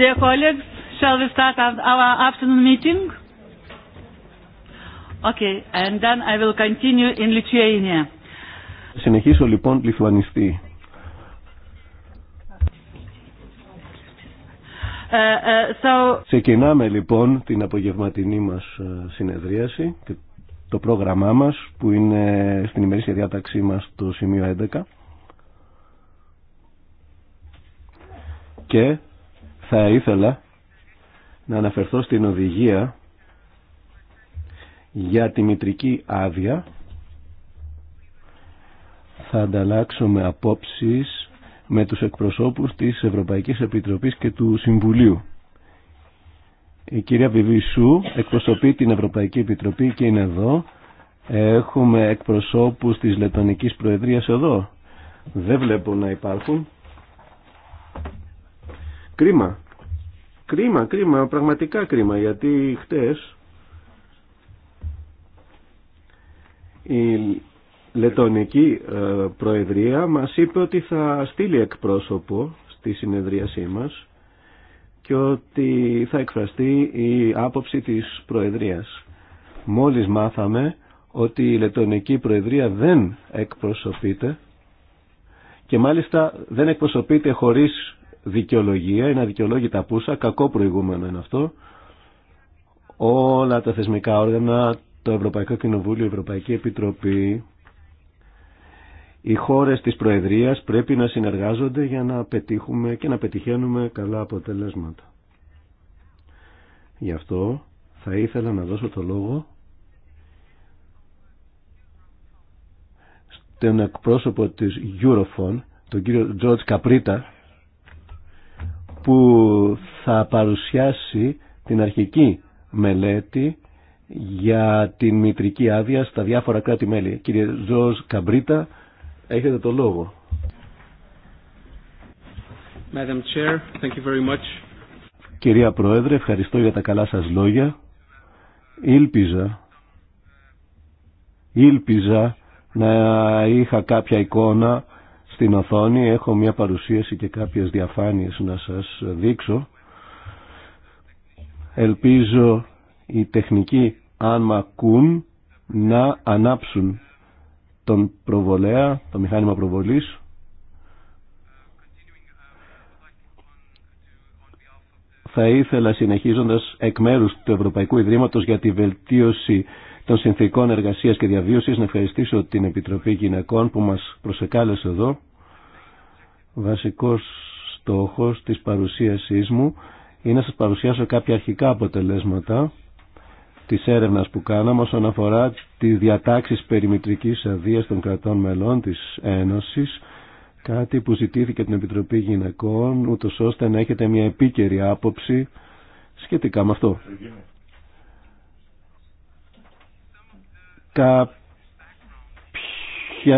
Dear colleagues, shall we start our afternoon meeting? Okay, and then I will continue in Lithuania. Συνεχίσω λοιπόν λιθουανιστή. Ε, ε, Ξεκινάμε λοιπόν την απογευματινή μας ε, συνεδρίαση και το πρόγραμμά μας που είναι στην ημερήσια διάταξή μας το σημείο 11. Και θα ήθελα να αναφερθώ στην οδηγία για τη μητρική άδεια. Θα ανταλλάξουμε απόψεις με τους εκπροσώπους της Ευρωπαϊκής Επιτροπής και του Συμβουλίου. Η κυρία Βιβίσου εκπροσωπεί την Ευρωπαϊκή Επιτροπή και είναι εδώ. Έχουμε εκπροσώπους της Λετωνικής Προεδρίας εδώ. Δεν βλέπω να υπάρχουν. Κρίμα. Κρίμα, κρίμα, πραγματικά κρίμα, γιατί χτες η Λετωνική ε, Προεδρία μας είπε ότι θα στείλει εκπρόσωπο στη συνεδρίασή μας και ότι θα εκφραστεί η άποψη της Προεδρίας. Μόλις μάθαμε ότι η Λετωνική Προεδρία δεν εκπροσωπείται και μάλιστα δεν εκπροσωπείται χωρίς δικαιολογία, είναι αδικαιολόγητα πούσα, κακό προηγούμενο είναι αυτό. Όλα τα θεσμικά όργανα, το Ευρωπαϊκό Κοινοβούλιο, η Ευρωπαϊκή Επιτροπή, οι χώρες της Προεδρίας πρέπει να συνεργάζονται για να πετύχουμε και να πετυχαίνουμε καλά αποτελέσματα. Γι' αυτό θα ήθελα να δώσω το λόγο στον εκπρόσωπο της Eurofon, τον κύριο George Καπρίτα, που θα παρουσιάσει την αρχική μελέτη για την μητρική άδεια στα διάφορα κράτη-μέλη. Κύριε Ζωζ Καμπρίτα, έχετε το λόγο. Chair, thank you Κυρία Πρόεδρε, ευχαριστώ για τα καλά σας λόγια. Ήλπιζα, ήλπιζα να είχα κάποια εικόνα στην οθόνη έχω μια παρουσίαση και κάποιες διαφάνειες να σας δείξω. Ελπίζω οι τεχνικοί αν μ' να ανάψουν τον προβολέα, το μηχάνημα προβολής. Θα ήθελα συνεχίζοντας εκ μέρους του Ευρωπαϊκού Ιδρύματος για τη βελτίωση των συνθήκων εργασίας και διαβίωσης να ευχαριστήσω την Επιτροπή Γυναικών που μας προσεκάλεσε εδώ Βασικός στόχος της παρουσίασής μου είναι να σας παρουσιάσω κάποια αρχικά αποτελέσματα της έρευνας που κάναμε όσον αφορά τη διατάξεις περιμητρικής αδείας των κρατών μελών της Ένωσης κάτι που ζητήθηκε την Επιτροπή Γυναικών ούτω ώστε να έχετε μια επίκαιρη άποψη σχετικά με αυτό. Κάποια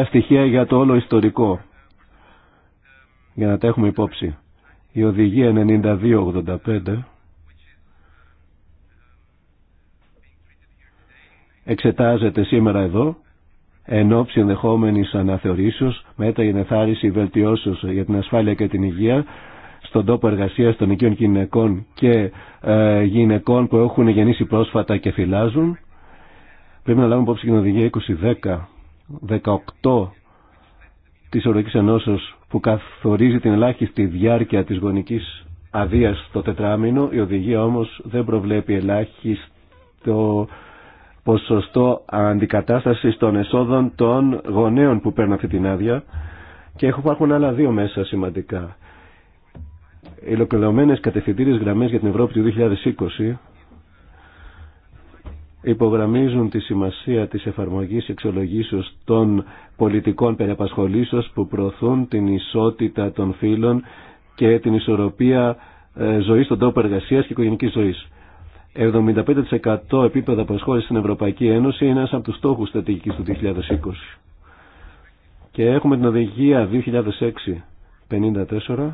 στοιχεία για το όλο ιστορικό για να τα έχουμε υπόψη. Η οδηγία 92 92-85 εξετάζεται σήμερα εδώ εν ώψη ενδεχόμενη αναθεωρήσεω μέτρα για βελτιώσεως βελτιώσεω για την ασφάλεια και την υγεία στον τόπο εργασία των οικείων γυναικών και ε, γυναικών που έχουν γεννήσει πρόσφατα και φυλάζουν. Πρέπει να λάβουμε υπόψη την οδηγία 2010-18 τη Ευρωπαϊκή Ενώσεω που καθορίζει την ελάχιστη διάρκεια της γονικής αδείας στο τετράμινο. Η οδηγία όμως δεν προβλέπει ελάχιστο ποσοστό αντικατάστασης των εσόδων των γονέων που παίρνουν αυτή την άδεια και υπάρχουν άλλα δύο μέσα σημαντικά. Οι ολοκληρωμένες κατευθυντήριες γραμμές για την Ευρώπη του 2020 υπογραμμίζουν τη σημασία της εφαρμογής εξολογήσεως των πολιτικών περιαπασχολήσεως που προωθούν την ισότητα των φύλων και την ισορροπία ε, ζωής στον τόπο εργασίας και οικογενικής ζωής. 75% επίπεδα προσχώρηση στην Ευρωπαϊκή Ένωση είναι ένας από τους στόχους στρατηγικής του 2020. Και έχουμε την οδηγία 2006-54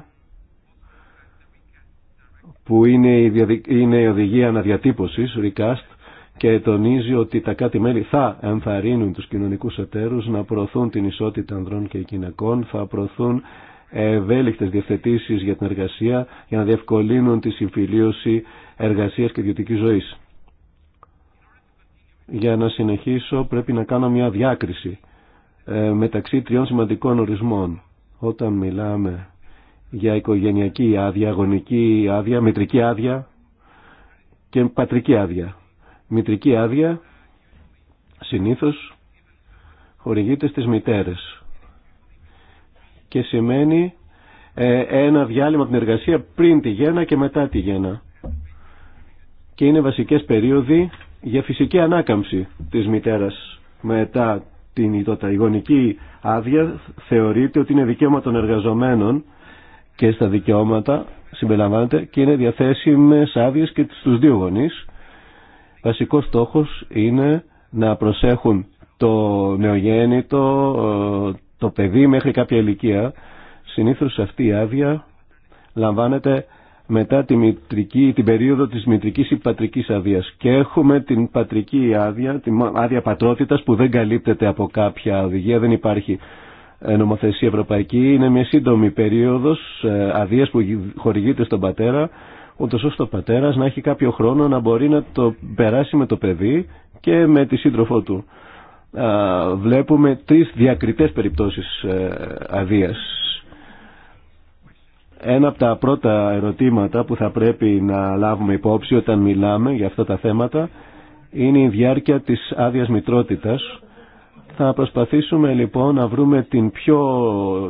που είναι η, οδηγία αναδιατύπωσης, recast, και τονίζει ότι τα κάτι μέλη θα ενθαρρύνουν τους κοινωνικούς εταίρους να προωθούν την ισότητα ανδρών και γυναικών, θα προωθούν ευέλικτες διευθετήσεις για την εργασία για να διευκολύνουν τη συμφιλίωση εργασίας και ιδιωτική ζωής. Για να συνεχίσω πρέπει να κάνω μια διάκριση ε, μεταξύ τριών σημαντικών ορισμών. Όταν μιλάμε για οικογενειακή άδεια, αγωνική άδεια, μετρική άδεια και πατρική άδεια. Μητρική άδεια συνήθως χορηγείται στις μητέρες και σημαίνει ε, ένα διάλειμμα από την εργασία πριν τη γέννα και μετά τη γέννα. Και είναι βασικές περίοδοι για φυσική ανάκαμψη της μητέρας μετά την ιτότα. Η γονική άδεια θεωρείται ότι είναι δικαίωμα των εργαζομένων και στα δικαιώματα συμπεριλαμβάνεται και είναι διαθέσιμες άδειες και στους δύο γονείς Βασικός στόχος είναι να προσέχουν το νεογέννητο, το παιδί μέχρι κάποια ηλικία. Συνήθως αυτή η άδεια λαμβάνεται μετά τη μητρική, την περίοδο της μητρικής ή πατρικής άδειας. Και έχουμε την πατρική άδεια, την άδεια πατρότητας που δεν καλύπτεται από κάποια οδηγία, δεν υπάρχει ε, νομοθεσία ευρωπαϊκή. Είναι μια σύντομη περίοδος ε, αδείας που χορηγείται στον πατέρα ούτως ώστε ο πατέρας να έχει κάποιο χρόνο να μπορεί να το περάσει με το παιδί και με τη σύντροφό του. Βλέπουμε τρεις διακριτές περιπτώσεις ε, αδείας. Ένα από τα πρώτα ερωτήματα που θα πρέπει να λάβουμε υπόψη όταν μιλάμε για αυτά τα θέματα είναι η διάρκεια της άδεια μητρότητας. Θα προσπαθήσουμε λοιπόν να βρούμε την πιο,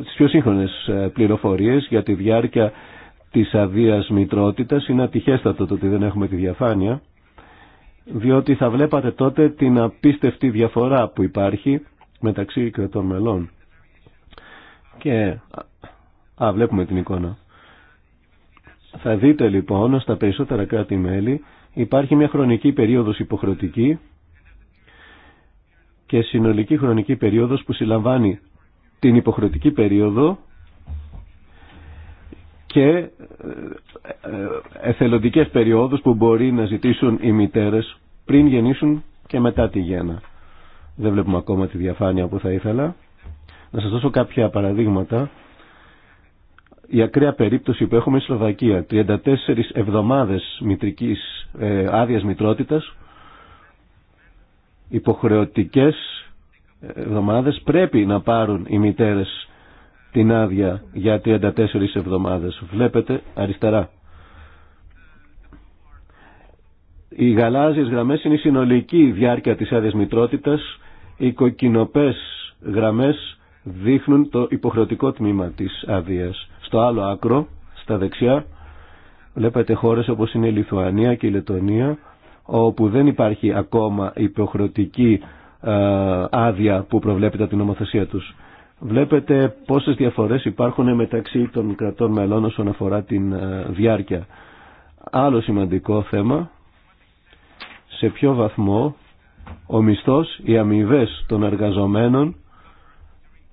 τις πιο σύγχρονες ε, πληροφορίες για τη διάρκεια της αδίας μητρότητας. Είναι ατυχέστατο το ότι δεν έχουμε τη διαφάνεια, διότι θα βλέπατε τότε την απίστευτη διαφορά που υπάρχει μεταξύ κρατών μελών. Και... Α, βλέπουμε την εικόνα. Θα δείτε λοιπόν στα περισσότερα κράτη-μέλη υπάρχει μια χρονική περίοδος υποχρεωτική και συνολική χρονική περίοδος που συλλαμβάνει την υποχρεωτική περίοδο και ε, ε, εθελοντικές περιόδους που μπορεί να ζητήσουν οι μητέρες πριν γεννήσουν και μετά τη γέννα. Δεν βλέπουμε ακόμα τη διαφάνεια που θα ήθελα. Να σας δώσω κάποια παραδείγματα. Η ακραία περίπτωση που έχουμε στη Σλοβακία, 34 εβδομάδες μητρικής ε, άδειας μητρότητας, υποχρεωτικές ε, εβδομάδες πρέπει να πάρουν οι μητέρες την άδεια για 34 εβδομάδες. Βλέπετε αριστερά. Οι γαλάζιες γραμμές είναι η συνολική διάρκεια της άδειας μητρότητας. Οι κοκκινοπές γραμμές δείχνουν το υποχρεωτικό τμήμα της άδειας. Στο άλλο άκρο, στα δεξιά, βλέπετε χώρες όπως είναι η Λιθουανία και η Λετωνία, όπου δεν υπάρχει ακόμα υποχρεωτική ε, άδεια που προβλέπεται από την νομοθεσία τους. Βλέπετε πόσες διαφορές υπάρχουν μεταξύ των κρατών μελών όσον αφορά την ε, διάρκεια. Άλλο σημαντικό θέμα, σε ποιο βαθμό ο μισθός, οι αμοιβέ των εργαζομένων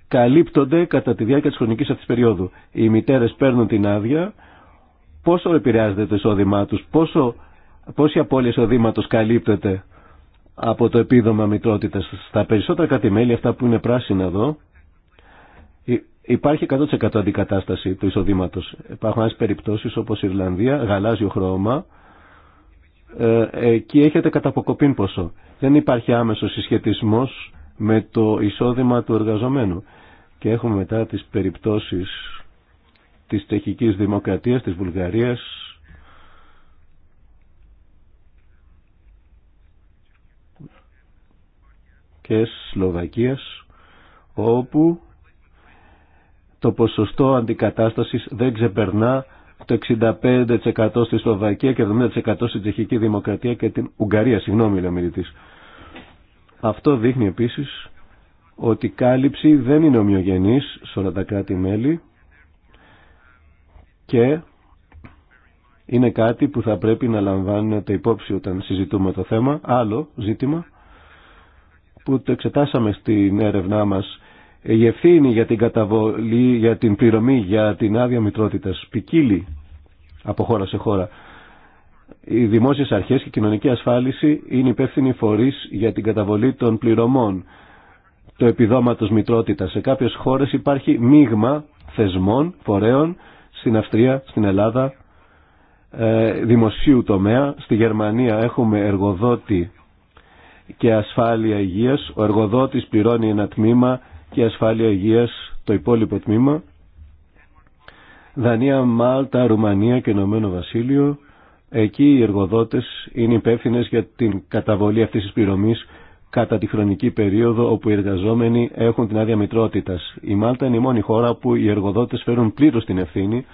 καλύπτονται κατά τη διάρκεια της χρονικής αυτής περίοδου. Οι μητέρες παίρνουν την άδεια, πόσο επηρεάζεται το εισόδημά τους, πόσο, πόση απώλεια εισοδήματος καλύπτεται από το επίδομα μητρότητας. Στα περισσότερα κατημέλη, αυτά που είναι πράσινα εδώ, Υπάρχει 100% αντικατάσταση του εισοδήματο. Υπάρχουν άλλε περιπτώσει όπω η Ιρλανδία, γαλάζιο χρώμα. Ε, εκεί έχετε καταποκοπήν ποσό. Δεν υπάρχει άμεσο συσχετισμό με το εισόδημα του εργαζομένου. Και έχουμε μετά τις περιπτώσεις τη τσεχική δημοκρατία της Βουλγαρίας, και Σλοβακίας όπου το ποσοστό αντικατάστασης δεν ξεπερνά το 65% στη Σλοβακία και 70% στη Τσεχική Δημοκρατία και την Ουγγαρία. Συγγνώμη, Αυτό δείχνει επίσης ότι η κάλυψη δεν είναι ομοιογενής σε όλα τα κράτη-μέλη και είναι κάτι που θα πρέπει να λαμβάνετε υπόψη όταν συζητούμε το θέμα. Άλλο ζήτημα που το εξετάσαμε στην έρευνά μας η ευθύνη για την καταβολή, για την πληρωμή, για την άδεια μητρότητας ποικίλει από χώρα σε χώρα. Οι δημόσιες αρχές και η κοινωνική ασφάλιση είναι υπεύθυνοι φορείς για την καταβολή των πληρωμών του επιδόματος μητρότητας. Σε κάποιες χώρες υπάρχει μείγμα θεσμών, φορέων, στην Αυστρία, στην Ελλάδα, ε, δημοσίου τομέα. Στη Γερμανία έχουμε εργοδότη και ασφάλεια υγείας. Ο εργοδότης πληρώνει ένα τμήμα και ασφάλεια υγείας το υπόλοιπο τμήμα. Δανία, Μάλτα, Ρουμανία και Ηνωμένο Βασίλειο. Εκεί οι εργοδότες είναι υπεύθυνε για την καταβολή αυτής της πληρωμής κατά τη χρονική περίοδο όπου οι εργαζόμενοι έχουν την άδεια μητρότητας. Η Μάλτα είναι η μόνη χώρα που οι εργοδότες φέρουν πλήρως την ευθύνη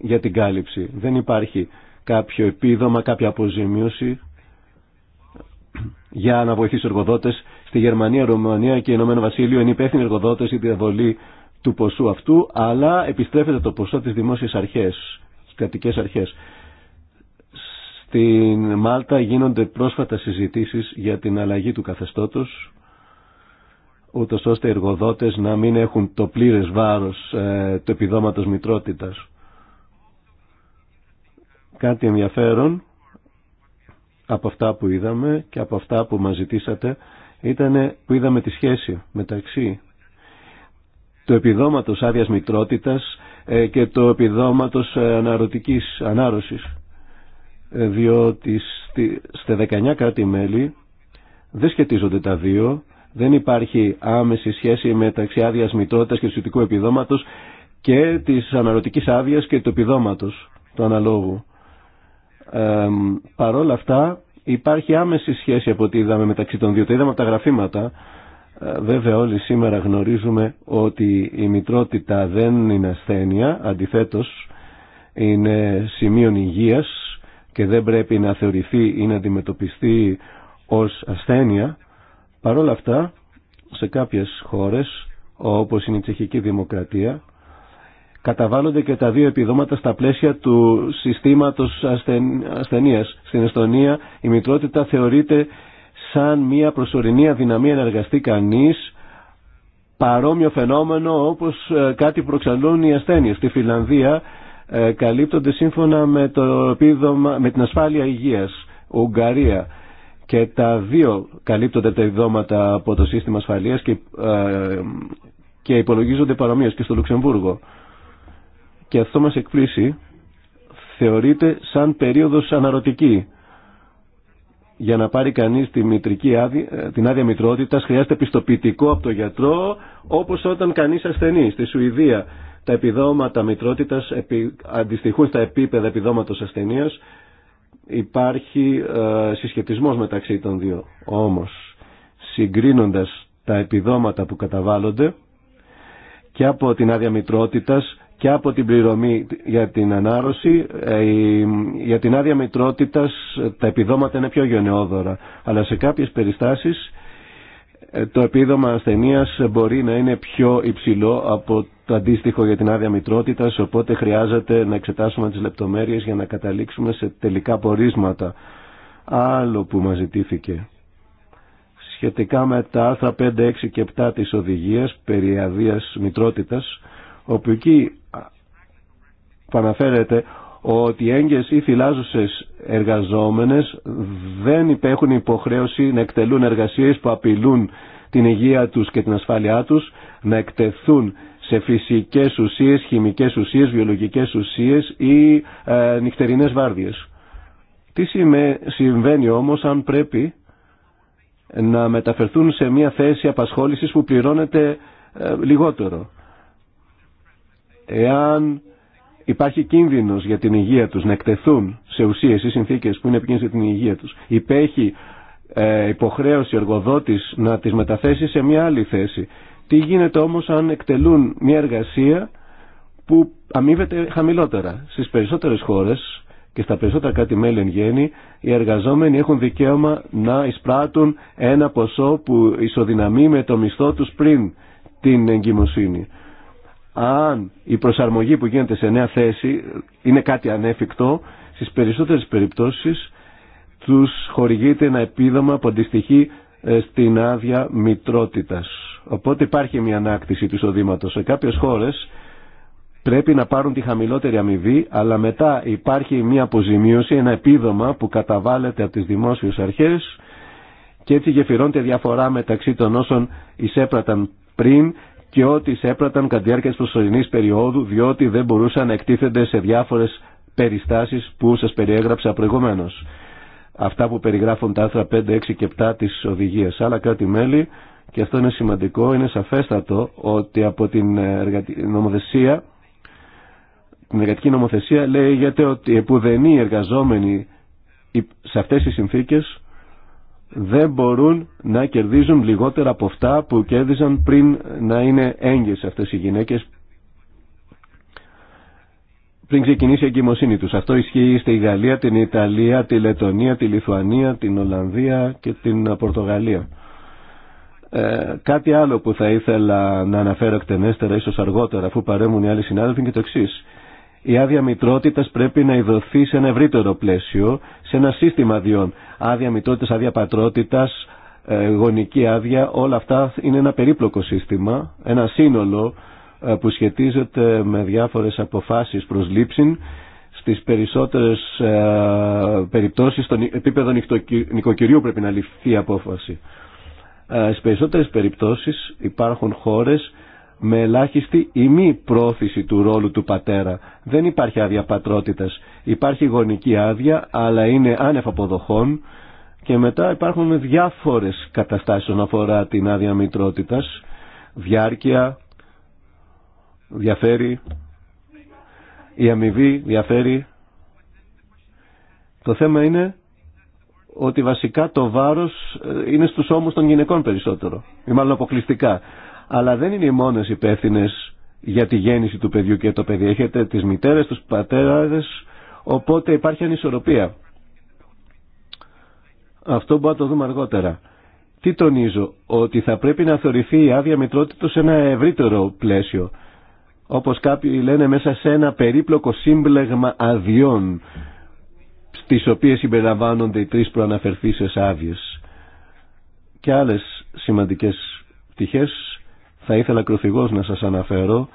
για την κάλυψη. Δεν υπάρχει κάποιο επίδομα, κάποια αποζημίωση για να βοηθήσει εργοδότες Στη Γερμανία, Ρωμανία και Ηνωμένο Βασίλειο είναι υπεύθυνοι εργοδότε η διαβολή του ποσού αυτού, αλλά επιστρέφεται το ποσό της δημόσιε αρχέ, στι κρατικέ αρχέ. Στην Μάλτα γίνονται πρόσφατα συζητήσει για την αλλαγή του καθεστώτος, ούτω ώστε οι εργοδότες να μην έχουν το πλήρε βάρος ε, του επιδόματος μητρότητα. Κάτι ενδιαφέρον από αυτά που είδαμε και από αυτά που μας ζητήσατε ήταν που είδαμε τη σχέση μεταξύ του επιδόματος άδεια μητρότητας ε, και του επιδόματος ε, αναρωτικής ανάρρωσης. Ε, διότι στα 19 κράτη-μέλη δεν σχετίζονται τα δύο, δεν υπάρχει άμεση σχέση μεταξύ άδεια μητρότητας και του σχετικού επιδόματος και της αναρωτικής άδεια και του επιδόματος του αναλόγου. Ε, παρόλα αυτά Υπάρχει άμεση σχέση από ό,τι είδαμε μεταξύ των δύο. Το είδαμε από τα γραφήματα. Ε, βέβαια όλοι σήμερα γνωρίζουμε ότι η μητρότητα δεν είναι ασθένεια, αντιθέτως είναι σημείο υγείας και δεν πρέπει να θεωρηθεί ή να αντιμετωπιστεί ως ασθένεια. Παρ' όλα αυτά, σε κάποιες χώρες όπως είναι η Τσεχική Δημοκρατία, καταβάλλονται και τα δύο επιδόματα στα πλαίσια του συστήματος ασθεν... ασθενείας. Στην Εστονία η μητρότητα θεωρείται σαν μια προσωρινή αδυναμία να εργαστεί κανείς παρόμοιο φαινόμενο όπως ε, κάτι προξαλούν οι ασθένειες. Στη Φιλανδία ε, καλύπτονται σύμφωνα με, το επίδομα, με την ασφάλεια υγείας, Ουγγαρία και τα δύο καλύπτονται τα επιδόματα από το σύστημα ασφαλείας και, ε, και υπολογίζονται παρομοίως και στο Λουξεμβούργο και αυτό μας εκπλήσει, θεωρείται σαν περίοδος αναρωτική. Για να πάρει κανείς ε, την άδεια μητρότητας χρειάζεται πιστοποιητικό από το γιατρό όπως όταν κανείς ασθενεί στη Σουηδία. Τα επιδόματα μητρότητας αντιστοιχούν στα επίπεδα επιδόματος ασθενείας. Υπάρχει ε, συσχετισμός μεταξύ των δύο. Όμως, συγκρίνοντας τα επιδόματα που καταβάλλονται και από την άδεια μητρότητας και από την πληρωμή για την ανάρρωση, ε, για την άδεια μητρότητας τα επιδόματα είναι πιο γενναιόδωρα. Αλλά σε κάποιες περιστάσεις ε, το επίδομα ασθενείας μπορεί να είναι πιο υψηλό από το αντίστοιχο για την άδεια μητρότητας, οπότε χρειάζεται να εξετάσουμε τις λεπτομέρειες για να καταλήξουμε σε τελικά πορίσματα. Άλλο που μας ζητήθηκε. Σχετικά με τα άρθρα 5, 6 και 7 της οδηγίας περί αδείας μητρότητας, όπου εκεί που αναφέρεται ότι οι έγκες ή θυλάζουσες εργαζόμενες δεν υπέχουν υποχρέωση να εκτελούν εργασίες που απειλούν την υγεία τους και την ασφάλειά τους, να εκτεθούν σε φυσικές ουσίες, χημικές ουσίες, βιολογικές ουσίες ή ε, νυχτερινές βάρδιες. Τι συμβαίνει όμως αν πρέπει να μεταφερθούν σε μια θέση απασχόλησης που πληρώνεται ε, λιγότερο. Εάν υπάρχει κίνδυνος για την υγεία τους να εκτεθούν σε ουσίες ή συνθήκες που είναι επικίνδυνε για την υγεία τους. Υπέχει ε, υποχρέωση εργοδότης να τις μεταθέσει σε μια άλλη θέση. Τι γίνεται όμως αν εκτελούν μια εργασία που αμείβεται χαμηλότερα. Στις περισσότερες χώρες και στα περισσότερα κάτι μέλη εν γέννη, οι εργαζόμενοι έχουν δικαίωμα να εισπράττουν ένα ποσό που ισοδυναμεί με το μισθό τους πριν την εγκυμοσύνη αν η προσαρμογή που γίνεται σε νέα θέση είναι κάτι ανέφικτο, στις περισσότερες περιπτώσεις τους χορηγείται ένα επίδομα που αντιστοιχεί ε, στην άδεια μητρότητας. Οπότε υπάρχει μια ανάκτηση του εισοδήματος. Σε κάποιες χώρες πρέπει να πάρουν τη χαμηλότερη αμοιβή, αλλά μετά υπάρχει μια αποζημίωση, ένα επίδομα που καταβάλλεται από τις δημόσιες αρχές και έτσι γεφυρώνεται διαφορά μεταξύ των όσων εισέπραταν πριν και ό,τι έπραταν κατά τη διάρκεια τη προσωρινής περίοδου διότι δεν μπορούσαν να εκτίθενται σε διάφορες περιστάσεις που σας περιέγραψα προηγουμένως. Αυτά που περιγράφουν τα άρθρα 5, 6 και 7 της οδηγίας. αλλα κάτι κράτη-μέλη, και αυτό είναι σημαντικό, είναι σαφέστατο ότι από την νομοθεσία. Την εργατική νομοθεσία λέγεται ότι επουδενή εργαζόμενη εργαζόμενοι σε αυτές τις συνθήκες δεν μπορούν να κερδίζουν λιγότερα από αυτά που κέρδιζαν πριν να είναι έγκυες αυτές οι γυναίκες πριν ξεκινήσει η εγκυμοσύνη τους. Αυτό ισχύει στη Γαλλία, την Ιταλία, τη Λετωνία, τη Λιθουανία, την Ολλανδία και την Πορτογαλία. Ε, κάτι άλλο που θα ήθελα να αναφέρω εκτενέστερα, ίσως αργότερα, αφού παρέμουν οι άλλοι συνάδελφοι, είναι και το εξή. Η άδεια μητρότητα πρέπει να ειδωθεί σε ένα ευρύτερο πλαίσιο, σε ένα σύστημα αδειών. Άδεια μητρότητα, άδεια πατρότητα, ε, γονική άδεια, όλα αυτά είναι ένα περίπλοκο σύστημα, ένα σύνολο ε, που σχετίζεται με διάφορες αποφάσεις προσλήψη στις περισσότερες ε, περιπτώσεις στον επίπεδο νοικοκυρίου πρέπει να ληφθεί η απόφαση. Στις περισσότερες περιπτώσεις υπάρχουν χώρες με ελάχιστη ή μη πρόθεση του ρόλου του πατέρα. Δεν υπάρχει άδεια πατρότητας. Υπάρχει γονική άδεια, αλλά είναι άνευ αποδοχών και μετά υπάρχουν διάφορες καταστάσεις όσον αφορά την άδεια μητρότητας. Διάρκεια, διαφέρει, η αμοιβή διαφέρει. Το θέμα είναι ότι βασικά το βάρος ε, είναι στους ώμους των γυναικών περισσότερο ή μάλλον αποκλειστικά αλλά δεν είναι οι μόνες υπεύθυνε για τη γέννηση του παιδιού και το παιδί. Έχετε τις μητέρες, τους πατέρες, οπότε υπάρχει ανισορροπία. Αυτό μπορούμε να το δούμε αργότερα. Τι τονίζω, ότι θα πρέπει να θεωρηθεί η άδεια μητρότητα σε ένα ευρύτερο πλαίσιο. Όπως κάποιοι λένε μέσα σε ένα περίπλοκο σύμπλεγμα αδειών, στις οποίες συμπεριλαμβάνονται οι τρεις προαναφερθήσεις άδειες. Και άλλες σημαντικές πτυχές θα ήθελα ακροθυγώς να σας αναφέρω.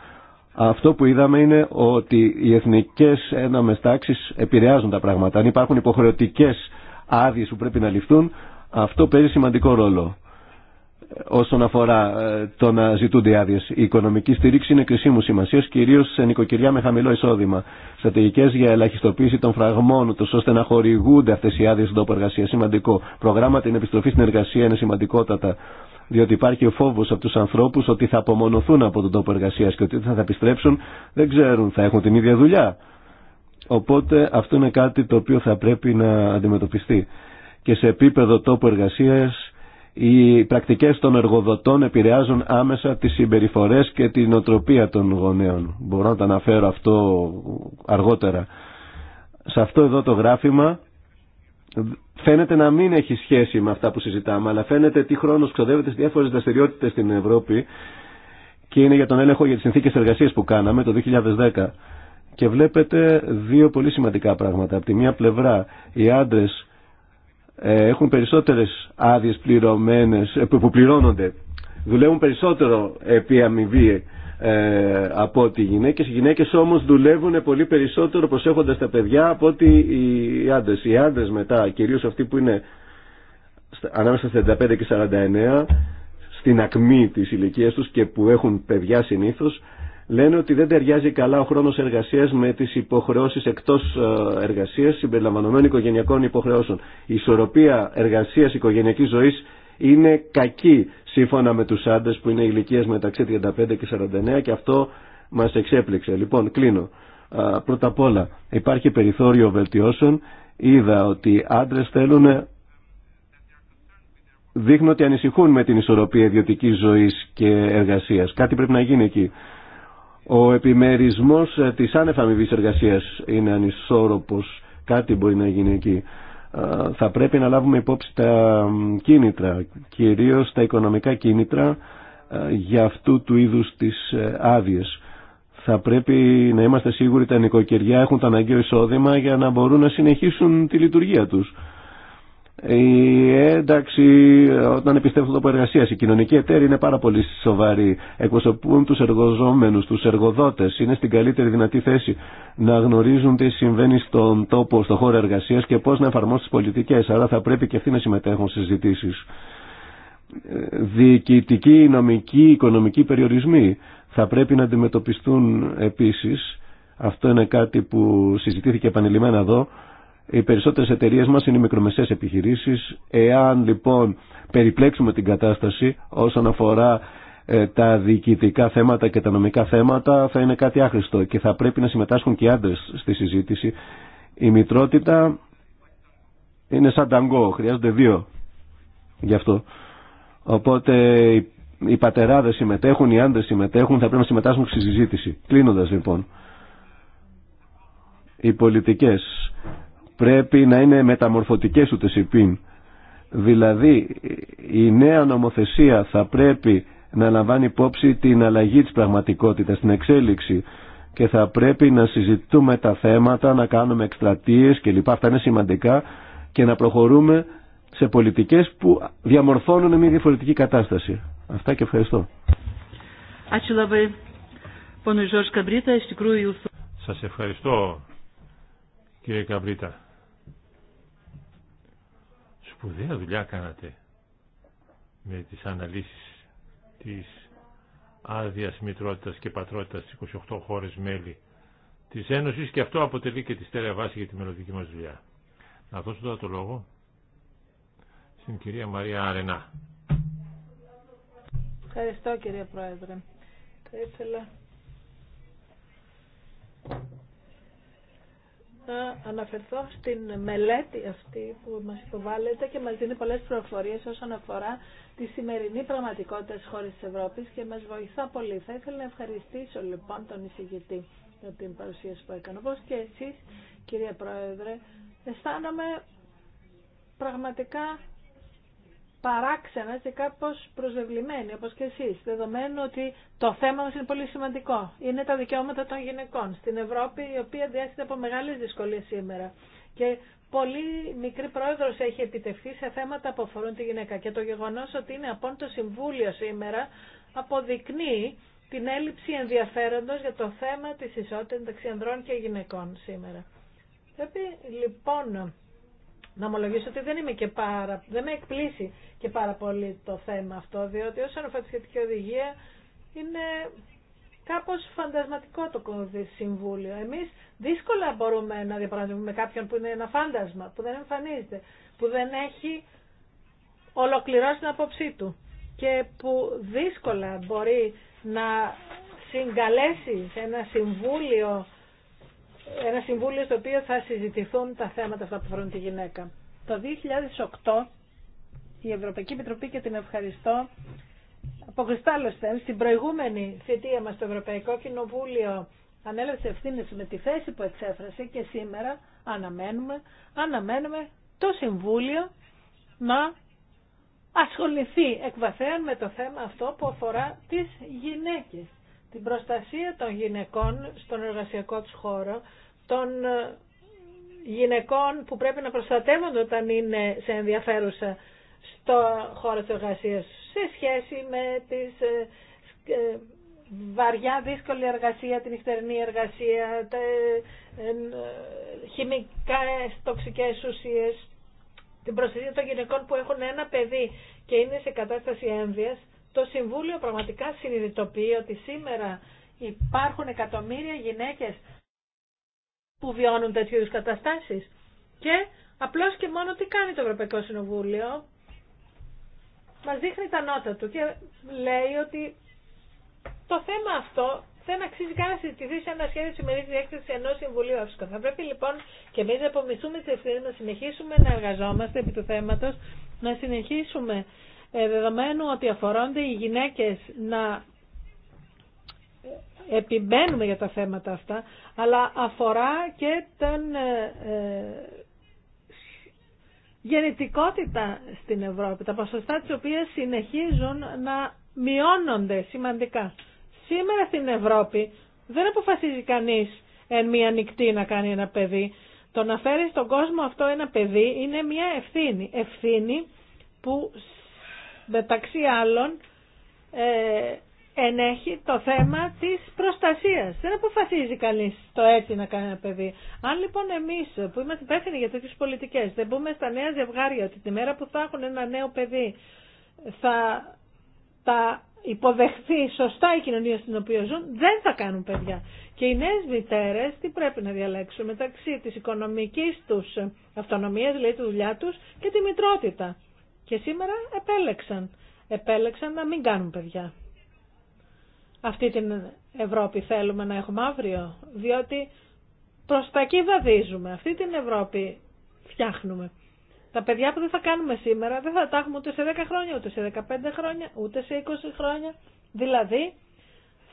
Αυτό που είδαμε είναι ότι οι εθνικές έναμες τάξεις επηρεάζουν τα πράγματα. Αν υπάρχουν υποχρεωτικές άδειες που πρέπει να ληφθούν, αυτό παίζει σημαντικό ρόλο όσον αφορά ε, το να ζητούνται άδειε. Η οικονομική στήριξη είναι κρισίμου σημασία, κυρίω σε νοικοκυριά με χαμηλό εισόδημα. Στρατηγικέ για ελαχιστοποίηση των φραγμών του, ώστε να χορηγούνται αυτέ οι άδειε στον τόπο εργασία. Σημαντικό. Προγράμμα την επιστροφή στην εργασία είναι σημαντικότατα. Διότι υπάρχει ο φόβο από του ανθρώπου ότι θα απομονωθούν από τον τόπο εργασία και ότι θα, θα επιστρέψουν δεν ξέρουν, θα έχουν την ίδια δουλειά. Οπότε αυτό είναι κάτι το οποίο θα πρέπει να αντιμετωπιστεί. Και σε επίπεδο τόπου εργασίας οι πρακτικές των εργοδοτών επηρεάζουν άμεσα τις συμπεριφορές και την οτροπία των γονέων. Μπορώ να τα αναφέρω αυτό αργότερα. Σε αυτό εδώ το γράφημα φαίνεται να μην έχει σχέση με αυτά που συζητάμε, αλλά φαίνεται τι χρόνος ξοδεύεται στις διάφορες δραστηριότητε στην Ευρώπη και είναι για τον έλεγχο για τις συνθήκες εργασίας που κάναμε το 2010. Και βλέπετε δύο πολύ σημαντικά πράγματα. Από τη μία πλευρά οι άντρες ε, έχουν περισσότερες άδειες πληρωμένες, ε, που πληρώνονται. Δουλεύουν περισσότερο επί αμοιβή ε, από ότι οι γυναίκες. Οι γυναίκες όμως δουλεύουν πολύ περισσότερο προσέχοντας τα παιδιά από ότι οι άντρες. Οι άντρες μετά, κυρίως αυτοί που είναι ανάμεσα στα 35 και 49, στην ακμή της ηλικία τους και που έχουν παιδιά συνήθως, λένε ότι δεν ταιριάζει καλά ο χρόνος εργασίας με τις υποχρεώσεις εκτός ε, εργασίας συμπεριλαμβανομένων οικογενειακών υποχρεώσεων. Η ισορροπία εργασίας οικογενειακής ζωής είναι κακή σύμφωνα με τους άντρες που είναι ηλικίε μεταξύ 35 και 49 και αυτό μας εξέπληξε. Λοιπόν, κλείνω. Ε, πρώτα απ' όλα, υπάρχει περιθώριο βελτιώσεων. Είδα ότι οι άντρες θέλουν δείχνουν ότι ανησυχούν με την ισορροπία ιδιωτική ζωής και εργασία. Κάτι πρέπει να γίνει εκεί. Ο επιμερισμός ε, της άνευ αμοιβής εργασίας είναι ανισόρροπος. Κάτι μπορεί να γίνει εκεί. Ε, θα πρέπει να λάβουμε υπόψη τα κίνητρα, κυρίως τα οικονομικά κίνητρα ε, για αυτού του είδους τις άδειε. Θα πρέπει να είμαστε σίγουροι τα νοικοκυριά έχουν το αναγκαίο εισόδημα για να μπορούν να συνεχίσουν τη λειτουργία τους η ένταξη όταν επιστρέφουν από τόπο εργασία. Οι κοινωνικοί εταίροι είναι πάρα πολύ σοβαροί. Εκπροσωπούν του εργοζόμενου, του εργοδότε. Είναι στην καλύτερη δυνατή θέση να γνωρίζουν τι συμβαίνει στον τόπο, στον χώρο εργασία και πώ να εφαρμόσουν τι πολιτικέ. Άρα θα πρέπει και αυτοί να συμμετέχουν στι συζητήσει. Διοικητικοί, νομικοί, οικονομικοί περιορισμοί θα πρέπει να αντιμετωπιστούν επίση. Αυτό είναι κάτι που συζητήθηκε επανειλημμένα εδώ οι περισσότερες εταιρείες μας είναι οι μικρομεσαίες επιχειρήσεις. Εάν λοιπόν περιπλέξουμε την κατάσταση όσον αφορά ε, τα διοικητικά θέματα και τα νομικά θέματα θα είναι κάτι άχρηστο και θα πρέπει να συμμετάσχουν και οι άντρες στη συζήτηση. Η μητρότητα είναι σαν ταγκό, χρειάζονται δύο γι' αυτό. Οπότε οι πατεράδες συμμετέχουν, οι άντρες συμμετέχουν, θα πρέπει να συμμετάσχουν στη συζήτηση. Κλείνοντας λοιπόν, οι πολιτικές πρέπει να είναι μεταμορφωτικές ούτε συμπίν. Δηλαδή η νέα νομοθεσία θα πρέπει να λαμβάνει υπόψη την αλλαγή της πραγματικότητας, την εξέλιξη και θα πρέπει να συζητούμε τα θέματα, να κάνουμε εκστρατείες λοιπά Αυτά είναι σημαντικά και να προχωρούμε σε πολιτικές που διαμορφώνουν μια διαφορετική κατάσταση. Αυτά και ευχαριστώ. Σας ευχαριστώ κύριε Καμπρίτα. Σπουδαία δουλειά κάνατε με τις αναλύσεις της άδεια μητρότητας και πατρότητας στις 28 χώρες μέλη της Ένωσης και αυτό αποτελεί και τη στέρεα βάση για τη μελλοντική μας δουλειά. Να δώσω τώρα το λόγο στην κυρία Μαρία Αρενά. Ευχαριστώ κύριε Πρόεδρε. Θα αναφερθώ στην μελέτη αυτή που μας υποβάλλεται και μας δίνει πολλές πληροφορίες όσον αφορά τη σημερινή πραγματικότητα στις χώρες της Ευρώπης και μας βοηθά πολύ. Θα ήθελα να ευχαριστήσω λοιπόν τον εισηγητή για την παρουσίαση που έκανε. Όπως και εσείς κυρία Πρόεδρε αισθάνομαι πραγματικά παράξενα και κάπως προσβεβλημένοι, όπως και εσείς, δεδομένου ότι το θέμα μας είναι πολύ σημαντικό. Είναι τα δικαιώματα των γυναικών στην Ευρώπη, η οποία διέχεται από μεγάλες δυσκολίες σήμερα. Και πολύ μικρή πρόεδρος έχει επιτευχθεί σε θέματα που αφορούν τη γυναίκα. Και το γεγονός ότι είναι από το Συμβούλιο σήμερα αποδεικνύει την έλλειψη ενδιαφέροντος για το θέμα της ισότητας μεταξύ ανδρών και γυναικών σήμερα. Πρέπει λοιπόν να ομολογήσω ότι δεν, είμαι και πάρα, δεν με εκπλήσει και πάρα πολύ το θέμα αυτό, διότι όσον αφορά τη σχετική οδηγία είναι κάπως φαντασματικό το συμβούλιο. Εμείς δύσκολα μπορούμε να διαπραγματευτούμε κάποιον που είναι ένα φάντασμα, που δεν εμφανίζεται, που δεν έχει ολοκληρώσει την απόψή του και που δύσκολα μπορεί να συγκαλέσει σε ένα συμβούλιο ένα συμβούλιο στο οποίο θα συζητηθούν τα θέματα αυτά που αφορούν τη γυναίκα. Το 2008 η Ευρωπαϊκή Επιτροπή και την ευχαριστώ αποκριστάλλωστε στην προηγούμενη θητεία μας στο Ευρωπαϊκό Κοινοβούλιο ανέλαβε ευθύνες με τη θέση που εξέφρασε και σήμερα αναμένουμε, αναμένουμε το Συμβούλιο να ασχοληθεί εκ με το θέμα αυτό που αφορά τις γυναίκες την προστασία των γυναικών στον εργασιακό τους χώρο, των ε, γυναικών που πρέπει να προστατεύονται όταν είναι σε ενδιαφέρουσα στο χώρο της εργασίας σε σχέση με τις ε, ε, βαριά δύσκολη εργασία, την νυχτερινή εργασία, τα χημικά τοξικές ουσίες, την προστασία των γυναικών που έχουν ένα παιδί και είναι σε κατάσταση έμβιας το Συμβούλιο πραγματικά συνειδητοποιεί ότι σήμερα υπάρχουν εκατομμύρια γυναίκες που βιώνουν τέτοιου είδους καταστάσεις και απλώς και μόνο τι κάνει το Ευρωπαϊκό Συμβούλιο, μας δείχνει τα νότα του και λέει ότι το θέμα αυτό δεν αξίζει καν να συζητηθεί σε ένα σχέδιο σημερινή διέκτηση ενό Συμβουλίου Θα πρέπει λοιπόν και εμεί να απομισθούμε τι ευθύνε, να συνεχίσουμε να εργαζόμαστε επί του θέματο, να συνεχίσουμε ε, δεδομένου ότι αφορώνται οι γυναίκες να επιμένουμε για τα θέματα αυτά, αλλά αφορά και την ε, ε, γεννητικότητα στην Ευρώπη, τα ποσοστά τις οποίες συνεχίζουν να μειώνονται σημαντικά. Σήμερα στην Ευρώπη δεν αποφασίζει κανείς εν μία νυχτή να κάνει ένα παιδί. Το να φέρει στον κόσμο αυτό ένα παιδί είναι μία ευθύνη. Ευθύνη που μεταξύ άλλων ε, ενέχει το θέμα της προστασίας. Δεν αποφασίζει κανείς το έτσι να κάνει ένα παιδί. Αν λοιπόν εμείς που είμαστε υπεύθυνοι για τέτοιες πολιτικές δεν μπούμε στα νέα ζευγάρια ότι τη μέρα που θα έχουν ένα νέο παιδί θα τα υποδεχθεί σωστά η κοινωνία στην οποία ζουν, δεν θα κάνουν παιδιά. Και οι νέες μητέρες τι πρέπει να διαλέξουν μεταξύ της οικονομικής τους αυτονομίας, δηλαδή τη δουλειά τους και τη μητρότητα. Και σήμερα επέλεξαν. Επέλεξαν να μην κάνουν παιδιά. Αυτή την Ευρώπη θέλουμε να έχουμε αύριο, διότι προς τα εκεί βαδίζουμε. Αυτή την Ευρώπη φτιάχνουμε. Τα παιδιά που δεν θα κάνουμε σήμερα δεν θα τα έχουμε ούτε σε 10 χρόνια, ούτε σε 15 χρόνια, ούτε σε 20 χρόνια. Δηλαδή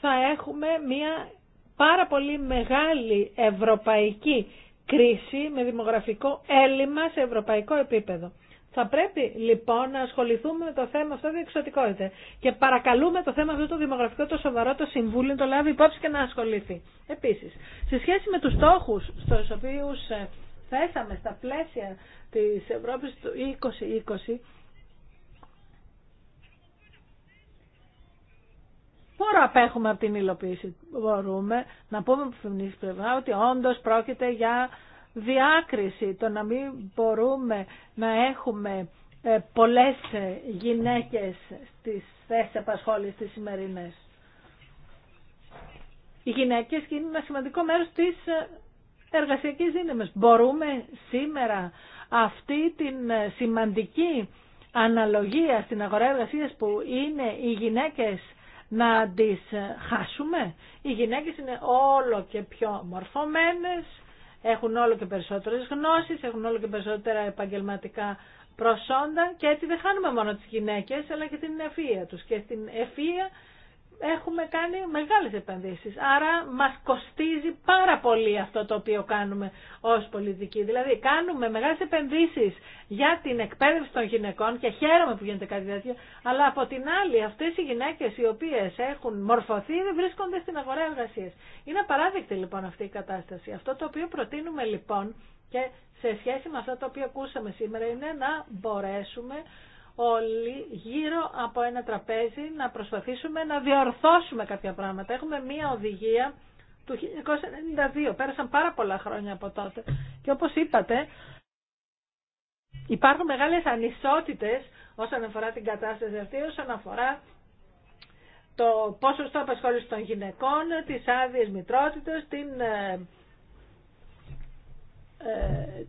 θα έχουμε μια πάρα πολύ μεγάλη ευρωπαϊκή κρίση με δημογραφικό έλλειμμα σε ευρωπαϊκό επίπεδο. Θα πρέπει λοιπόν να ασχοληθούμε με το θέμα αυτό διεξοδικότητα. Και παρακαλούμε το θέμα αυτό το δημογραφικό, το σοβαρό, το συμβούλιο, το λάβει υπόψη και να ασχοληθεί. Επίση, σε σχέση με του στόχου στου οποίου ε, θέσαμε στα πλαίσια τη Ευρώπη του 2020, να απέχουμε από την υλοποίηση. Μπορούμε να πούμε από την πλευρά ότι όντω πρόκειται για διάκριση, το να μην μπορούμε να έχουμε ε, πολλές ε, γυναίκες στις θέσεις απασχόλησης τις σημερινές. Οι γυναίκες είναι ένα σημαντικό μέρος της ε, εργασιακής δύναμης. Μπορούμε σήμερα αυτή την σημαντική αναλογία στην αγορά εργασίας που είναι οι γυναίκες να τις χάσουμε. Οι γυναίκες είναι όλο και πιο μορφωμένες, έχουν όλο και περισσότερες γνώσεις, έχουν όλο και περισσότερα επαγγελματικά προσόντα και έτσι δεν χάνουμε μόνο τις γυναίκες αλλά και την ευφία τους. Και στην ευφία έχουμε κάνει μεγάλες επενδύσεις. Άρα μας κοστίζει πάρα πολύ αυτό το οποίο κάνουμε ως πολιτικοί. Δηλαδή κάνουμε μεγάλες επενδύσεις για την εκπαίδευση των γυναικών και χαίρομαι που γίνεται κάτι τέτοιο, αλλά από την άλλη αυτές οι γυναίκες οι οποίες έχουν μορφωθεί δεν βρίσκονται στην αγορά εργασίας. Είναι απαράδεκτη λοιπόν αυτή η κατάσταση. Αυτό το οποίο προτείνουμε λοιπόν και σε σχέση με αυτό το οποίο ακούσαμε σήμερα είναι να μπορέσουμε όλοι γύρω από ένα τραπέζι να προσπαθήσουμε να διορθώσουμε κάποια πράγματα. Έχουμε μία οδηγία του 1992. Πέρασαν πάρα πολλά χρόνια από τότε. Και όπως είπατε, υπάρχουν μεγάλες ανισότητες όσον αφορά την κατάσταση αυτή, όσον αφορά το ποσοστό απασχόληση των γυναικών, τις άδειε μητρότητας, την, ε, ε,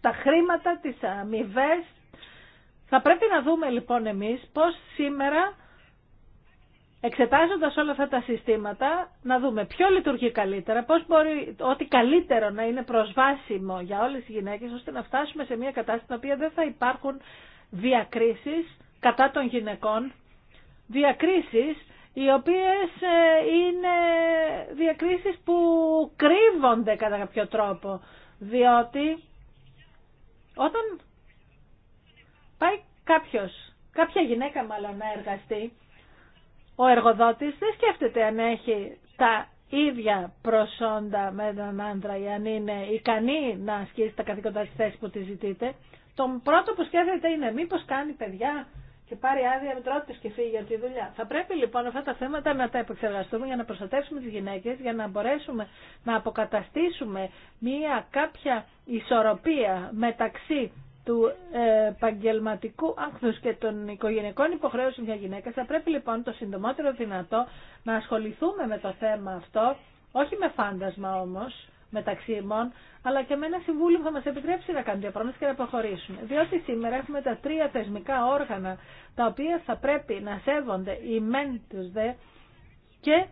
τα χρήματα, τις αμοιβέ, θα πρέπει να δούμε λοιπόν εμείς πώς σήμερα Εξετάζοντας όλα αυτά τα συστήματα, να δούμε ποιο λειτουργεί καλύτερα, πώς μπορεί ό,τι καλύτερο να είναι προσβάσιμο για όλες τις γυναίκες, ώστε να φτάσουμε σε μια κατάσταση στην οποία δεν θα υπάρχουν διακρίσεις κατά των γυναικών, διακρίσεις οι οποίες ε, είναι διακρίσεις που κρύβονται κατά κάποιο τρόπο, διότι όταν πάει κάποιο, κάποια γυναίκα μάλλον να εργαστεί, ο εργοδότη δεν σκέφτεται αν έχει τα ίδια προσόντα με έναν άντρα ή αν είναι ικανή να ασκήσει τα καθήκοντα τη θέση που τη ζητείτε. Το πρώτο που σκέφτεται είναι μήπω κάνει παιδιά και πάρει άδεια μητρότητας και φύγει για τη δουλειά. Θα πρέπει λοιπόν αυτά τα θέματα να τα επεξεργαστούμε για να προστατεύσουμε τι γυναίκε για να μπορέσουμε να αποκαταστήσουμε μία κάποια ισορροπία μεταξύ του επαγγελματικού άχθους και των οικογενειακών υποχρέωσεων για γυναίκα. Θα πρέπει λοιπόν το συντομότερο δυνατό να ασχοληθούμε με το θέμα αυτό, όχι με φάντασμα όμως, μεταξύ ημών, αλλά και με ένα συμβούλιο που θα μας επιτρέψει να κάνουμε διαπρόμεση και να προχωρήσουμε. Διότι σήμερα έχουμε τα τρία θεσμικά όργανα, τα οποία θα πρέπει να σέβονται οι μεν τους δε και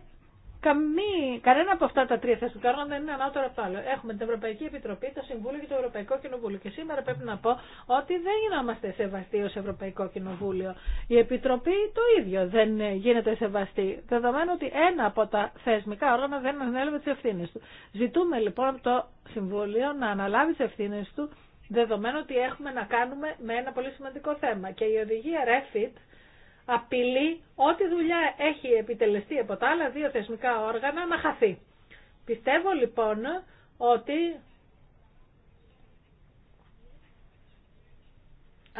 Καμή, κανένα από αυτά τα τρία θεσμικά όργανα δεν είναι ανώτερο από το άλλο. Έχουμε την Ευρωπαϊκή Επιτροπή, το Συμβούλιο και το Ευρωπαϊκό Κοινοβούλιο. Και σήμερα πρέπει να πω ότι δεν γινόμαστε σεβαστοί ω Ευρωπαϊκό Κοινοβούλιο. Η Επιτροπή το ίδιο δεν γίνεται σεβαστή. Δεδομένου ότι ένα από τα θεσμικά όργανα δεν ανέλαβε τι ευθύνε του. Ζητούμε λοιπόν από το Συμβούλιο να αναλάβει τι ευθύνε του, δεδομένου ότι έχουμε να κάνουμε με ένα πολύ σημαντικό θέμα. Και η οδηγία REFIT απειλεί ό,τι δουλειά έχει επιτελεστεί από τα άλλα δύο θεσμικά όργανα να χαθεί. Πιστεύω λοιπόν ότι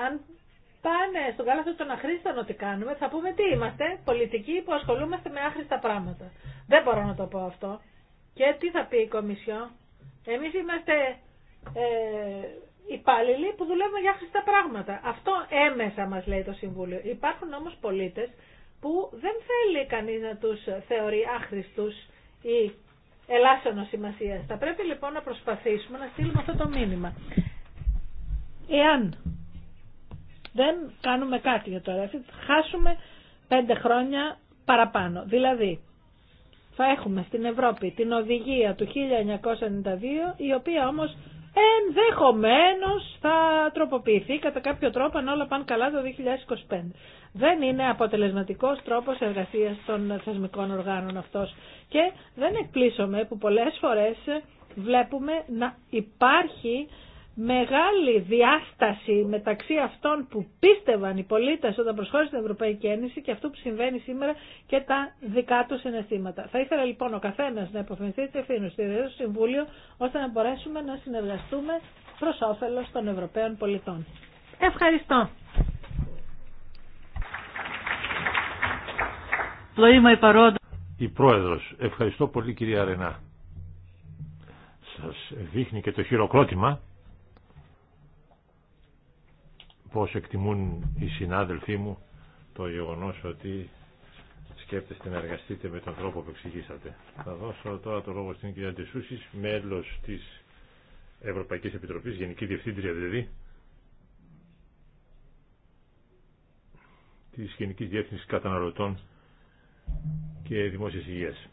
αν πάνε στον κάλαθο των αχρήστων ότι κάνουμε, θα πούμε τι είμαστε, πολιτικοί που ασχολούμαστε με άχρηστα πράγματα. Δεν μπορώ να το πω αυτό. Και τι θα πει η Κομισιό. Εμείς είμαστε ε, υπάλληλοι που δουλεύουν για χρηστά πράγματα. Αυτό έμεσα μας λέει το Συμβούλιο. Υπάρχουν όμως πολίτες που δεν θέλει κανείς να τους θεωρεί άχρηστους ή ελάσσονος σημασία. Θα πρέπει λοιπόν να προσπαθήσουμε να στείλουμε αυτό το μήνυμα. Εάν δεν κάνουμε κάτι για το θα χάσουμε πέντε χρόνια παραπάνω. Δηλαδή, θα έχουμε στην Ευρώπη την οδηγία του 1992, η οποία όμως Ενδεχομένω θα τροποποιηθεί κατά κάποιο τρόπο αν όλα πάνε καλά το 2025. Δεν είναι αποτελεσματικό τρόπο εργασία των θεσμικών οργάνων αυτό. και δεν εκπλήσωμε που πολλέ φορέ βλέπουμε να υπάρχει μεγάλη διάσταση μεταξύ αυτών που πίστευαν οι πολίτες όταν προσχώρησαν την Ευρωπαϊκή Ένωση και αυτού που συμβαίνει σήμερα και τα δικά του συναισθήματα. Θα ήθελα λοιπόν ο καθένας να υποφεληθεί τη ευθύνη του Συμβούλιο ώστε να μπορέσουμε να συνεργαστούμε προς όφελος των Ευρωπαίων πολιτών. Ευχαριστώ. Η Πρόεδρος, ευχαριστώ πολύ κυρία Ρενά. Σας δείχνει και το χειροκρότημα πώς εκτιμούν οι συνάδελφοί μου το γεγονός ότι σκέφτεστε να εργαστείτε με τον τρόπο που εξηγήσατε. Θα δώσω τώρα το λόγο στην κυρία Τεσούσης, μέλος της Ευρωπαϊκής Επιτροπής, Γενική Διευθύντρια δηλαδή, της Γενικής Διεύθυνσης Καταναλωτών και Δημόσιας Υγείας.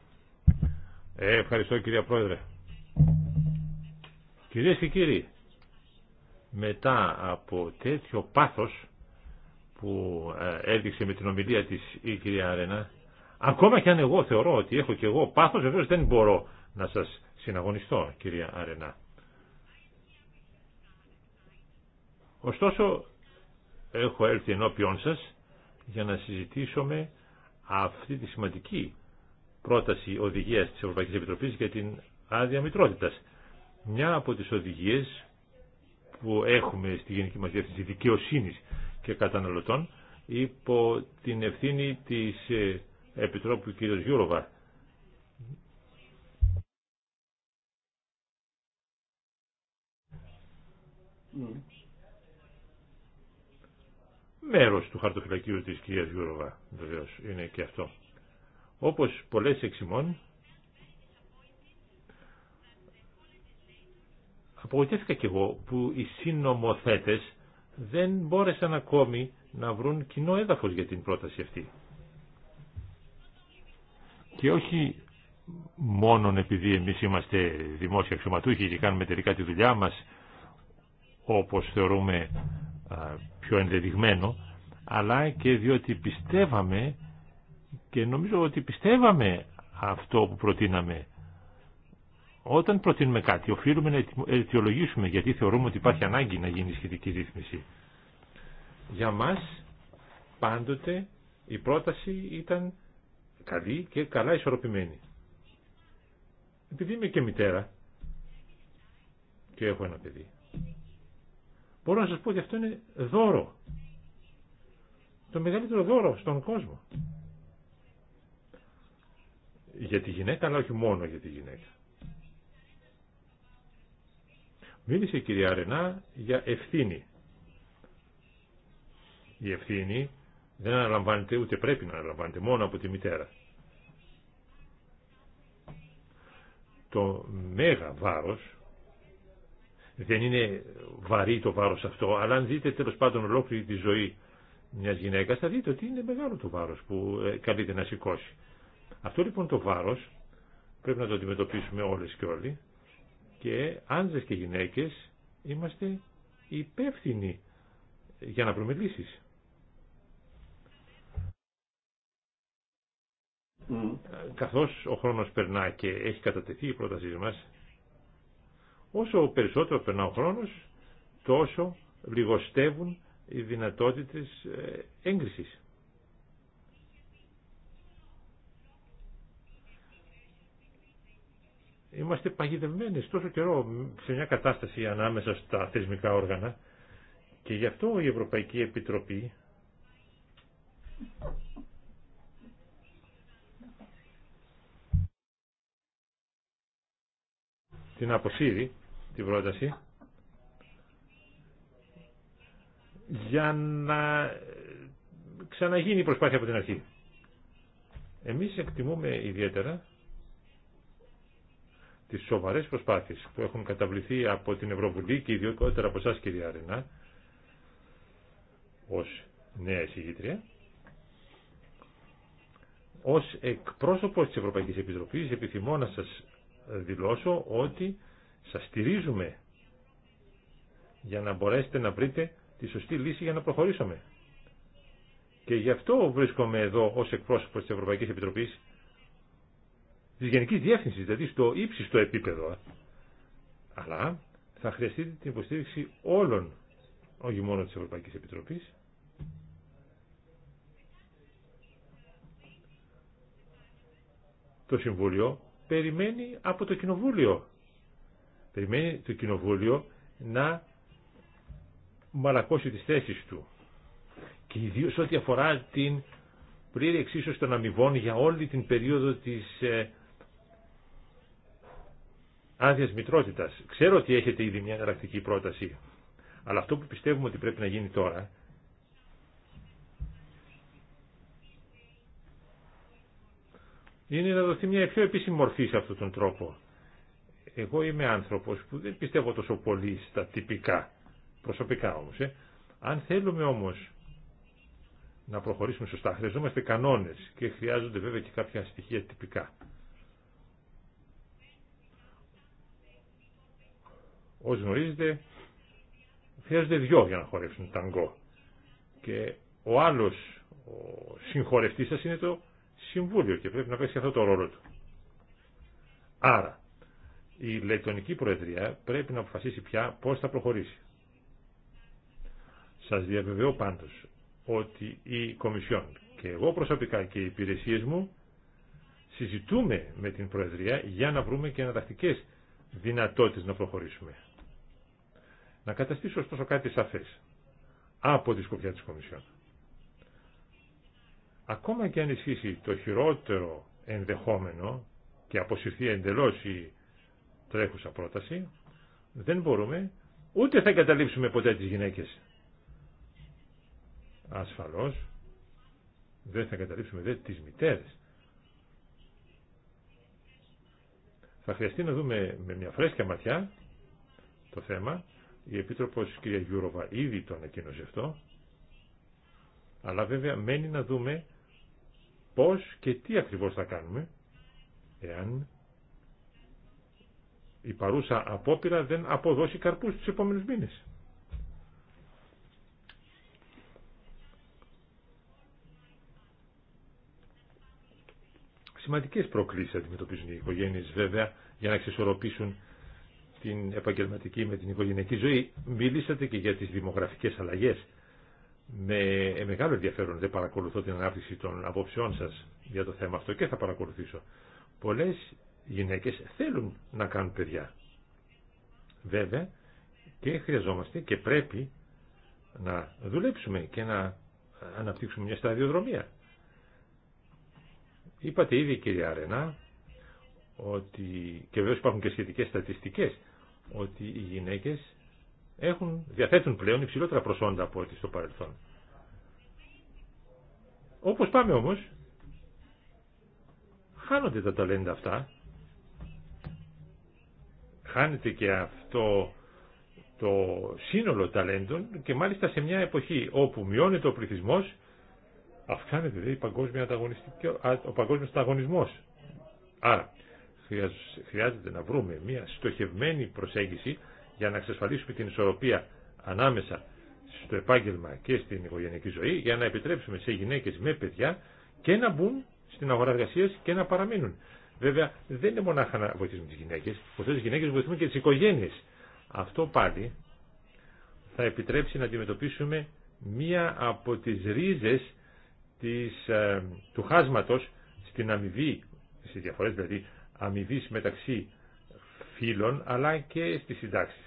Ε, ευχαριστώ κυρία Πρόεδρε. Κυρίες και κύριοι, μετά από τέτοιο πάθος που ε, έδειξε με την ομιλία της η κυρία Αρένα, ακόμα και αν εγώ θεωρώ ότι έχω και εγώ πάθος, βεβαίω δεν μπορώ να σας συναγωνιστώ, κυρία Αρένα. Ωστόσο, έχω έρθει ενώπιόν σας για να συζητήσουμε αυτή τη σημαντική πρόταση οδηγίας της Ευρωπαϊκής Επιτροπής για την άδεια μητρότητας. Μια από τις οδηγίες που έχουμε στη Γενική μας Διεύθυνση Δικαιοσύνης και Καταναλωτών υπό την ευθύνη της ε, Επιτρόπου κ. Γιούροβα. Mm. Μέρος του χαρτοφυλακίου της κ. Γιούροβα βεβαίως είναι και αυτό. Όπως πολλές εξημών Απογοητεύτηκα κι εγώ που οι συνομοθέτες δεν μπόρεσαν ακόμη να βρουν κοινό έδαφος για την πρόταση αυτή. Και όχι μόνον επειδή εμείς είμαστε δημόσια αξιωματούχοι και κάνουμε τελικά τη δουλειά μας όπως θεωρούμε πιο ενδεδειγμένο, αλλά και διότι πιστεύαμε και νομίζω ότι πιστεύαμε αυτό που προτείναμε όταν προτείνουμε κάτι, οφείλουμε να αιτιολογήσουμε γιατί θεωρούμε ότι υπάρχει ανάγκη να γίνει σχετική ρύθμιση. Για μας πάντοτε η πρόταση ήταν καλή και καλά ισορροπημένη. Επειδή είμαι και μητέρα και έχω ένα παιδί, μπορώ να σας πω ότι αυτό είναι δώρο. Το μεγαλύτερο δώρο στον κόσμο. Για τη γυναίκα, αλλά όχι μόνο για τη γυναίκα. Μίλησε η κυρία Ρενά για ευθύνη. Η ευθύνη δεν αναλαμβάνεται ούτε πρέπει να αναλαμβάνεται μόνο από τη μητέρα. Το μέγα βάρος δεν είναι βαρύ το βάρος αυτό, αλλά αν δείτε τέλος πάντων ολόκληρη τη ζωή μιας γυναίκας θα δείτε ότι είναι μεγάλο το βάρος που ε, καλείται να σηκώσει. Αυτό λοιπόν το βάρος πρέπει να το αντιμετωπίσουμε όλες και όλοι και άντρες και γυναίκες είμαστε υπεύθυνοι για να βρούμε λύσεις. Καθώς ο χρόνος περνά και έχει κατατεθεί η πρότασή μας, όσο περισσότερο περνά ο χρόνος, τόσο λιγοστεύουν οι δυνατότητες ε, έγκρισης. Είμαστε παγιδευμένοι τόσο καιρό σε μια κατάσταση ανάμεσα στα θεσμικά όργανα και γι' αυτό η Ευρωπαϊκή Επιτροπή την αποσύρει την πρόταση για να ξαναγίνει η προσπάθεια από την αρχή. Εμείς εκτιμούμε ιδιαίτερα τις σοβαρές προσπάθειες που έχουν καταβληθεί από την Ευρωβουλή και ιδιωτικότερα από εσάς κυρία Ρενά ως νέα εισηγήτρια ως εκπρόσωπος της Ευρωπαϊκής Επιτροπής επιθυμώ να σας δηλώσω ότι σας στηρίζουμε για να μπορέσετε να βρείτε τη σωστή λύση για να προχωρήσουμε. Και γι' αυτό βρίσκομαι εδώ ως εκπρόσωπος της Ευρωπαϊκής Επιτροπής της γενική Διεύθυνσης, δηλαδή στο ύψιστο επίπεδο. Ε. Αλλά θα χρειαστεί την υποστήριξη όλων, όχι μόνο της Ευρωπαϊκής Επιτροπής. Το Συμβούλιο περιμένει από το Κοινοβούλιο. Περιμένει το Κοινοβούλιο να μαλακώσει τις θέσεις του. Και ιδίως ό,τι αφορά την πλήρη εξίσωση των αμοιβών για όλη την περίοδο της ε, άδειας μητρότητας. Ξέρω ότι έχετε ήδη μια εναλλακτική πρόταση, αλλά αυτό που πιστεύουμε ότι πρέπει να γίνει τώρα είναι να δοθεί μια πιο επίσημη μορφή σε αυτόν τον τρόπο. Εγώ είμαι άνθρωπος που δεν πιστεύω τόσο πολύ στα τυπικά, προσωπικά όμως. Ε. Αν θέλουμε όμως να προχωρήσουμε σωστά, χρειαζόμαστε κανόνες και χρειάζονται βέβαια και κάποια στοιχεία τυπικά. Όσοι γνωρίζετε, χρειάζονται δυο για να χορεύσουν ταγκό. Και ο άλλος ο σα σας είναι το Συμβούλιο και πρέπει να παίξει αυτό το ρόλο του. Άρα, η Λεκτονική Προεδρία πρέπει να αποφασίσει πια πώς θα προχωρήσει. Σας διαβεβαιώ πάντως ότι η Κομισιόν και εγώ προσωπικά και οι υπηρεσίες μου συζητούμε με την Προεδρία για να βρούμε και εναλλακτικέ δυνατότητες να προχωρήσουμε. Να καταστήσω ωστόσο κάτι σαφέ από τη σκοπιά της Κομισιόν. Ακόμα και αν ισχύσει το χειρότερο ενδεχόμενο και αποσυρθεί εντελώς η τρέχουσα πρόταση, δεν μπορούμε, ούτε θα εγκαταλείψουμε ποτέ τι γυναίκες. Ασφαλώς, δεν θα εγκαταλείψουμε δε τις μητέρες. Θα χρειαστεί να δούμε με μια φρέσκια ματιά το θέμα η Επίτροπος κυρία Γιούροβα ήδη το ανακοίνωσε αυτό, αλλά βέβαια μένει να δούμε πώς και τι ακριβώς θα κάνουμε, εάν η παρούσα απόπειρα δεν αποδώσει καρπούς τους επόμενους μήνες. Σημαντικές προκλήσεις αντιμετωπίζουν οι οικογένειες βέβαια για να ξεσορροπήσουν την επαγγελματική με την οικογενειακή ζωή. Μίλησατε και για τις δημογραφικές αλλαγές. Με ε, μεγάλο ενδιαφέρον δεν παρακολουθώ την ανάπτυξη των απόψεών σας για το θέμα αυτό και θα παρακολουθήσω. Πολλές γυναίκες θέλουν να κάνουν παιδιά. Βέβαια και χρειαζόμαστε και πρέπει να δουλέψουμε και να αναπτύξουμε μια σταδιοδρομία. Είπατε ήδη κυρία Αρενά ότι, και βέβαια υπάρχουν και σχετικές στατιστικές, ότι οι γυναίκες έχουν, διαθέτουν πλέον υψηλότερα προσόντα από ό,τι στο παρελθόν. Όπως πάμε όμως, χάνονται τα ταλέντα αυτά, χάνεται και αυτό το σύνολο ταλέντων και μάλιστα σε μια εποχή όπου μειώνεται ο πληθυσμό αυξάνεται δηλαδή ο παγκόσμιο ταγωνισμό. Άρα, χρειάζεται να βρούμε μια στοχευμένη προσέγγιση για να εξασφαλίσουμε την ισορροπία ανάμεσα στο επάγγελμα και στην οικογενειακή ζωή για να επιτρέψουμε σε γυναίκες με παιδιά και να μπουν στην αγορά εργασία και να παραμείνουν. Βέβαια δεν είναι μονάχα να βοηθήσουμε τις γυναίκες, οπότε τις γυναίκες βοηθούν και τις οικογένειες. Αυτό πάλι θα επιτρέψει να αντιμετωπίσουμε μία από τις ρίζες ε, του χάσματος στην αμοιβή, δηλαδή αμοιβή μεταξύ φίλων αλλά και στι συντάξει.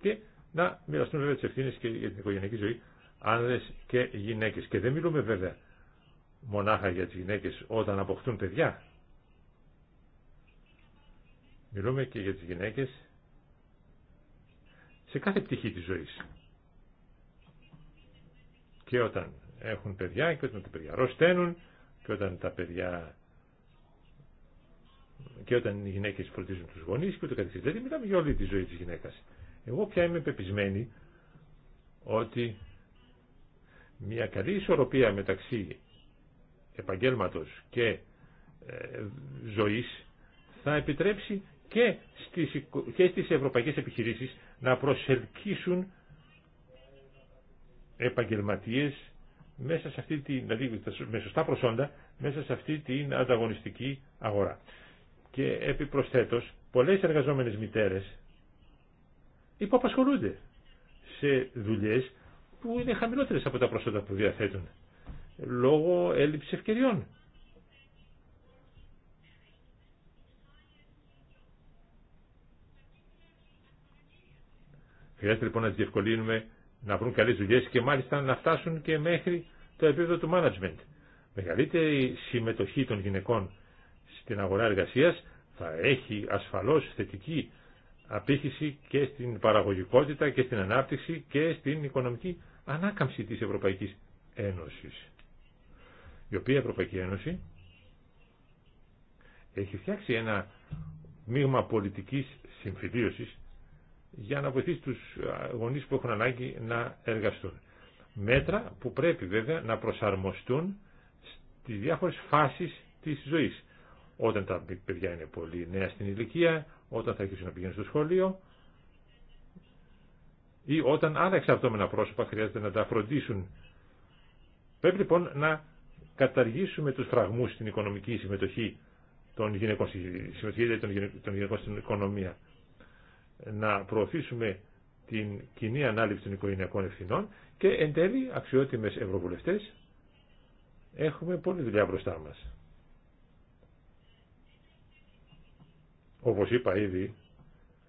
Και να μοιραστούν βέβαια τι ευθύνε και για την οικογενειακή ζωή άνδρες και γυναίκες. Και δεν μιλούμε βέβαια μονάχα για τις γυναίκες όταν αποκτούν παιδιά. Μιλούμε και για τις γυναίκες σε κάθε πτυχή της ζωής. Και όταν έχουν παιδιά και όταν τα παιδιά ρωσταίνουν και όταν τα παιδιά και όταν οι γυναίκε φροντίζουν του γονεί και ούτω καθεξή. Δηλαδή, μιλάμε για όλη τη ζωή τη γυναίκα. Εγώ πια είμαι πεπισμένη ότι μια καλή ισορροπία μεταξύ επαγγελματο και ε, ζωής θα επιτρέψει και στις, και στις ευρωπαϊκές επιχειρήσεις να προσελκύσουν επαγγελματίες μέσα σε αυτή τη, δηλαδή με σωστά προσόντα μέσα σε αυτή την ανταγωνιστική αγορά. Και επιπροσθέτως, πολλές εργαζόμενες μητέρες υποπασχολούνται σε δουλειές που είναι χαμηλότερες από τα προσόντα που διαθέτουν λόγω έλλειψης ευκαιριών. Χρειάζεται λοιπόν να τις διευκολύνουμε να βρουν καλές δουλειές και μάλιστα να φτάσουν και μέχρι το επίπεδο του management. Μεγαλύτερη συμμετοχή των γυναικών την αγορά εργασίας θα έχει ασφαλώς θετική απήχηση και στην παραγωγικότητα και στην ανάπτυξη και στην οικονομική ανάκαμψη της Ευρωπαϊκής Ένωσης. Η οποία Ευρωπαϊκή Ένωση έχει φτιάξει ένα μείγμα πολιτικής συμφιλίωσης για να βοηθήσει τους γονείς που έχουν ανάγκη να εργαστούν. Μέτρα που πρέπει βέβαια να προσαρμοστούν στις διάφορες φάσεις της ζωής όταν τα παιδιά είναι πολύ νέα στην ηλικία, όταν θα αρχίσουν να πηγαίνουν στο σχολείο ή όταν άλλα εξαρτώμενα πρόσωπα χρειάζεται να τα φροντίσουν. Πρέπει λοιπόν να καταργήσουμε τους φραγμούς στην οικονομική συμμετοχή των γυναικών, συμμετοχή των γυναικών στην οικονομία. Να προωθήσουμε την κοινή ανάληψη των οικογενειακών ευθυνών και εν τέλει αξιότιμες ευρωβουλευτές έχουμε πολλή δουλειά μπροστά μας. Όπως είπα ήδη,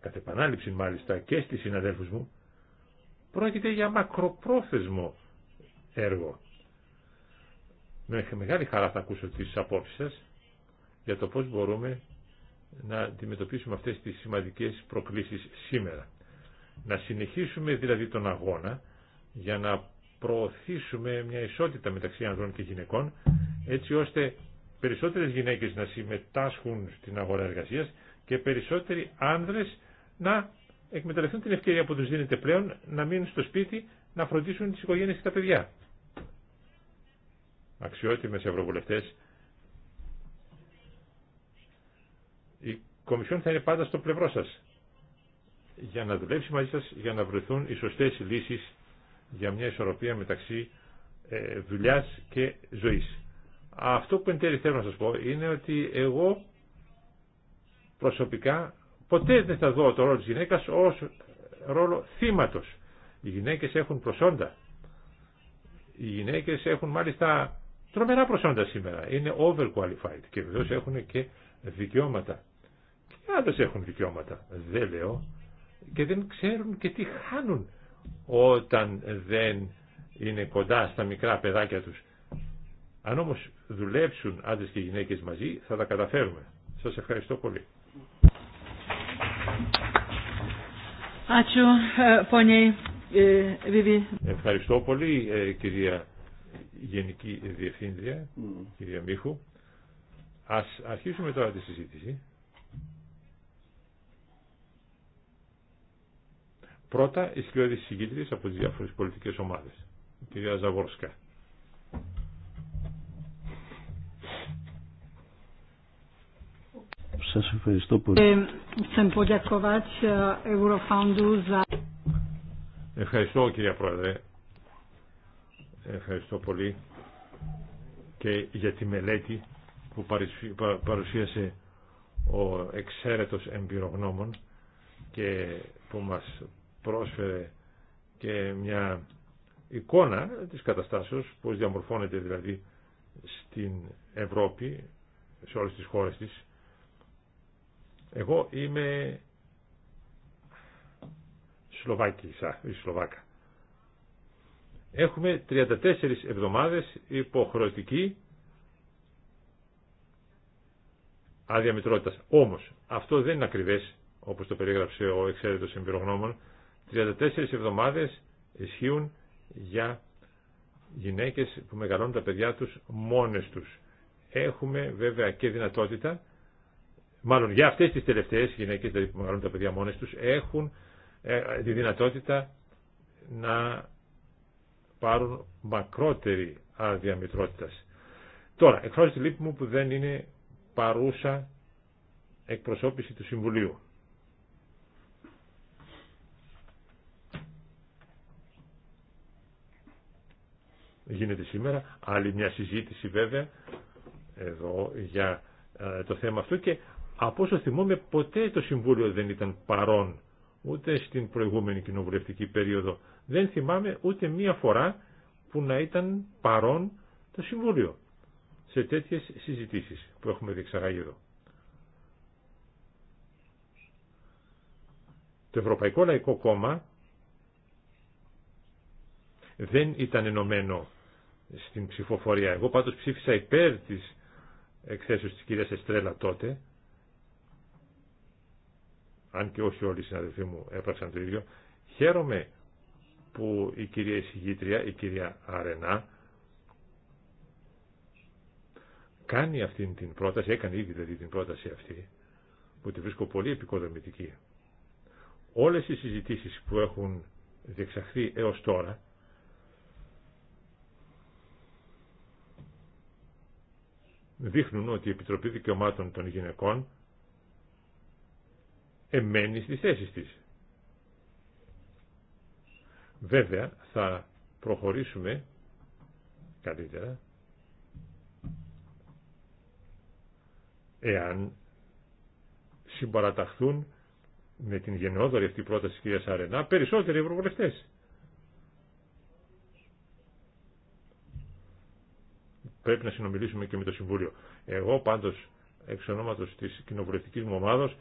κατ' επανάληψη μάλιστα και στις συναδέλφους μου, πρόκειται για μακροπρόθεσμο έργο. Με μεγάλη χαρά θα ακούσω τις απόψεις σας για το πώς μπορούμε να αντιμετωπίσουμε αυτές τις σημαντικές προκλήσεις σήμερα. Να συνεχίσουμε δηλαδή τον αγώνα για να προωθήσουμε μια ισότητα μεταξύ ανδρών και γυναικών έτσι ώστε περισσότερες γυναίκες να συμμετάσχουν στην αγορά εργασίας και περισσότεροι άνδρες να εκμεταλλευτούν την ευκαιρία που τους δίνεται πλέον να μείνουν στο σπίτι να φροντίσουν τις οικογένειες και τα παιδιά. Αξιότιμες ευρωβουλευτές, η Κομισιόν θα είναι πάντα στο πλευρό σας για να δουλέψει μαζί σας, για να βρεθούν οι σωστές λύσεις για μια ισορροπία μεταξύ ε, δουλειάς και ζωής. Αυτό που εν τέλει θέλω να σας πω είναι ότι εγώ προσωπικά ποτέ δεν θα δω το ρόλο της γυναίκας ως ρόλο θύματος. Οι γυναίκες έχουν προσόντα. Οι γυναίκες έχουν μάλιστα τρομερά προσόντα σήμερα. Είναι overqualified και βεβαίω έχουν και δικαιώματα. Και άντρες έχουν δικαιώματα. Δεν λέω. Και δεν ξέρουν και τι χάνουν όταν δεν είναι κοντά στα μικρά παιδάκια τους. Αν όμως δουλέψουν άντρες και γυναίκες μαζί θα τα καταφέρουμε. Σας ευχαριστώ πολύ. E, e, Ευχαριστώ πολύ ε, κυρία Γενική Διευθύντρια, mm. κυρία Μίχου. Ας αρχίσουμε τώρα τη συζήτηση. Πρώτα, οι σκληρές της από τις διάφορες πολιτικές ομάδες. κυρία Ζαβόρσκα. Σας ευχαριστώ πολύ. Ε, ε, ευχαριστώ κυρία Πρόεδρε. Ευχαριστώ πολύ και για τη μελέτη που παρουσίασε ο εξαίρετος εμπειρογνώμων και που μας πρόσφερε και μια εικόνα της καταστάσεως, πώς διαμορφώνεται δηλαδή στην Ευρώπη, σε όλες τις χώρες της εγώ είμαι Σλοβάκη, ή Σλοβάκα. Έχουμε 34 εβδομάδες υποχρεωτική άδεια μητρότητας. Όμως, αυτό δεν είναι ακριβές, όπως το περιγράψε ο εξαίρετος εμπειρογνώμων. 34 εβδομάδες ισχύουν για γυναίκες που μεγαλώνουν τα παιδιά τους μόνες τους. Έχουμε βέβαια και δυνατότητα μάλλον για αυτές τις τελευταίες γυναίκες, δηλαδή που μεγαλώνουν τα παιδιά μόνες τους, έχουν ε, τη δυνατότητα να πάρουν μακρότερη άδεια μητρότητας. Τώρα, εκφράζω τη λύπη μου που δεν είναι παρούσα εκπροσώπηση του Συμβουλίου. Γίνεται σήμερα άλλη μια συζήτηση βέβαια εδώ για ε, το θέμα αυτό και από όσο θυμόμαι ποτέ το Συμβούλιο δεν ήταν παρόν ούτε στην προηγούμενη κοινοβουλευτική περίοδο. Δεν θυμάμαι ούτε μία φορά που να ήταν παρόν το Συμβούλιο σε τέτοιες συζητήσεις που έχουμε διεξαγάγει εδώ. Το Ευρωπαϊκό Λαϊκό Κόμμα δεν ήταν ενωμένο στην ψηφοφορία. Εγώ πάντως ψήφισα υπέρ της εκθέσεως της κυρίας Εστρέλα τότε αν και όχι όλοι οι συναδελφοί μου έπραξαν το ίδιο, χαίρομαι που η κυρία εισηγήτρια, η κυρία Αρενά, κάνει αυτή την πρόταση, έκανε ήδη δηλαδή την πρόταση αυτή, που τη βρίσκω πολύ επικοδομητική. Όλες οι συζητήσεις που έχουν διεξαχθεί έως τώρα, δείχνουν ότι η Επιτροπή Δικαιωμάτων των Γυναικών εμένει στις θέσεις της. Βέβαια θα προχωρήσουμε καλύτερα εάν συμπαραταχθούν με την γενναιόδορη αυτή πρόταση της κυρίας Αρενά περισσότεροι ευρωβουλευτές. Πρέπει να συνομιλήσουμε και με το Συμβούλιο. Εγώ πάντως εξ ονόματος της κοινοβουλευτικής μου ομάδος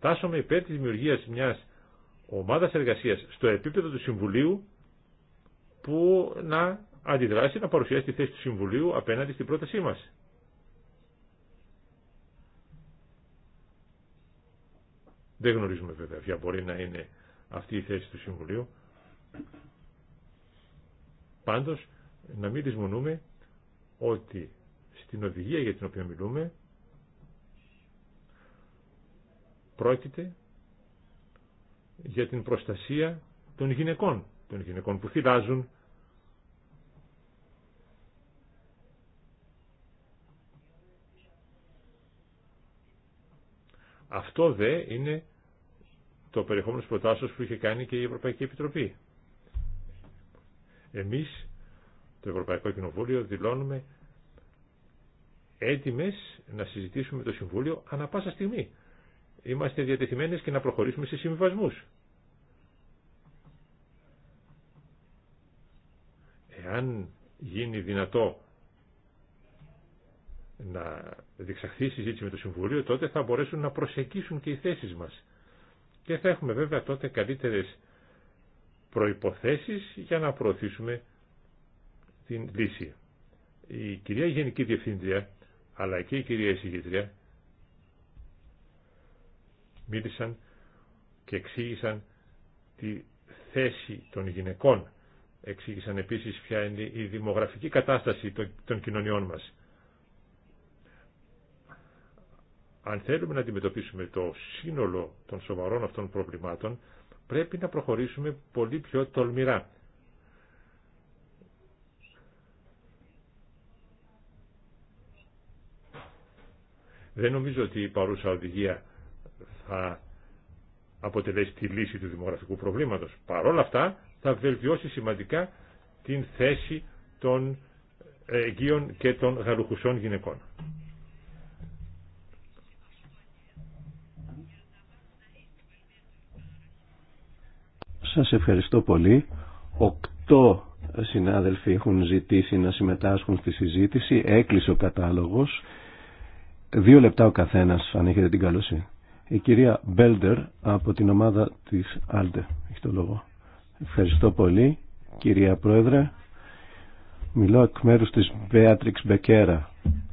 τάσσομαι υπέρ της δημιουργίας μιας ομάδας εργασίας στο επίπεδο του Συμβουλίου που να αντιδράσει, να παρουσιάσει τη θέση του Συμβουλίου απέναντι στην πρότασή μας. Δεν γνωρίζουμε βέβαια ποια μπορεί να είναι αυτή η θέση του Συμβουλίου. Πάντως, να μην δυσμονούμε ότι στην οδηγία για την οποία μιλούμε Πρόκειται για την προστασία των γυναικών, των γυναικών που θυλάζουν Αυτό δε είναι το περιεχόμενο που είχε κάνει και η Ευρωπαϊκή Επιτροπή. Εμείς, το Ευρωπαϊκό Κοινοβούλιο, δηλώνουμε έτοιμες να συζητήσουμε το Συμβούλιο ανα πάσα στιγμή είμαστε διατεθειμένες και να προχωρήσουμε σε συμβιβασμούς. Εάν γίνει δυνατό να διεξαχθεί η συζήτηση με το Συμβουλίο, τότε θα μπορέσουν να προσεγγίσουν και οι θέσεις μας. Και θα έχουμε βέβαια τότε καλύτερες προϋποθέσεις για να προωθήσουμε την λύση. Η κυρία Γενική Διευθύντρια, αλλά και η κυρία Εισηγήτρια, μίλησαν και εξήγησαν τη θέση των γυναικών. Εξήγησαν επίσης ποια είναι η δημογραφική κατάσταση των κοινωνιών μας. Αν θέλουμε να αντιμετωπίσουμε το σύνολο των σοβαρών αυτών προβλημάτων, πρέπει να προχωρήσουμε πολύ πιο τολμηρά. Δεν νομίζω ότι η παρούσα οδηγία θα αποτελέσει τη λύση του δημογραφικού προβλήματος. Παρ' όλα αυτά θα βελτιώσει σημαντικά την θέση των ε, εγγύων και των γαλουχουσών γυναικών. Σας ευχαριστώ πολύ. Οκτώ συνάδελφοι έχουν ζητήσει να συμμετάσχουν στη συζήτηση. Έκλεισε ο κατάλογος. Δύο λεπτά ο καθένας, αν έχετε την καλώση. Η κυρία Μπέλντερ από την ομάδα της Άλτε έχει το λόγο. Ευχαριστώ πολύ κυρία Πρόεδρε. Μιλώ εκ μέρους της Μπέατριξ Μπεκέρα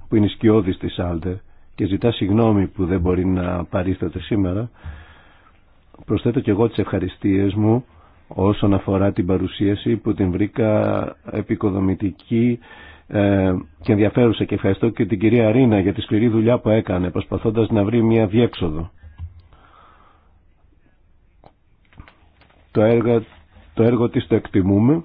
που είναι σκιώδης της Άλτε και ζητά συγγνώμη που δεν μπορεί να παρίσταται σήμερα. Προσθέτω και εγώ τις ευχαριστίες μου όσον αφορά την παρουσίαση που την βρήκα επικοδομητική ε, και ενδιαφέρουσα και ευχαριστώ και την κυρία Ρίνα για τη σκληρή δουλειά που έκανε προσπαθώντας να βρει μια διέξοδο. το έργο, το έργο της το εκτιμούμε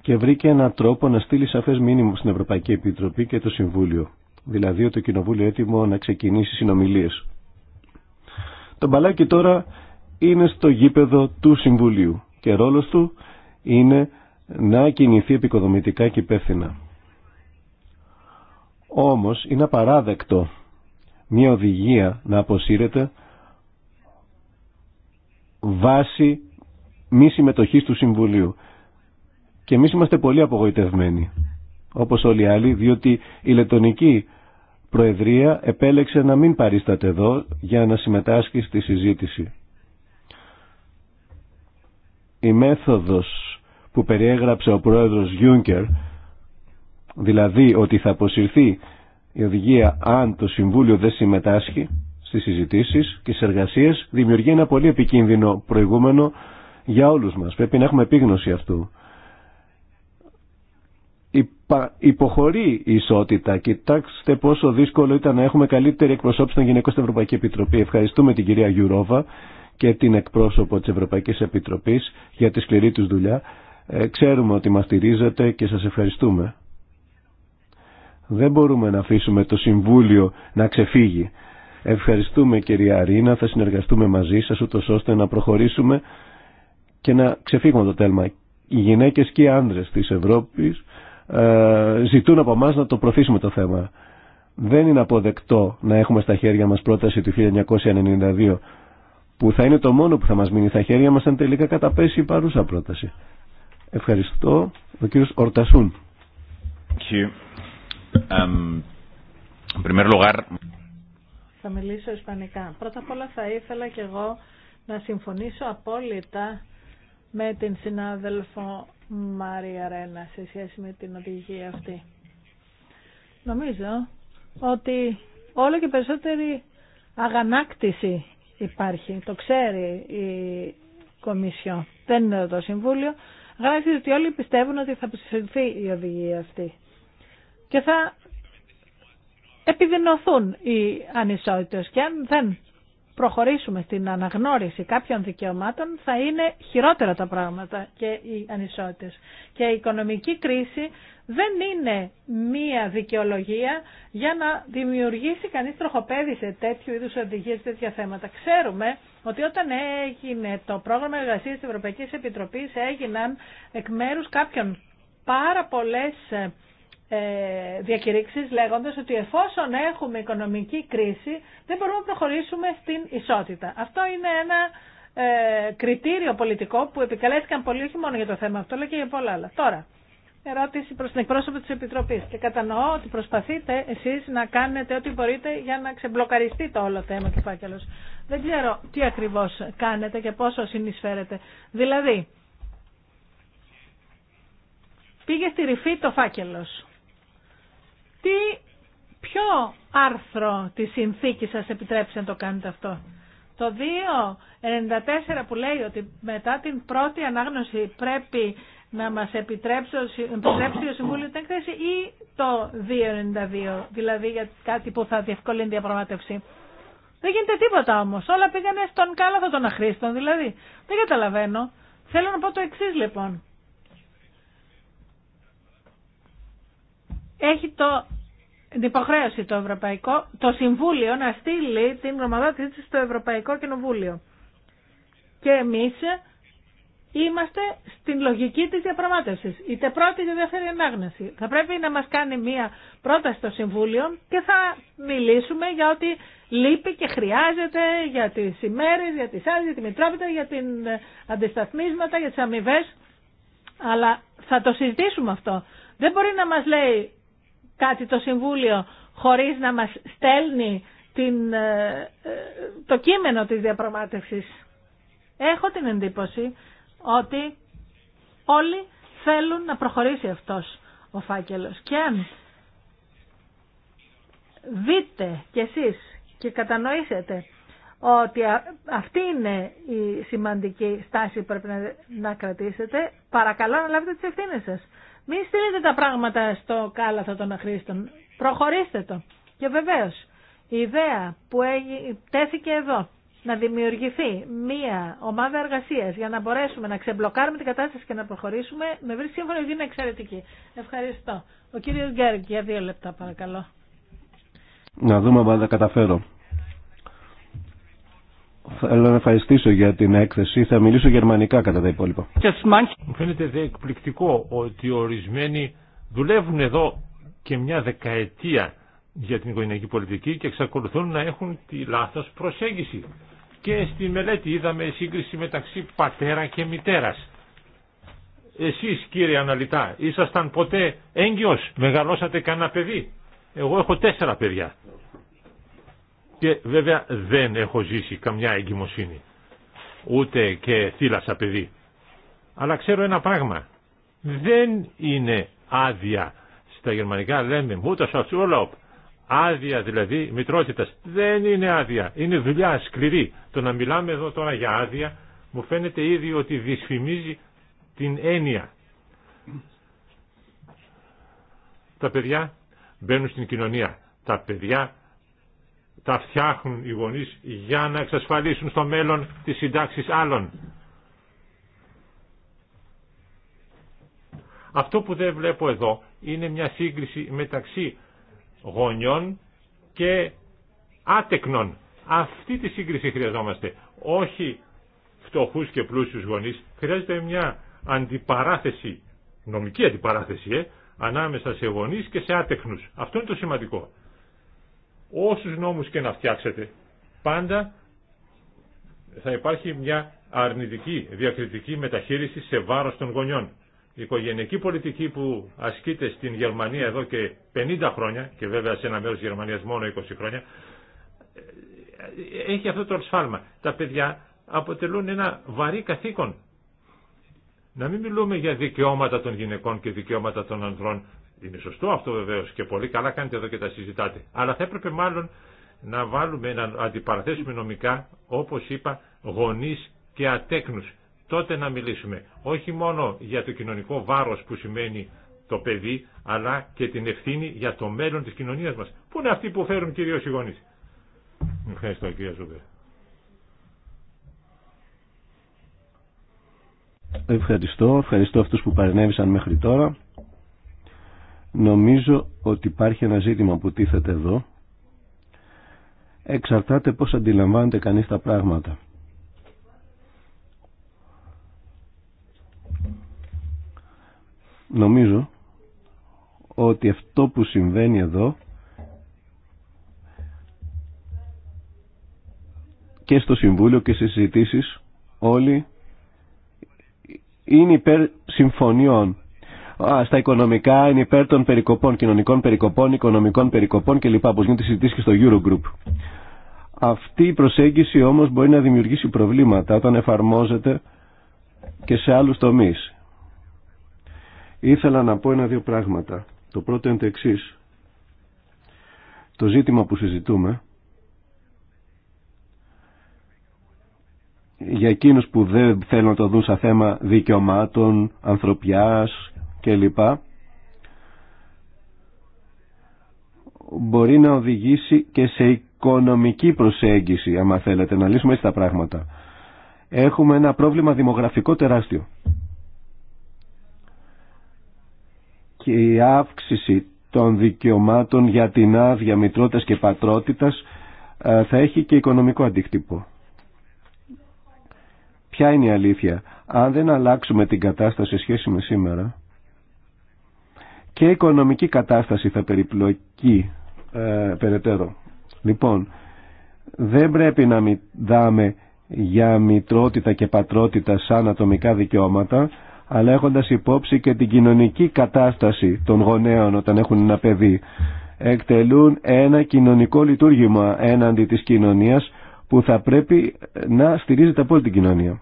και βρήκε έναν τρόπο να στείλει σαφές μήνυμα στην Ευρωπαϊκή Επιτροπή και το Συμβούλιο. Δηλαδή το Κοινοβούλιο έτοιμο να ξεκινήσει συνομιλίες. Το μπαλάκι τώρα είναι στο γήπεδο του Συμβουλίου και ρόλος του είναι να κινηθεί επικοδομητικά και υπεύθυνα. Όμως είναι απαράδεκτο μια οδηγία να αποσύρεται βάση μη συμμετοχή του Συμβουλίου. Και εμεί είμαστε πολύ απογοητευμένοι, όπως όλοι οι άλλοι, διότι η Λετωνική Προεδρία επέλεξε να μην παρίσταται εδώ για να συμμετάσχει στη συζήτηση. Η μέθοδος που περιέγραψε ο πρόεδρος Γιούνκερ, δηλαδή ότι θα αποσυρθεί η οδηγία αν το Συμβούλιο δεν συμμετάσχει, στις συζητήσει, και στι εργασίε δημιουργεί ένα πολύ επικίνδυνο προηγούμενο για όλου μα. Πρέπει να έχουμε επίγνωση αυτού. Υποχωρεί η ισότητα. Κοιτάξτε πόσο δύσκολο ήταν να έχουμε καλύτερη εκπροσώπηση των γυναικών στην Ευρωπαϊκή Επιτροπή. Ευχαριστούμε την κυρία Γιουρόβα και την εκπρόσωπο τη Ευρωπαϊκή Επιτροπή για τη σκληρή του δουλειά. Ε, ξέρουμε ότι μα στηρίζετε και σα ευχαριστούμε. Δεν μπορούμε να αφήσουμε το Συμβούλιο να ξεφύγει. Ευχαριστούμε κυρία Αρίνα, θα συνεργαστούμε μαζί σας ούτως ώστε να προχωρήσουμε και να ξεφύγουμε το τέλμα. Οι γυναίκες και οι άνδρες της Ευρώπης ε, ζητούν από εμά να το προθίσουμε το θέμα. Δεν είναι αποδεκτό να έχουμε στα χέρια μας πρόταση του 1992 που θα είναι το μόνο που θα μας μείνει στα χέρια μας αν τελικά καταπέσει η παρούσα πρόταση. Ευχαριστώ. Ο κύριος Ορτασούν. Θα μιλήσω ισπανικά. Πρώτα απ' όλα θα ήθελα και εγώ να συμφωνήσω απόλυτα με την συνάδελφο Μάρια Ρένα σε σχέση με την οδηγία αυτή. Νομίζω ότι όλο και περισσότερη αγανάκτηση υπάρχει. Το ξέρει η Κομισιό. Δεν είναι το Συμβούλιο. Γράφει ότι όλοι πιστεύουν ότι θα ψηφιστεί η οδηγία αυτή. Και θα επιδεινωθούν οι ανισότητες και αν δεν προχωρήσουμε στην αναγνώριση κάποιων δικαιωμάτων θα είναι χειρότερα τα πράγματα και οι ανισότητες. Και η οικονομική κρίση δεν είναι μία δικαιολογία για να δημιουργήσει κανείς τροχοπέδι σε τέτοιου είδους οδηγίες, τέτοια θέματα. Ξέρουμε ότι όταν έγινε το πρόγραμμα εργασίας της Ευρωπαϊκής Επιτροπής έγιναν εκ μέρους κάποιων πάρα πολλές ε, ε, διακηρύξεις λέγοντας ότι εφόσον έχουμε οικονομική κρίση δεν μπορούμε να προχωρήσουμε στην ισότητα. Αυτό είναι ένα ε, κριτήριο πολιτικό που επικαλέστηκαν πολύ όχι μόνο για το θέμα αυτό αλλά και για πολλά άλλα. Τώρα, ερώτηση προς την εκπρόσωπο της Επιτροπής και κατανοώ ότι προσπαθείτε εσείς να κάνετε ό,τι μπορείτε για να ξεμπλοκαριστεί το όλο θέμα του φάκελος. Δεν ξέρω τι ακριβώς κάνετε και πόσο συνεισφέρετε. Δηλαδή, πήγε στη ρηφή το φάκελος. Τι, ποιο άρθρο της συνθήκης σας επιτρέψει να το κάνετε αυτό. Το 2.94 που λέει ότι μετά την πρώτη ανάγνωση πρέπει να μας επιτρέψει, επιτρέψει ο Συμβούλιο την έκθεση ή το 2.92, δηλαδή για κάτι που θα διευκολύνει διαπραγματεύση. Δεν γίνεται τίποτα όμως. Όλα πήγανε στον κάλαθο των αχρήστων, δηλαδή. Δεν καταλαβαίνω. Θέλω να πω το εξή λοιπόν. έχει το, την υποχρέωση το, Ευρωπαϊκό, το Συμβούλιο να στείλει την της στο Ευρωπαϊκό Κοινοβούλιο. Και εμείς είμαστε στην λογική της διαπραγμάτευσης. Είτε πρώτη είτε δεύτερη ανάγνωση. Θα πρέπει να μας κάνει μία πρόταση στο Συμβούλιο και θα μιλήσουμε για ό,τι λείπει και χρειάζεται για τις ημέρες, για τις άλλες, για τη Μητρόπιτα, για την ε, αντισταθμίσματα, για τις αμοιβέ. Αλλά θα το συζητήσουμε αυτό. Δεν μπορεί να μας λέει κάτι το Συμβούλιο χωρίς να μας στέλνει την, ε, ε, το κείμενο της διαπραγμάτευσης. Έχω την εντύπωση ότι όλοι θέλουν να προχωρήσει αυτός ο φάκελος. Και αν δείτε κι εσείς και κατανοήσετε ότι αυτή είναι η σημαντική στάση που πρέπει να κρατήσετε, παρακαλώ να λάβετε τις ευθύνες σας. Μην στείλετε τα πράγματα στο κάλαθο των αχρήστων. Προχωρήστε το. Και βεβαίω, η ιδέα που τέθηκε εδώ, να δημιουργηθεί μία ομάδα εργασία για να μπορέσουμε να ξεμπλοκάρουμε την κατάσταση και να προχωρήσουμε, με βρίσκει σύμφωνο ότι είναι εξαιρετική. Ευχαριστώ. Ο κύριο Γκέρκ, για δύο λεπτά παρακαλώ. Να δούμε αν θα καταφέρω. Θέλω να ευχαριστήσω για την έκθεση. Θα μιλήσω γερμανικά κατά τα υπόλοιπα. Μου φαίνεται δε εκπληκτικό ότι ορισμένοι δουλεύουν εδώ και μια δεκαετία για την οικογενειακή πολιτική και εξακολουθούν να έχουν τη λάθος προσέγγιση. Και στη μελέτη είδαμε σύγκριση μεταξύ πατέρα και μητέρας. Εσείς κύριε αναλυτά, ήσασταν ποτέ έγκυος, μεγαλώσατε κανένα παιδί. Εγώ έχω τέσσερα παιδιά. Και βέβαια δεν έχω ζήσει καμιά εγκυμοσύνη. Ούτε και θύλασα παιδί. Αλλά ξέρω ένα πράγμα. Δεν είναι άδεια. Στα γερμανικά λέμε Urlaub. Άδεια δηλαδή μητρότητας. Δεν είναι άδεια. Είναι δουλειά σκληρή. Το να μιλάμε εδώ τώρα για άδεια μου φαίνεται ήδη ότι δυσφημίζει την έννοια. Τα παιδιά μπαίνουν στην κοινωνία. Τα παιδιά τα φτιάχνουν οι γονείς για να εξασφαλίσουν στο μέλλον τις συντάξεις άλλων. Αυτό που δεν βλέπω εδώ είναι μια σύγκριση μεταξύ γονιών και άτεκνων. Αυτή τη σύγκριση χρειαζόμαστε. Όχι φτωχούς και πλούσιους γονείς. Χρειάζεται μια αντιπαράθεση, νομική αντιπαράθεση, ε, ανάμεσα σε γονείς και σε άτεκνους. Αυτό είναι το σημαντικό όσους νόμους και να φτιάξετε, πάντα θα υπάρχει μια αρνητική διακριτική μεταχείριση σε βάρος των γονιών. Η οικογενειακή πολιτική που ασκείται στην Γερμανία εδώ και 50 χρόνια, και βέβαια σε ένα μέρος της Γερμανίας μόνο 20 χρόνια, έχει αυτό το σφάλμα. Τα παιδιά αποτελούν ένα βαρύ καθήκον. Να μην μιλούμε για δικαιώματα των γυναικών και δικαιώματα των ανδρών είναι σωστό αυτό βεβαίω και πολύ καλά κάνετε εδώ και τα συζητάτε. Αλλά θα έπρεπε μάλλον να βάλουμε, να αντιπαραθέσουμε νομικά, όπως είπα, γονεί και ατέκνους. Τότε να μιλήσουμε όχι μόνο για το κοινωνικό βάρος που σημαίνει το παιδί, αλλά και την ευθύνη για το μέλλον της κοινωνίας μας. Πού είναι αυτοί που φέρουν κυρίως οι γονείς. Ευχαριστώ κύριε Ζούμπερ. Ευχαριστώ, ευχαριστώ αυτούς που φερουν κυριω οι γονεις ευχαριστω μέχρι τώρα. Νομίζω ότι υπάρχει ένα ζήτημα που τίθεται εδώ. Εξαρτάται πώς αντιλαμβάνεται κανείς τα πράγματα. Νομίζω ότι αυτό που συμβαίνει εδώ και στο Συμβούλιο και στις συζητήσεις όλοι είναι υπέρ συμφωνιών στα οικονομικά είναι υπέρ των περικοπών, κοινωνικών περικοπών, οικονομικών περικοπών κλπ. Όπως γίνεται συζητήσει και στο Eurogroup. Αυτή η προσέγγιση όμως μπορεί να δημιουργήσει προβλήματα όταν εφαρμόζεται και σε άλλους τομείς. Ήθελα να πω ένα-δύο πράγματα. Το πρώτο είναι το εξή. Το ζήτημα που συζητούμε για εκείνους που δεν θέλουν να το δουν σαν θέμα δικαιωμάτων, ανθρωπιάς μπορεί να οδηγήσει και σε οικονομική προσέγγιση, άμα θέλετε, να λύσουμε έτσι τα πράγματα. Έχουμε ένα πρόβλημα δημογραφικό τεράστιο. Και η αύξηση των δικαιωμάτων για την άδεια μητρότητας και πατρότητας ε, θα έχει και οικονομικό αντίκτυπο. Ποια είναι η αλήθεια. Αν δεν αλλάξουμε την κατάσταση σχέση με σήμερα, και η οικονομική κατάσταση θα περιπλοκεί ε, περαιτέρω. Λοιπόν, δεν πρέπει να μιλάμε για μητρότητα και πατρότητα σαν ατομικά δικαιώματα, αλλά έχοντας υπόψη και την κοινωνική κατάσταση των γονέων όταν έχουν ένα παιδί. Εκτελούν ένα κοινωνικό λειτουργήμα έναντι της κοινωνίας που θα πρέπει να στηρίζεται από όλη την κοινωνία.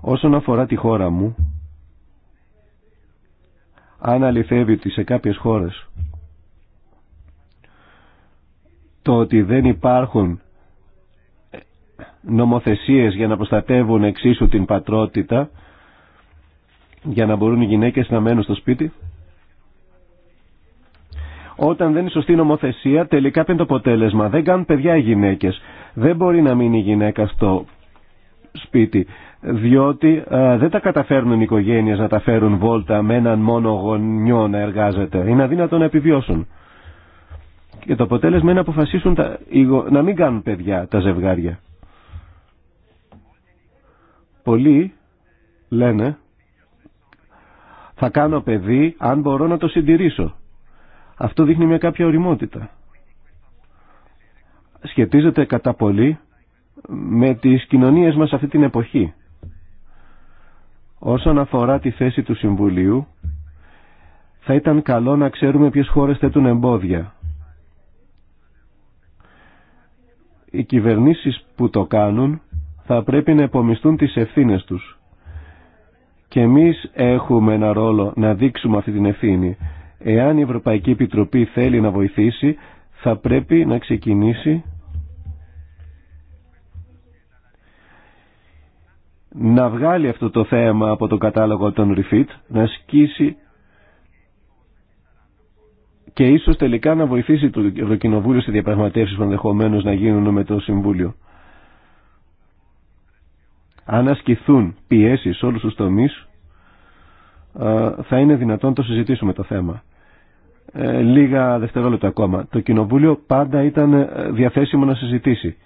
Όσον αφορά τη χώρα μου, αν αληθεύει ότι σε κάποιες χώρες το ότι δεν υπάρχουν νομοθεσίες για να προστατεύουν εξίσου την πατρότητα για να μπορούν οι γυναίκες να μένουν στο σπίτι όταν δεν είναι σωστή νομοθεσία τελικά πέντε το αποτέλεσμα δεν κάνουν παιδιά οι γυναίκες δεν μπορεί να μείνει η γυναίκα στο σπίτι. Διότι ε, δεν τα καταφέρνουν οι οικογένειες να τα φέρουν βόλτα με έναν μόνο γονιό να εργάζεται. Είναι αδύνατο να επιβιώσουν. Και το αποτέλεσμα είναι να αποφασίσουν τα, να μην κάνουν παιδιά τα ζευγάρια. Πολλοί λένε θα κάνω παιδί αν μπορώ να το συντηρήσω. Αυτό δείχνει μια κάποια οριμότητα. Σχετίζεται κατά πολύ με τις κοινωνίες μας αυτή την εποχή. Όσον αφορά τη θέση του Συμβουλίου, θα ήταν καλό να ξέρουμε ποιες χώρες θέτουν εμπόδια. Οι κυβερνήσεις που το κάνουν θα πρέπει να επομιστούν τις ευθύνες τους. Και εμείς έχουμε ένα ρόλο να δείξουμε αυτή την ευθύνη. Εάν η Ευρωπαϊκή Επιτροπή θέλει να βοηθήσει, θα πρέπει να ξεκινήσει να βγάλει αυτό το θέμα από το κατάλογο των refit, να σκίσει και ίσως τελικά να βοηθήσει το Ευρωκοινοβούλιο σε διαπραγματεύσεις που ενδεχομένω να γίνουν με το Συμβούλιο. Αν ασκηθούν πιέσεις σε όλους τους τομείς, ε, θα είναι δυνατόν να το συζητήσουμε το θέμα. Ε, λίγα δευτερόλεπτα ακόμα. Το Κοινοβούλιο πάντα ήταν ε, διαθέσιμο να συζητήσει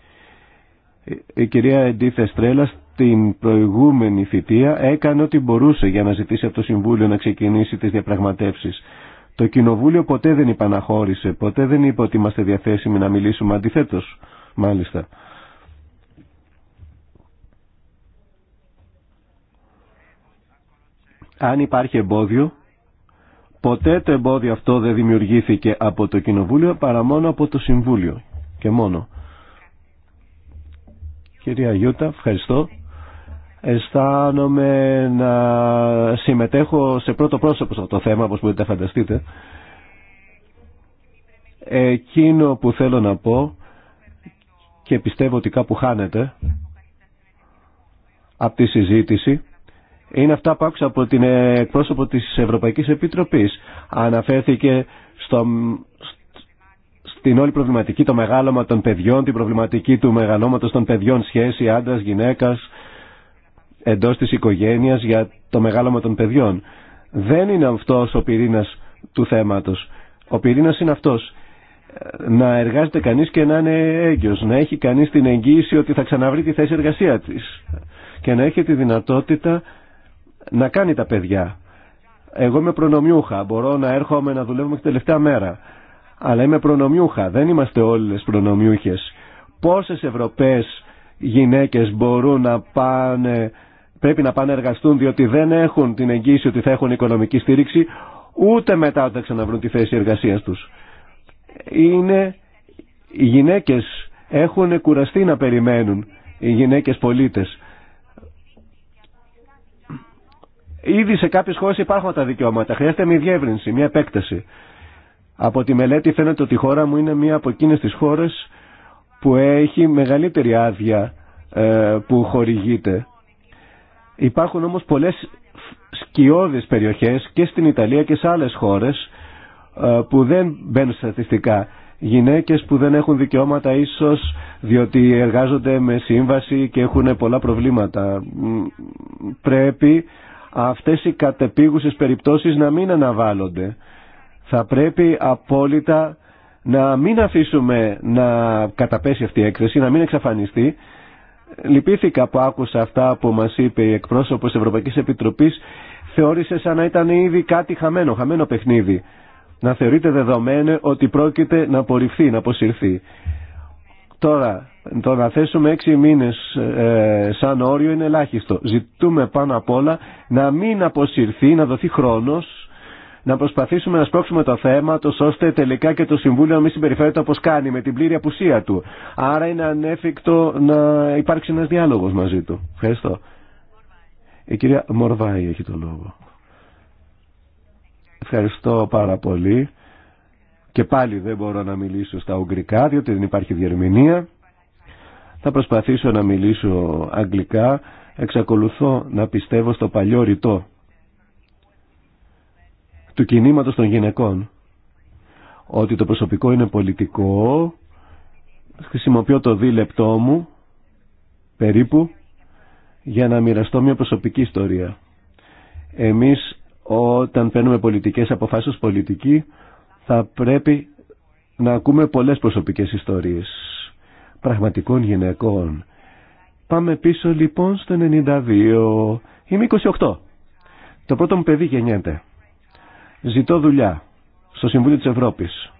η κυρία Εντίθε Στρέλα στην προηγούμενη θητεία έκανε ό,τι μπορούσε για να ζητήσει από το Συμβούλιο να ξεκινήσει τις διαπραγματεύσεις. Το Κοινοβούλιο ποτέ δεν υπαναχώρησε, ποτέ δεν είπε ότι είμαστε διαθέσιμοι να μιλήσουμε αντιθέτως, μάλιστα. Αν υπάρχει εμπόδιο, ποτέ το εμπόδιο αυτό δεν δημιουργήθηκε από το Κοινοβούλιο παρά μόνο από το Συμβούλιο και μόνο. Κυρία Γιούτα, ευχαριστώ. Αισθάνομαι να συμμετέχω σε πρώτο πρόσωπο σε αυτό το θέμα, όπως μπορείτε να φανταστείτε. Εκείνο που θέλω να πω και πιστεύω ότι κάπου χάνεται από τη συζήτηση είναι αυτά που άκουσα από την εκπρόσωπο της Ευρωπαϊκής Επιτροπής. Αναφέρθηκε στο, την όλη προβληματική, το μεγάλωμα των παιδιών, την προβληματική του μεγαλώματος των παιδιών, σχέση άντρας, γυναίκας, εντός της οικογένειας για το μεγάλωμα των παιδιών. Δεν είναι αυτός ο πυρήνας του θέματος. Ο πυρήνας είναι αυτός. Να εργάζεται κανείς και να είναι έγκυος, να έχει κανείς την εγγύηση ότι θα ξαναβρει τη θέση εργασία της και να έχει τη δυνατότητα να κάνει τα παιδιά. Εγώ είμαι προνομιούχα, μπορώ να έρχομαι να δουλεύω τελευταία μέρα αλλά είμαι προνομιούχα. Δεν είμαστε όλες προνομιούχες. Πόσες Ευρωπαίες γυναίκες μπορούν να πάνε, πρέπει να πάνε εργαστούν διότι δεν έχουν την εγγύηση ότι θα έχουν οικονομική στήριξη ούτε μετά όταν ξαναβρούν τη θέση εργασίας τους. Είναι οι γυναίκες έχουν κουραστεί να περιμένουν οι γυναίκες πολίτες. Ήδη σε κάποιες χώρες υπάρχουν τα δικαιώματα. Χρειάζεται μια διεύρυνση, μια επέκταση. Από τη μελέτη φαίνεται ότι η χώρα μου είναι μία από εκείνες τις χώρες που έχει μεγαλύτερη άδεια ε, που χορηγείται. Υπάρχουν όμως πολλές σκιώδεις περιοχές και στην Ιταλία και σε άλλες χώρες ε, που δεν μπαίνουν στατιστικά. Γυναίκες που δεν έχουν δικαιώματα ίσως διότι εργάζονται με σύμβαση και έχουν πολλά προβλήματα. Πρέπει αυτές οι κατεπίγουσες περιπτώσεις να μην αναβάλλονται θα πρέπει απόλυτα να μην αφήσουμε να καταπέσει αυτή η έκθεση, να μην εξαφανιστεί. Λυπήθηκα που άκουσα αυτά που μας είπε η εκπρόσωπος της Ευρωπαϊκής Επιτροπής. Θεώρησε σαν να ήταν ήδη κάτι χαμένο, χαμένο παιχνίδι. Να θεωρείται δεδομένο ότι πρόκειται να απορριφθεί, να αποσυρθεί. Τώρα, το να θέσουμε έξι μήνες ε, σαν όριο είναι ελάχιστο. Ζητούμε πάνω απ' όλα να μην αποσυρθεί, να δοθεί χρόνος να προσπαθήσουμε να σπρώξουμε το θέμα ώστε τελικά και το Συμβούλιο να μην συμπεριφέρεται όπω κάνει, με την πλήρη απουσία του. Άρα είναι ανέφικτο να υπάρξει ένα διάλογο μαζί του. Ευχαριστώ. Η κυρία Μορβάη έχει το λόγο. Ευχαριστώ πάρα πολύ. Και πάλι δεν μπορώ να μιλήσω στα ουγγρικά, διότι δεν υπάρχει διερμηνία. Θα προσπαθήσω να μιλήσω αγγλικά. Εξακολουθώ να πιστεύω στο παλιό ρητό του κινήματος των γυναικών. Ότι το προσωπικό είναι πολιτικό, χρησιμοποιώ το δίλεπτό μου, περίπου, για να μοιραστώ μια προσωπική ιστορία. Εμείς όταν παίρνουμε πολιτικές αποφάσεις πολιτικοί, θα πρέπει να ακούμε πολλές προσωπικές ιστορίες πραγματικών γυναικών. Πάμε πίσω λοιπόν στο 92. Είμαι 28. Το πρώτο μου παιδί γεννιέται. Ζητώ δουλειά στο Συμβούλιο της Ευρώπης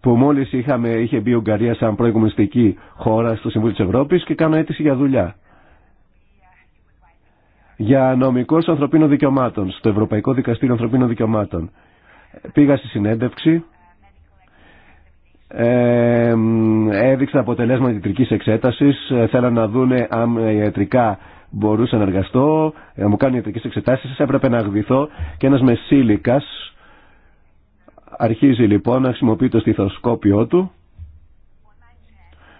που μόλις είχαμε, είχε μπει η Ουγγαρία σαν προεκομιστική χώρα στο Συμβούλιο της Ευρώπης και κάνω αίτηση για δουλειά. Για νομικός ανθρωπίνων δικαιωμάτων, στο Ευρωπαϊκό Δικαστήριο Ανθρωπίνων Δικαιωμάτων. Πήγα στη συνέντευξη, ε, έδειξα αποτελέσματα ιατρικής εξέτασης, ε, θέλαν να δούνε αν ιατρικά μπορούσα να εργαστώ, ε, να μου κάνουν ιατρικές εξετάσεις, έπρεπε να αγβηθώ και ένας μεσήλικας αρχίζει λοιπόν να χρησιμοποιεί το στιθοσκόπιό του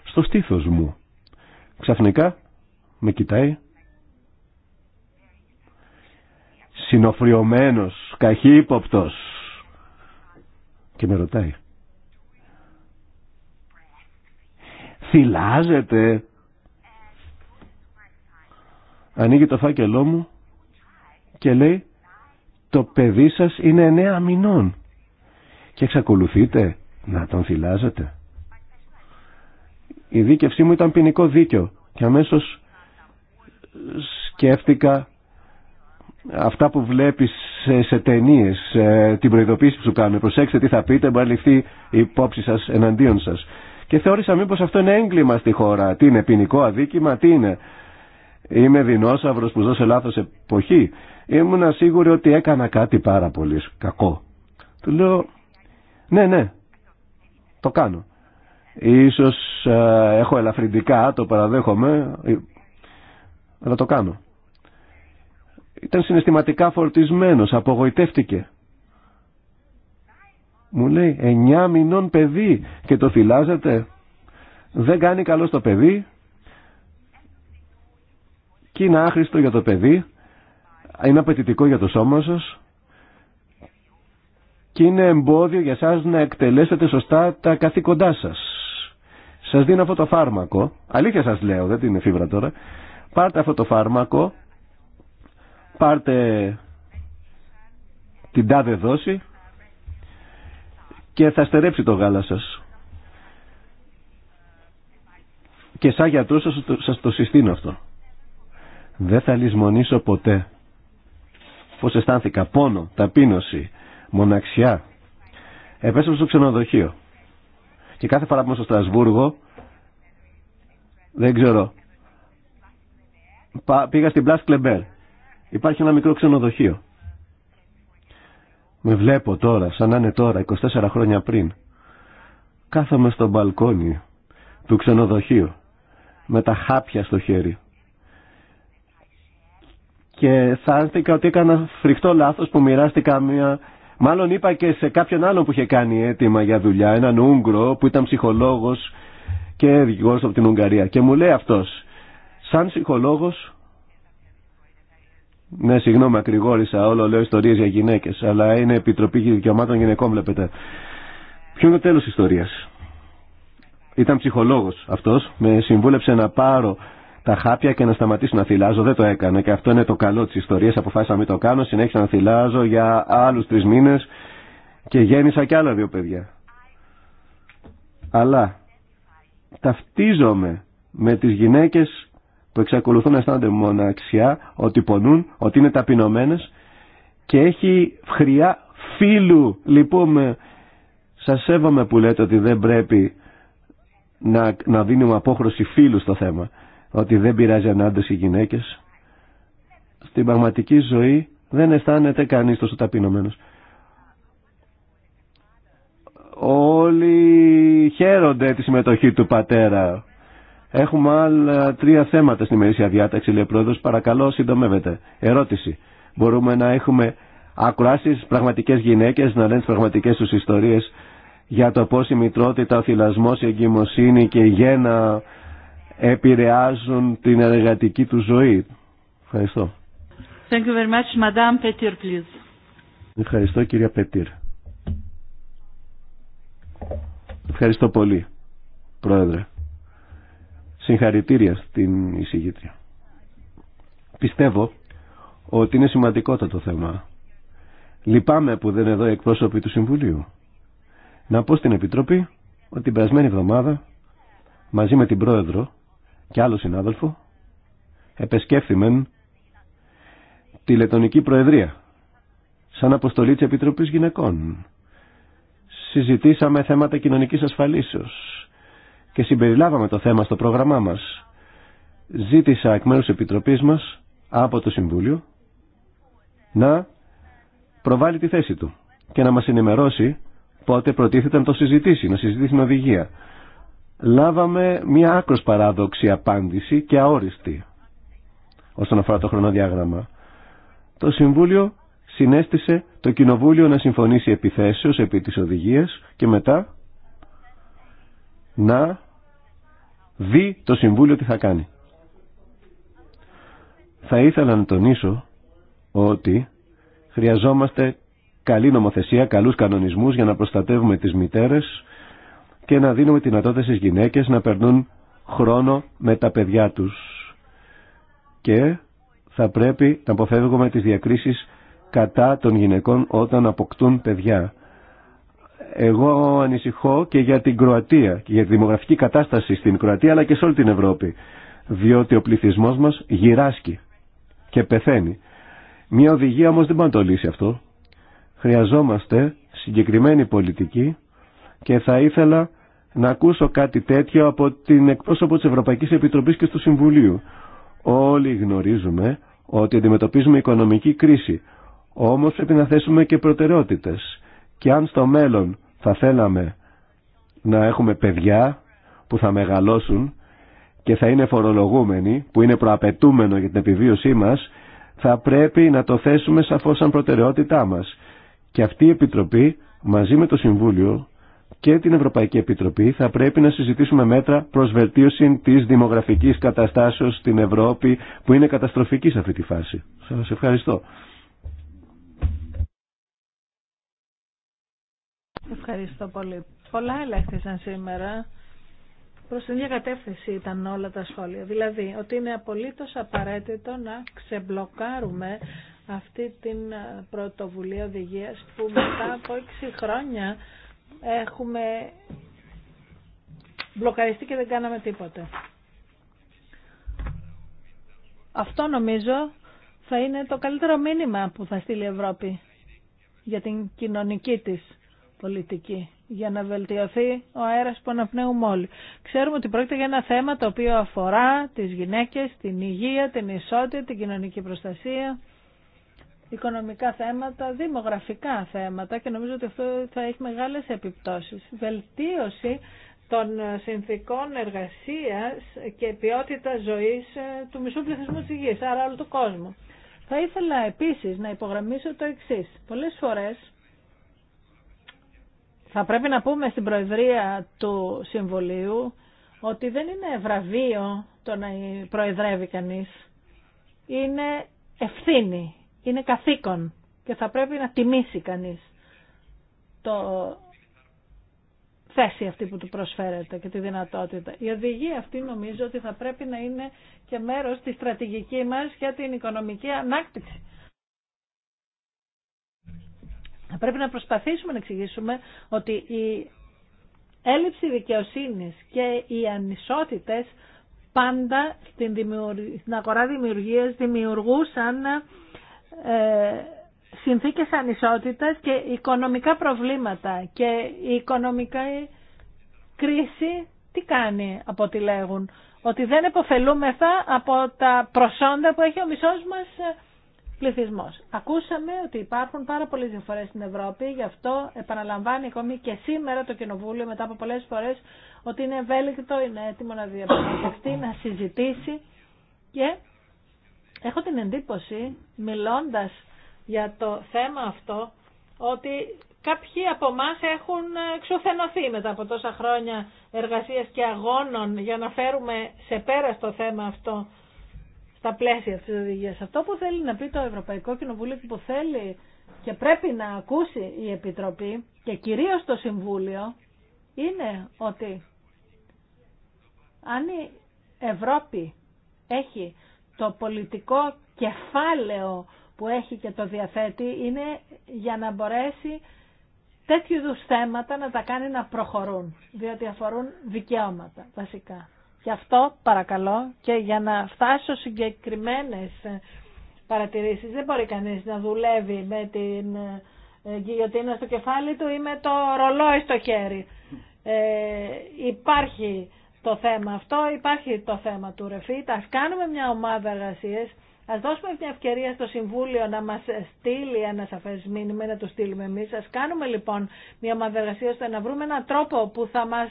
στο στήθος μου. Ξαφνικά με κοιτάει συνοφριωμένος, καχύποπτος και με ρωτάει θυλάζεται ανοίγει το φάκελό μου και λέει το παιδί σας είναι εννέα μηνών και εξακολουθείτε να τον θυλάζετε. Η δίκευσή μου ήταν ποινικό δίκαιο και αμέσως σκέφτηκα αυτά που βλέπεις σε, σε ταινίε, την προειδοποίηση που σου κάνουν. Προσέξτε τι θα πείτε, μπορεί να ληφθεί η υπόψη σας εναντίον σας. Και θεώρησα μήπως αυτό είναι έγκλημα στη χώρα. Τι είναι, ποινικό αδίκημα, τι είναι. Είμαι δεινόσαυρος που ζω σε λάθος εποχή. Ήμουνα σίγουρη ότι έκανα κάτι πάρα πολύ κακό. Του λέω, ναι, ναι, το κάνω. Ίσως ε, έχω ελαφρυντικά, το παραδέχομαι, ε, αλλά το κάνω. Ήταν συναισθηματικά φορτισμένος, απογοητεύτηκε. Μου λέει, εννιά μηνών παιδί και το φυλάζεται. Δεν κάνει καλό στο παιδί, και είναι άχρηστο για το παιδί, είναι απαιτητικό για το σώμα σας και είναι εμπόδιο για σας να εκτελέσετε σωστά τα καθήκοντά σας. Σας δίνω αυτό το φάρμακο, αλήθεια σας λέω, δεν είναι φίβρα τώρα, πάρτε αυτό το φάρμακο, πάρτε την τάδε δόση και θα στερέψει το γάλα σας. Και σαν γιατρός σας το συστήνω αυτό. Δεν θα λησμονήσω ποτέ πώς αισθάνθηκα, πόνο, ταπείνωση, μοναξιά. Επέστρεψα στο ξενοδοχείο. Και κάθε φορά που είμαι στο Στρασβούργο, δεν ξέρω, πήγα στην Πλάσ Κλεμπέρ. Υπάρχει ένα μικρό ξενοδοχείο. Με βλέπω τώρα, σαν να είναι τώρα, 24 χρόνια πριν. Κάθομαι στο μπαλκόνι του ξενοδοχείου, με τα χάπια στο χέρι και αισθάνθηκα ότι έκανα φρικτό λάθος που μοιράστηκα μια... Μάλλον είπα και σε κάποιον άλλον που είχε κάνει αίτημα για δουλειά, έναν Ούγγρο που ήταν ψυχολόγος και δικηγόρος από την Ουγγαρία. Και μου λέει αυτός, σαν ψυχολόγος, ναι συγγνώμη ακρηγόρησα, όλο λέω ιστορίες για γυναίκες, αλλά είναι Επιτροπή Δικαιωμάτων Γυναικών βλέπετε. Ποιο είναι το τέλος της ιστορίας. Ήταν ψυχολόγος αυτός, με συμβούλεψε να πάρω τα χάπια και να σταματήσω να θυλάζω. Δεν το έκανα και αυτό είναι το καλό τη ιστορία. Αποφάσισα να μην το κάνω. Συνέχισα να θυλάζω για άλλου τρει μήνε και γέννησα κι άλλα δύο παιδιά. Αλλά ταυτίζομαι με τι γυναίκε που εξακολουθούν να αισθάνονται μοναξιά, ότι πονούν, ότι είναι ταπεινωμένε και έχει χρειά φίλου. Λυπούμε. Λοιπόν, σα σέβομαι που λέτε ότι δεν πρέπει να, να δίνουμε απόχρωση φίλου στο θέμα ότι δεν πειράζει αν οι γυναίκες. Στην πραγματική ζωή δεν αισθάνεται κανείς τόσο ταπεινωμένος. Όλοι χαίρονται τη συμμετοχή του πατέρα. Έχουμε άλλα τρία θέματα στην μερίσια διάταξη, λέει Παρακαλώ, συντομεύετε. Ερώτηση. Μπορούμε να έχουμε ακουράσεις πραγματικές γυναίκες, να λένε τις πραγματικές τους ιστορίες για το πώς η μητρότητα, ο θυλασμός, η εγκυμοσύνη και η γένα επηρεάζουν την εργατική του ζωή. Ευχαριστώ. Thank you very much, Madame Petir, please. Ευχαριστώ κυρία Πετήρ. Ευχαριστώ πολύ, Πρόεδρε. Συγχαρητήρια στην εισηγήτρια. Πιστεύω ότι είναι σημαντικό το θέμα. Λυπάμαι που δεν είναι εδώ εκπρόσωποι του Συμβουλίου. Να πω στην Επιτροπή ότι την περασμένη εβδομάδα μαζί με την Πρόεδρο και άλλο συνάδελφο επεσκέφθημεν τη Λετωνική Προεδρία σαν αποστολή τη Επιτροπής Γυναικών. Συζητήσαμε θέματα κοινωνικής ασφαλίσεω και συμπεριλάβαμε το θέμα στο πρόγραμμά μας. Ζήτησα εκ μέρου Επιτροπής μας από το Συμβούλιο να προβάλλει τη θέση του και να μας ενημερώσει πότε προτίθεται να το συζητήσει, να συζητήσει την οδηγία λάβαμε μια άκρος παράδοξη απάντηση και αόριστη όσον αφορά το χρονοδιάγραμμα. Το Συμβούλιο συνέστησε το Κοινοβούλιο να συμφωνήσει επιθέσεως επί της οδηγίας και μετά να δει το Συμβούλιο τι θα κάνει. Θα ήθελα να τονίσω ότι χρειαζόμαστε καλή νομοθεσία, καλούς κανονισμούς για να προστατεύουμε τις μητέρες και να δίνουμε τη δυνατότητα στις γυναίκες να περνούν χρόνο με τα παιδιά τους. Και θα πρέπει να αποφεύγουμε τις διακρίσεις κατά των γυναικών όταν αποκτούν παιδιά. Εγώ ανησυχώ και για την Κροατία, και για τη δημογραφική κατάσταση στην Κροατία αλλά και σε όλη την Ευρώπη. Διότι ο πληθυσμός μας γυράσκει και πεθαίνει. Μια οδηγία όμως δεν μπορεί να το λύσει αυτό. Χρειαζόμαστε συγκεκριμένη πολιτική και θα ήθελα να ακούσω κάτι τέτοιο από την εκπρόσωπο της Ευρωπαϊκής Επιτροπής και του Συμβουλίου. Όλοι γνωρίζουμε ότι αντιμετωπίζουμε οικονομική κρίση, όμως πρέπει να θέσουμε και προτεραιότητες. Και αν στο μέλλον θα θέλαμε να έχουμε παιδιά που θα μεγαλώσουν και θα είναι φορολογούμενοι, που είναι προαπαιτούμενο για την επιβίωσή μας, θα πρέπει να το θέσουμε σαφώς σαν προτεραιότητά μας. Και αυτή η Επιτροπή μαζί με το Συμβούλιο και την Ευρωπαϊκή Επιτροπή θα πρέπει να συζητήσουμε μέτρα προς βελτίωση της δημογραφικής καταστάσεως στην Ευρώπη που είναι καταστροφική σε αυτή τη φάση. Σας ευχαριστώ. Ευχαριστώ πολύ. Πολλά ελέγχθησαν σήμερα. Προς την διακατεύθυνση ήταν όλα τα σχόλια. Δηλαδή ότι είναι απολύτως απαραίτητο να ξεμπλοκάρουμε αυτή την πρωτοβουλία οδηγίας που μετά από 6 χρόνια έχουμε μπλοκαριστεί και δεν κάναμε τίποτε. Αυτό νομίζω θα είναι το καλύτερο μήνυμα που θα στείλει η Ευρώπη για την κοινωνική της πολιτική, για να βελτιωθεί ο αέρας που αναπνέουμε όλοι. Ξέρουμε ότι πρόκειται για ένα θέμα το οποίο αφορά τις γυναίκες, την υγεία, την ισότητα, την κοινωνική προστασία οικονομικά θέματα, δημογραφικά θέματα και νομίζω ότι αυτό θα έχει μεγάλες επιπτώσεις. Βελτίωση των συνθήκων εργασίας και ποιότητα ζωής ε, του μισού πληθυσμού της γης, άρα όλου του κόσμου. Θα ήθελα επίσης να υπογραμμίσω το εξής. Πολλές φορές θα πρέπει να πούμε στην Προεδρία του Συμβουλίου ότι δεν είναι βραβείο το να προεδρεύει κανείς. Είναι ευθύνη είναι καθήκον και θα πρέπει να τιμήσει κανείς το θέση αυτή που του προσφέρεται και τη δυνατότητα. Η οδηγία αυτή νομίζω ότι θα πρέπει να είναι και μέρος της στρατηγική μας για την οικονομική ανάκτηση. Θα πρέπει να προσπαθήσουμε να εξηγήσουμε ότι η έλλειψη δικαιοσύνης και οι ανισότητες πάντα στην, στην αγορά δημιουργίας δημιουργούσαν ε, συνθήκες ανισότητας και οικονομικά προβλήματα και η οικονομική κρίση τι κάνει από ό,τι λέγουν. Ότι δεν επωφελούμεθα από τα προσόντα που έχει ο μισός μας ε, πληθυσμός. Ακούσαμε ότι υπάρχουν πάρα πολλές διαφορές στην Ευρώπη, γι' αυτό επαναλαμβάνει ακόμη και σήμερα το Κοινοβούλιο μετά από πολλές φορές ότι είναι ευέλικτο, είναι έτοιμο να διαπραγματευτεί, να συζητήσει και Έχω την εντύπωση, μιλώντας για το θέμα αυτό, ότι κάποιοι από εμά έχουν εξουθενωθεί μετά από τόσα χρόνια εργασίας και αγώνων για να φέρουμε σε πέρα στο θέμα αυτό στα πλαίσια αυτής της οδηγίας. Αυτό που θέλει να πει το Ευρωπαϊκό Κοινοβούλιο και που θέλει και πρέπει να ακούσει η Επιτροπή και κυρίως το Συμβούλιο είναι ότι αν η Ευρώπη έχει το πολιτικό κεφάλαιο που έχει και το διαθέτει είναι για να μπορέσει τέτοιου είδου θέματα να τα κάνει να προχωρούν, διότι αφορούν δικαιώματα βασικά. Γι' αυτό παρακαλώ και για να φτάσω συγκεκριμένες παρατηρήσεις, δεν μπορεί κανείς να δουλεύει με την ε, γιλιοτίνα στο κεφάλι του ή με το ρολόι στο χέρι. Ε, υπάρχει το θέμα αυτό. Υπάρχει το θέμα του Ρεφίτ. Ας κάνουμε μια ομάδα εργασίες. Ας δώσουμε μια ευκαιρία στο Συμβούλιο να μας στείλει ένα σαφές μήνυμα, να το στείλουμε εμείς. Ας κάνουμε λοιπόν μια ομάδα εργασίας ώστε να βρούμε έναν τρόπο που θα μας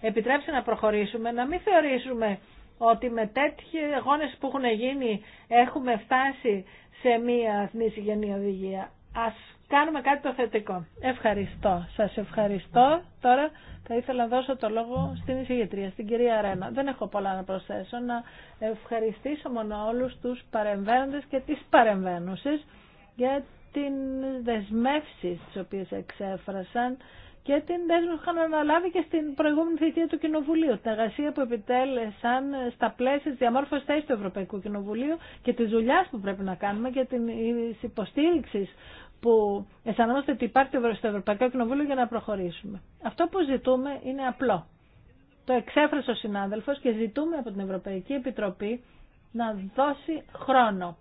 επιτρέψει να προχωρήσουμε, να μην θεωρήσουμε ότι με τέτοιε αγώνες που έχουν γίνει έχουμε φτάσει σε μια συγγενή οδηγία κάνουμε κάτι το θετικό. Ευχαριστώ. Σα ευχαριστώ. Τώρα θα ήθελα να δώσω το λόγο στην εισηγητρία, στην κυρία Ρένα. Δεν έχω πολλά να προσθέσω. Να ευχαριστήσω μόνο όλου του παρεμβαίνοντε και τι παρεμβαίνουσε για τι δεσμεύσει τι οποίε εξέφρασαν και την δέσμευση που είχαν αναλάβει και στην προηγούμενη θητεία του Κοινοβουλίου. Την εργασία που επιτέλεσαν στα πλαίσια τη διαμόρφωση θέση του Ευρωπαϊκού Κοινοβουλίου και τη δουλειά που πρέπει να κάνουμε και την υποστήριξη που αισθανόμαστε ότι υπάρχει στο Ευρωπαϊκό Κοινοβούλιο για να προχωρήσουμε. Αυτό που ζητούμε είναι απλό. Το εξέφρασε ο συνάδελφος και ζητούμε από την Ευρωπαϊκή Επιτροπή να δώσει χρόνο.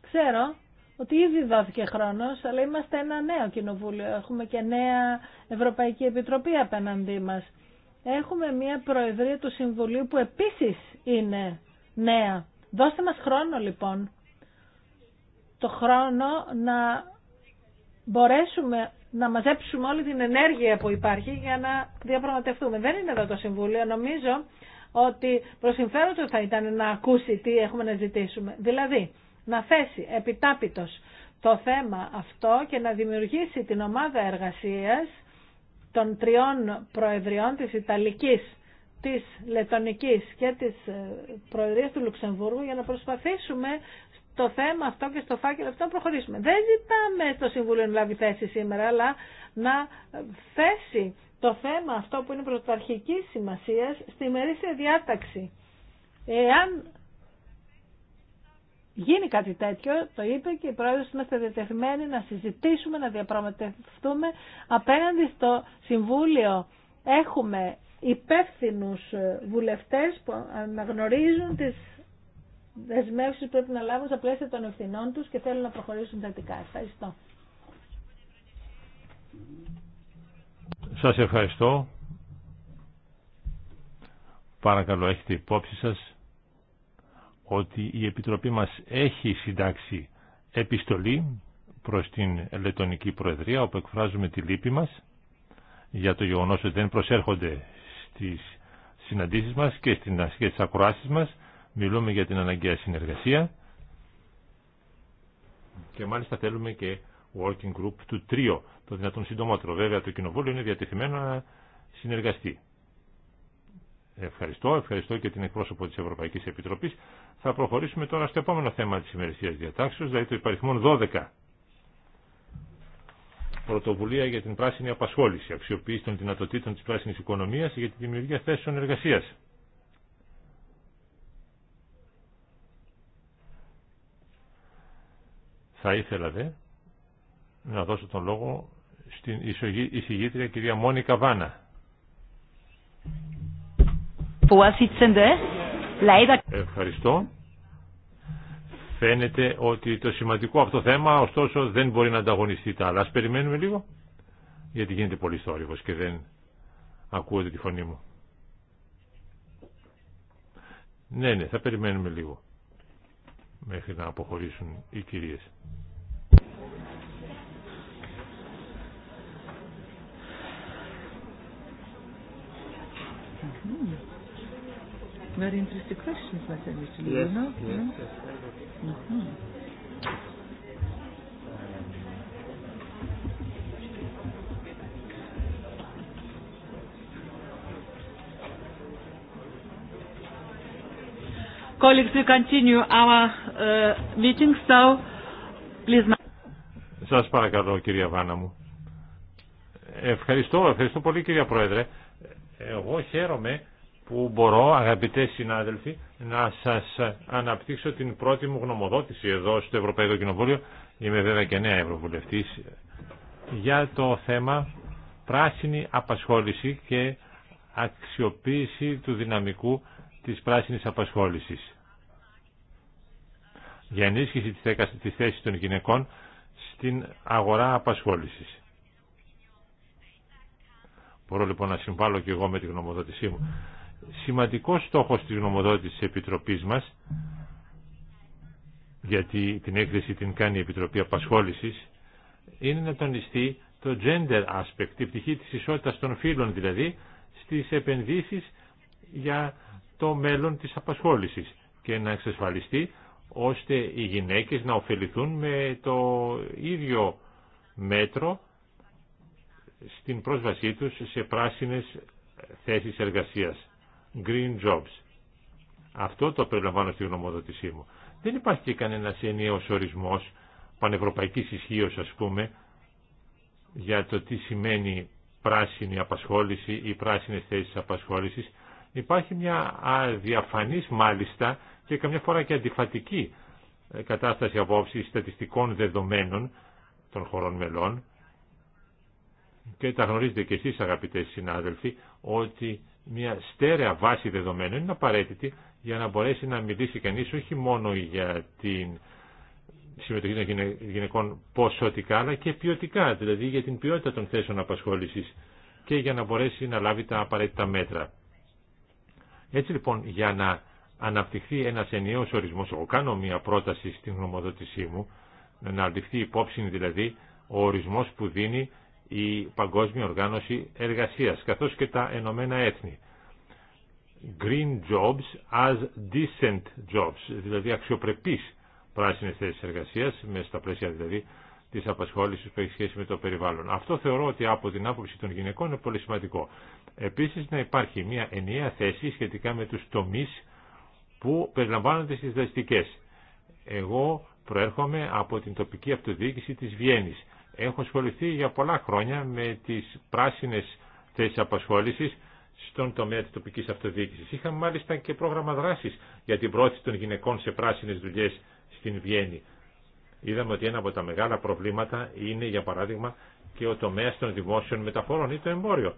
Ξέρω ότι ήδη δόθηκε χρόνο, αλλά είμαστε ένα νέο κοινοβούλιο. Έχουμε και νέα Ευρωπαϊκή Επιτροπή απέναντί μας. Έχουμε μια Προεδρία του Συμβουλίου που επίση είναι νέα. Δώστε μας χρόνο λοιπόν το χρόνο να μπορέσουμε να μαζέψουμε όλη την ενέργεια που υπάρχει για να διαπραγματευτούμε. Δεν είναι εδώ το Συμβούλιο. Νομίζω ότι προσυμφέροντο θα ήταν να ακούσει τι έχουμε να ζητήσουμε. Δηλαδή, να θέσει επιτάπητος το θέμα αυτό και να δημιουργήσει την ομάδα εργασίας των τριών προεδριών της Ιταλικής, της Λετωνικής και της ε, Προεδρίας του Λουξεμβούργου για να προσπαθήσουμε το θέμα αυτό και στο φάκελο αυτό να προχωρήσουμε. Δεν ζητάμε στο Συμβούλιο να λάβει θέση σήμερα, αλλά να θέσει το θέμα αυτό που είναι πρωτοαρχική σημασία στη μερίσια διάταξη. Εάν γίνει κάτι τέτοιο, το είπε και η πρόεδρο είμαστε διατεθειμένοι να συζητήσουμε, να διαπραγματευτούμε απέναντι στο Συμβούλιο. Έχουμε υπεύθυνου βουλευτές που αναγνωρίζουν τις δεσμεύσει πρέπει να λάβουν στα πλαίσια των ευθυνών του και θέλουν να προχωρήσουν τακτικά. Ευχαριστώ. Σας ευχαριστώ. Παρακαλώ έχετε υπόψη σα ότι η Επιτροπή μας έχει συντάξει επιστολή προς την Λετωνική Προεδρία όπου εκφράζουμε τη λύπη μας για το γεγονός ότι δεν προσέρχονται στις συναντήσεις μας και στις ακροάσεις μας μιλούμε για την αναγκαία συνεργασία και μάλιστα θέλουμε και working group του τρίο, το δυνατόν συντομότερο. Βέβαια το Κοινοβούλιο είναι διατεθειμένο να συνεργαστεί. Ευχαριστώ, ευχαριστώ και την εκπρόσωπο της Ευρωπαϊκής Επιτροπής. Θα προχωρήσουμε τώρα στο επόμενο θέμα της ημερησίας διατάξεως, δηλαδή το υπαριθμό 12. Πρωτοβουλία για την πράσινη απασχόληση, αξιοποίηση των δυνατοτήτων της πράσινης οικονομίας για τη δημιουργία θέσεων εργασίας. Θα ήθελα δε να δώσω τον λόγο στην εισηγήτρια κυρία Μόνικα Βάνα. Ευχαριστώ. Φαίνεται ότι το σημαντικό αυτό θέμα ωστόσο δεν μπορεί να ανταγωνιστεί τα άλλα. Ας περιμένουμε λίγο γιατί γίνεται πολύ θόρυβος και δεν ακούω τη φωνή μου. Ναι, ναι, θα περιμένουμε λίγο μέχρι να αποχωρήσουν οι κυρίες. Very interesting questions, Mr. Yes, yes, yes. Colleagues, we continue our uh, meeting, so please... Σας παρακαλώ, κυρία Βάνα μου. Ευχαριστώ, ευχαριστώ πολύ, κυρία Πρόεδρε. Εγώ χαίρομαι που μπορώ, αγαπητές συνάδελφοι, να σας αναπτύξω την πρώτη μου γνωμοδότηση εδώ στο Ευρωπαϊκό Κοινοβούλιο. Είμαι βέβαια και νέα Ευρωβουλευτής για το θέμα πράσινη απασχόληση και αξιοποίηση του δυναμικού της πράσινης απασχόλησης για ενίσχυση της θέσης των γυναικών στην αγορά απασχόλησης. Μπορώ λοιπόν να συμβάλλω και εγώ με τη γνωμοδότησή μου. Σημαντικός στόχος της γνωμοδότησης Επιτροπής μας, γιατί την έκθεση την κάνει η Επιτροπή Απασχόλησης, είναι να τονιστεί το gender aspect, η πτυχή της ισότητας των φύλων δηλαδή, στις επενδύσεις για το μέλλον της απασχόλησης και να εξασφαλιστεί ώστε οι γυναίκες να ωφεληθούν με το ίδιο μέτρο στην πρόσβασή τους σε πράσινες θέσεις εργασίας, green jobs. Αυτό το περιλαμβάνω στη γνωμοδοτησή μου. Δεν υπάρχει και κανένας ενιαίος ορισμός πανευρωπαϊκής ισχύως ας πούμε για το τι σημαίνει πράσινη απασχόληση ή πράσινες θέσεις απασχόλησης Υπάρχει μια αδιαφανής μάλιστα και καμιά φορά και αντιφατική ε, κατάσταση απόψη στατιστικών δεδομένων των χωρών μελών και τα γνωρίζετε και εσείς αγαπητές συνάδελφοι ότι μια στέρεα βάση δεδομένων είναι απαραίτητη για να μπορέσει να μιλήσει κανείς όχι μόνο για την συμμετοχή των γυναικών ποσοτικά αλλά και ποιοτικά, δηλαδή για την ποιότητα των θέσεων απασχόλησης και για να μπορέσει να λάβει τα απαραίτητα μέτρα. Έτσι λοιπόν για να αναπτυχθεί ένας ενιαίος ορισμός, εγώ κάνω μια πρόταση στην γνωμοδότησή μου, να αντιχθεί υπόψη δηλαδή ο ορισμός που δίνει η Παγκόσμια Οργάνωση Εργασίας, καθώς και τα Ενωμένα Έθνη. Green jobs as decent jobs, δηλαδή αξιοπρεπείς πράσινες θέσεις εργασίας, μέσα στα πλαίσια δηλαδή τη απασχόληση που έχει σχέση με το περιβάλλον. Αυτό θεωρώ ότι από την άποψη των γυναικών είναι πολύ σημαντικό. Επίση, να υπάρχει μια ενιαία θέση σχετικά με του τομεί που περιλαμβάνονται στι δραστικές. Εγώ προέρχομαι από την τοπική αυτοδιοίκηση τη Βιέννη. Έχω ασχοληθεί για πολλά χρόνια με τι πράσινε θέσει απασχόληση στον τομέα της τοπικής αυτοδιοίκησης. Είχαμε μάλιστα και πρόγραμμα δράσης για την πρόθεση των γυναικών σε πράσινε δουλειές στην Βιέννη είδαμε ότι ένα από τα μεγάλα προβλήματα είναι για παράδειγμα και ο τομέας των δημόσιων μεταφορών ή το εμπόριο.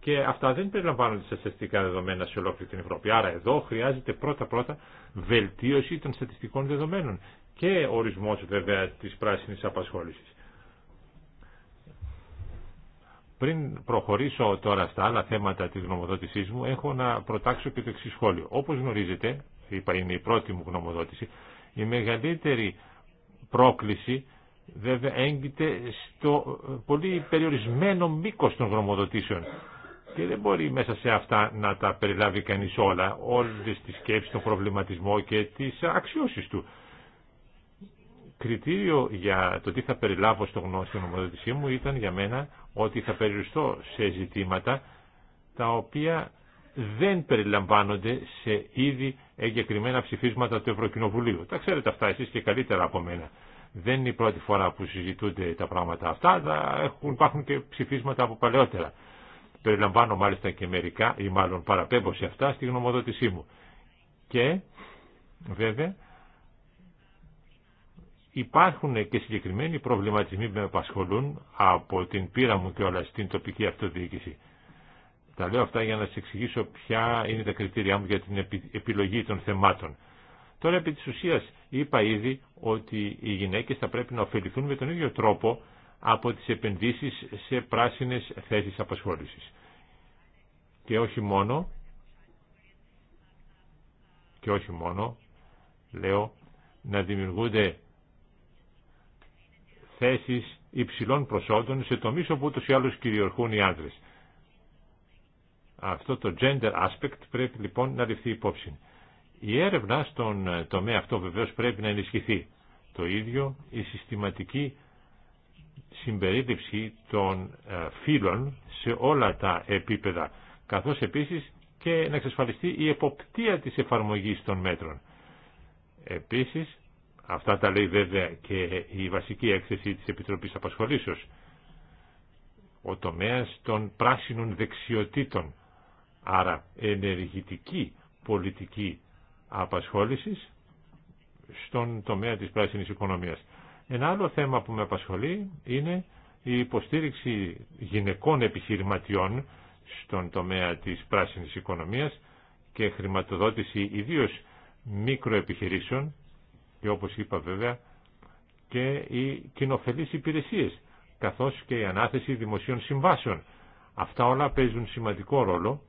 Και αυτά δεν περιλαμβάνονται σε στατιστικά δεδομένα σε ολόκληρη την Ευρώπη. Άρα εδώ χρειάζεται πρώτα-πρώτα βελτίωση των στατιστικών δεδομένων και ορισμός βέβαια της πράσινης απασχόλησης. Πριν προχωρήσω τώρα στα άλλα θέματα της γνωμοδότησής μου, έχω να προτάξω και το εξή σχόλιο. Όπως γνωρίζετε, είπα είναι η πρώτη μου γνωμοδότηση, η μεγαλύτερη πρόκληση βέβαια έγκυται στο πολύ περιορισμένο μήκος των γνωμοδοτήσεων και δεν μπορεί μέσα σε αυτά να τα περιλάβει κανείς όλα, όλες τις σκέψεις, τον προβληματισμό και τις αξιώσεις του. Κριτήριο για το τι θα περιλάβω στο γνώση του μου ήταν για μένα ότι θα περιοριστώ σε ζητήματα τα οποία δεν περιλαμβάνονται σε ήδη εγκεκριμένα ψηφίσματα του Ευρωκοινοβουλίου. Τα ξέρετε αυτά εσείς και καλύτερα από μένα. Δεν είναι η πρώτη φορά που συζητούνται τα πράγματα αυτά, αλλά έχουν, υπάρχουν και ψηφίσματα από παλαιότερα. Περιλαμβάνω μάλιστα και μερικά, ή μάλλον παραπέμπω σε αυτά, στη γνωμοδότησή μου. Και βέβαια υπάρχουν και συγκεκριμένοι προβληματισμοί που με απασχολούν από την πείρα μου και όλα στην τοπική αυτοδιοίκηση. Τα λέω αυτά για να σα εξηγήσω ποια είναι τα κριτήριά μου για την επιλογή των θεμάτων. Τώρα επί της ουσίας είπα ήδη ότι οι γυναίκες θα πρέπει να ωφεληθούν με τον ίδιο τρόπο από τις επενδύσεις σε πράσινες θέσεις απασχόλησης. Και όχι μόνο, και όχι μόνο, λέω, να δημιουργούνται θέσεις υψηλών προσόντων σε τομείς όπου ούτως ή άλλως κυριορχούν οι άντρες. Αυτό το gender aspect πρέπει λοιπόν να ληφθεί υπόψη. Η έρευνα στον τομέα αυτό βεβαίως πρέπει να ενισχυθεί. Το ίδιο η συστηματική συμπερίληψη των ε, φύλων σε όλα τα επίπεδα, καθώς επίσης και να εξασφαλιστεί η εποπτεία της εφαρμογής των μέτρων. Επίσης, αυτά τα λέει βέβαια και η βασική έκθεση της Επιτροπής Απασχολήσεως, ο τομέας των πράσινων δεξιοτήτων Άρα ενεργητική πολιτική απασχόλησης στον τομέα της πράσινης οικονομίας. Ένα άλλο θέμα που με απασχολεί είναι η υποστήριξη γυναικών επιχειρηματιών στον τομέα της πράσινης οικονομίας και χρηματοδότηση ιδίως μικροεπιχειρήσεων και όπως είπα βέβαια και οι κοινοφελείς υπηρεσίες καθώς και η ανάθεση δημοσίων συμβάσεων. Αυτά όλα παίζουν σημαντικό ρόλο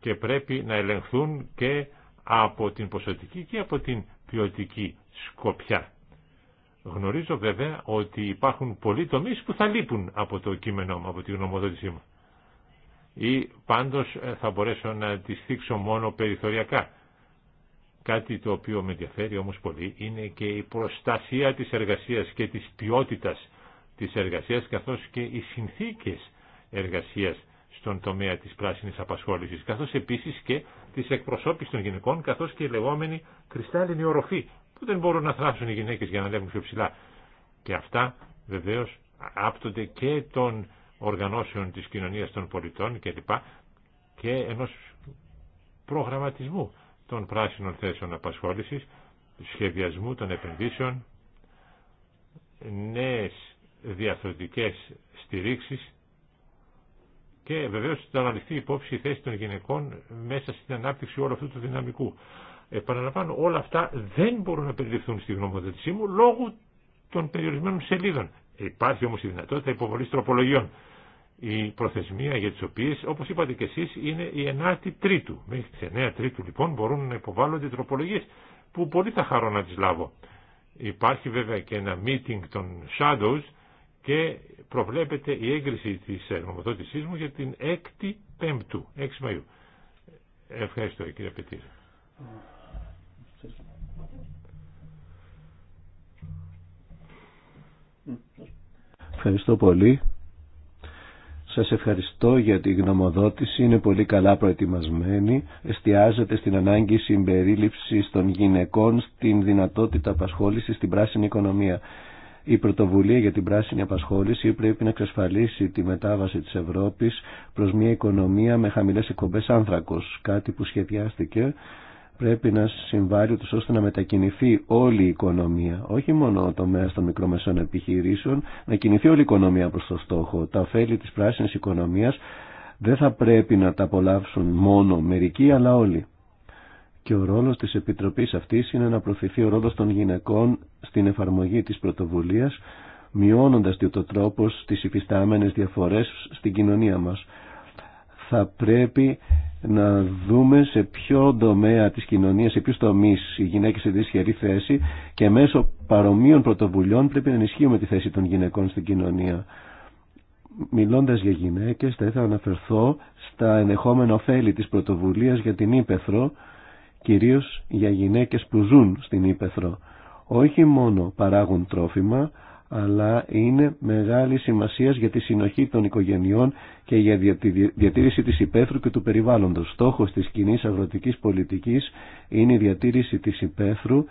και πρέπει να ελεγχθούν και από την ποσοτική και από την ποιοτική σκοπιά. Γνωρίζω βέβαια ότι υπάρχουν πολλοί τομεί που θα λείπουν από το κείμενό μου, από τη γνωμοδότησή μου. Ή πάντως ε, θα μπορέσω να τις στήξω μόνο περιθωριακά. Κάτι το οποίο με ενδιαφέρει όμως πολύ είναι και η προστασία της εργασίας και της ποιότητας της εργασίας καθώς και οι συνθήκες εργασίας στον τομέα της πράσινης απασχόλησης, καθώς επίσης και της εκπροσώπησης των γυναικών, καθώς και η λεγόμενη κρυστάλλινη οροφή, που δεν μπορούν να θράσουν οι γυναίκες για να ανέβουν πιο ψηλά. Και αυτά βεβαίως άπτονται και των οργανώσεων της κοινωνίας των πολιτών κλπ. και ενός προγραμματισμού των πράσινων θέσεων απασχόλησης, σχεδιασμού των επενδύσεων, νέες διαθροτικές στηρίξεις και βεβαίω θα αναλυθεί υπόψη η θέση των γυναικών μέσα στην ανάπτυξη όλου αυτού του δυναμικού. Επαναλαμβάνω, όλα αυτά δεν μπορούν να περιληφθούν στη γνωμοδότησή μου λόγω των περιορισμένων σελίδων. Υπάρχει όμω η δυνατότητα υποβολή τροπολογιών. Η προθεσμία για τι οποίε, όπω είπατε και εσεί, είναι η 9η Τρίτου. Μέχρι τι 9 Τρίτου λοιπόν μπορούν να υποβάλλονται τροπολογίε που πολύ θα χαρώ να τι λάβω. Υπάρχει βέβαια και ένα meeting των Shadows και προβλέπεται η έγκριση της νομοδότησής μου για την 6η Πέμπτου, 6 Μαΐου. Ευχαριστώ κύριε Πετήρη. Ευχαριστώ πολύ. Σας ευχαριστώ για τη γνωμοδότηση, είναι πολύ καλά προετοιμασμένη, εστιάζεται στην ανάγκη συμπερίληψης των γυναικών στην δυνατότητα απασχόλησης στην πράσινη οικονομία. Η πρωτοβουλία για την πράσινη απασχόληση πρέπει να εξασφαλίσει τη μετάβαση της Ευρώπης προς μια οικονομία με χαμηλές εκπομπές άνθρακος, κάτι που σχεδιάστηκε πρέπει να συμβάλλει τους ώστε να μετακινηθεί όλη η οικονομία, όχι μόνο το τομέα των μικρομεσών επιχειρήσεων, να κινηθεί όλη η οικονομία προς το στόχο. Τα ωφέλη της πράσινης οικονομίας δεν θα πρέπει να τα απολαύσουν μόνο μερικοί αλλά όλοι και ο ρόλος της Επιτροπής αυτής είναι να προφηθεί ο ρόλος των γυναικών στην εφαρμογή της πρωτοβουλίας, μειώνοντας το τρόπο τις υφιστάμενες διαφορές στην κοινωνία μας. Θα πρέπει να δούμε σε ποιο τομέα της κοινωνίας, σε ποιους τομείς οι γυναίκες σε δυσχερή θέση και μέσω παρομοίων πρωτοβουλειών πρέπει να ενισχύουμε τη θέση των γυναικών στην κοινωνία. Μιλώντας για γυναίκες θα ήθελα να αναφερθώ στα ενδεχόμενα ωφέλη της πρωτοβουλίας για την Ήπεθρο κυρίως για γυναίκες που ζουν στην Ήπεθρο. Όχι μόνο παράγουν τρόφιμα, αλλά είναι μεγάλη σημασία για τη συνοχή των οικογενειών και για τη διατήρηση της υπαίθρου και του περιβάλλοντος. Στόχος της κοινή αγροτικής πολιτικής είναι η διατήρηση της υπαίθρου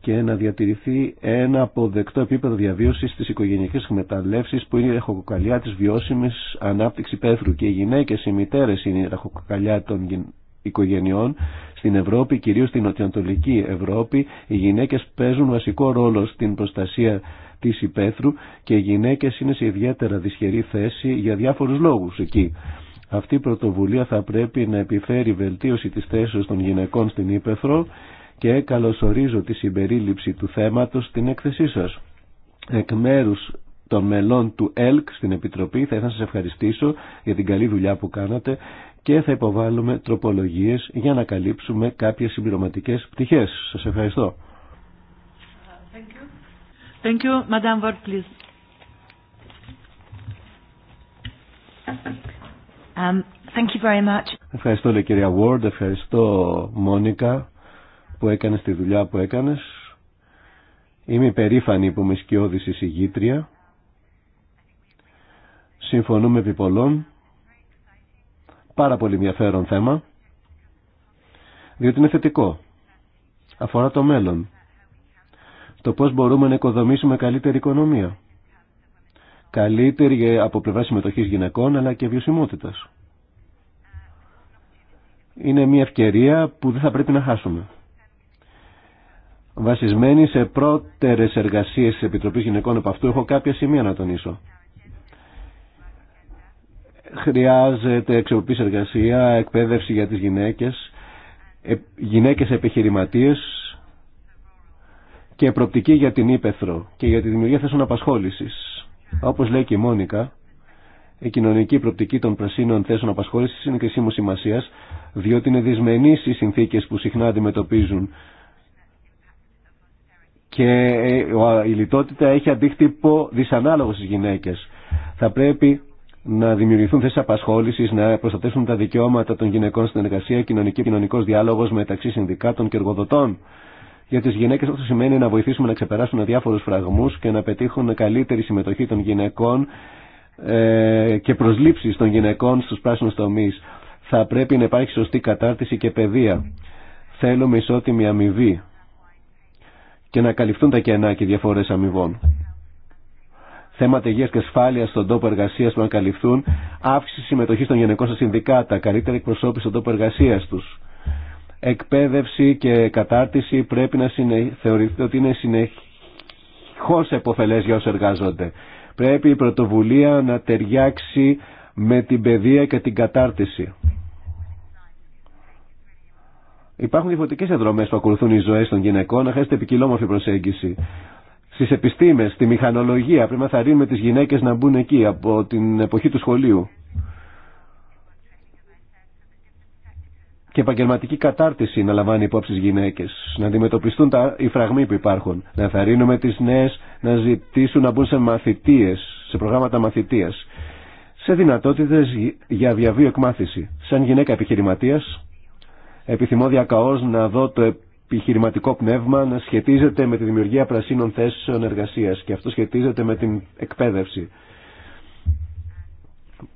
και να διατηρηθεί ένα αποδεκτό επίπεδο διαβίωσης στις οικογενειακές εκμεταλλεύσεις που είναι η ραχοκοκαλιά της βιώσιμης ανάπτυξης υπαίθρου και οι γυναίκες, οι μητέρες είναι η ραχοκοκαλιά των οικογενειών στην Ευρώπη, κυρίως στην νοτιοανατολική Ευρώπη, οι γυναίκες παίζουν βασικό ρόλο στην προστασία της υπαίθρου και οι γυναίκες είναι σε ιδιαίτερα δυσχερή θέση για διάφορους λόγους εκεί. Αυτή η πρωτοβουλία θα πρέπει να επιφέρει βελτίωση της θέσης των γυναικών στην Ήπεθρο και καλωσορίζω τη συμπερίληψη του θέματος στην έκθεσή σας. Εκ μέρους των μελών του ΕΛΚ στην Επιτροπή θα ήθελα να σας ευχαριστήσω για την καλή δουλειά που κάνατε και θα υποβάλουμε τροπολογίες για να καλύψουμε κάποιες συμπληρωματικές πτυχές. Σας ευχαριστώ. Ευχαριστώ λέει κυρία Ward, ευχαριστώ Μόνικα που έκανες τη δουλειά που έκανες. Είμαι υπερήφανη που σκιώδησε η εισηγήτρια. Συμφωνούμε επί πολλών πάρα πολύ ενδιαφέρον θέμα, διότι είναι θετικό. Αφορά το μέλλον. Το πώς μπορούμε να οικοδομήσουμε καλύτερη οικονομία. Καλύτερη από πλευρά συμμετοχής γυναικών, αλλά και βιωσιμότητας. Είναι μια ευκαιρία που δεν θα πρέπει να χάσουμε. Βασισμένη σε πρώτερες εργασίες της Επιτροπής Γυναικών από αυτού, έχω κάποια σημεία να τονίσω. Χρειάζεται εξοπλής εργασία, εκπαίδευση για τις γυναίκες, ε, γυναίκες επιχειρηματίες και προπτική για την ύπεθρο και για τη δημιουργία θέσεων απασχόλησης. Όπως λέει και η Μόνικα, η κοινωνική προπτική των πρασίνων θέσεων απασχόλησης είναι κρισίμου σημασία, διότι είναι δυσμενείς οι συνθήκες που συχνά αντιμετωπίζουν και ε, η λιτότητα έχει αντίκτυπο δυσανάλογο στις γυναίκες. Θα πρέπει να δημιουργηθούν θέσει απασχόληση, να προστατεύσουν τα δικαιώματα των γυναικών στην εργασία, κοινωνική κοινωνικό διάλογο μεταξύ συνδικάτων και εργοδοτών. Για τι γυναίκε αυτό σημαίνει να βοηθήσουμε να ξεπεράσουν διάφορου φραγμού και να πετύχουν καλύτερη συμμετοχή των γυναικών ε, και προσλήψει των γυναικών στου πράσινου τομεί. Θα πρέπει να υπάρχει σωστή κατάρτιση και παιδεία. Θέλουμε ισότιμη αμοιβή και να καλυφθούν τα κενά και διαφορέ αμοιβών θέματα υγεία και ασφάλεια στον τόπο εργασία που ανακαλυφθούν, αύξηση συμμετοχή των γενικών στα συνδικάτα, καλύτερη εκπροσώπηση στον τόπο εργασία του. Εκπαίδευση και κατάρτιση πρέπει να συνε... θεωρηθεί ότι είναι συνεχώ επωφελέ για όσου εργάζονται. Πρέπει η πρωτοβουλία να ταιριάξει με την παιδεία και την κατάρτιση. Υπάρχουν διαφορετικέ εδρομέ που ακολουθούν οι ζωέ των γυναικών, να χρειάζεται επικοινόμορφη προσέγγιση στις επιστήμες, στη μηχανολογία. Πρέπει να θαρρύνουμε τις γυναίκες να μπουν εκεί από την εποχή του σχολείου. Και επαγγελματική κατάρτιση να λαμβάνει υπόψη γυναίκες, να αντιμετωπιστούν τα, οι φραγμοί που υπάρχουν, να θαρρύνουμε τις νέες να ζητήσουν να μπουν σε μαθητείες, σε προγράμματα μαθητείας, σε δυνατότητες για διαβίω εκμάθηση. Σαν γυναίκα επιχειρηματίας, επιθυμώ διακαώς να δω το επιχειρηματικό πνεύμα να σχετίζεται με τη δημιουργία πρασίνων θέσεων εργασίας και αυτό σχετίζεται με την εκπαίδευση.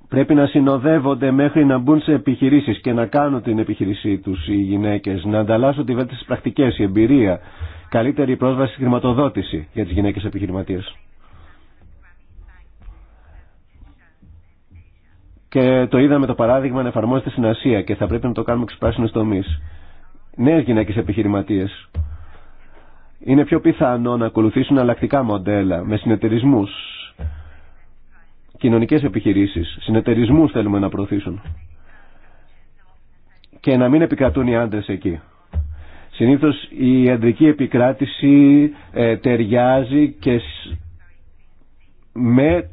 Πρέπει να συνοδεύονται μέχρι να μπουν σε επιχειρήσεις και να κάνουν την επιχειρήσή τους οι γυναίκες, να ανταλλάσσουν τη βέλτιση πρακτικές, η εμπειρία, καλύτερη πρόσβαση στη χρηματοδότηση για τις γυναίκες επιχειρηματίες. Και το είδαμε το παράδειγμα να εφαρμόζεται στην Ασία και θα πρέπει να το κάνουμε πράσινου τομεί νέες γυναίκε επιχειρηματίες. Είναι πιο πιθανό να ακολουθήσουν αλλακτικά μοντέλα με συνεταιρισμού. Κοινωνικέ επιχειρήσεις, Συνεταιρισμού θέλουμε να προωθήσουν και να μην επικρατούν οι άντρε εκεί. Συνήθως η ιατρική επικράτηση ε, ταιριάζει και με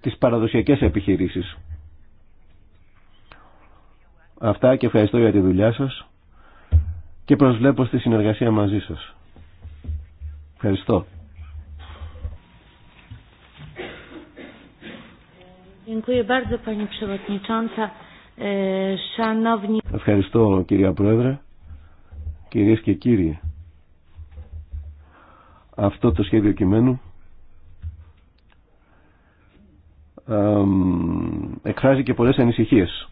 τις παραδοσιακές επιχειρήσεις. Αυτά και ευχαριστώ για τη δουλειά σας και προσβλέπω στη συνεργασία μαζί σας. Ευχαριστώ. E, Ευχαριστώ κυρία Πρόεδρε, κυρίες και κύριοι. Αυτό το σχέδιο κειμένου εκφράζει και πολλές ανησυχίες.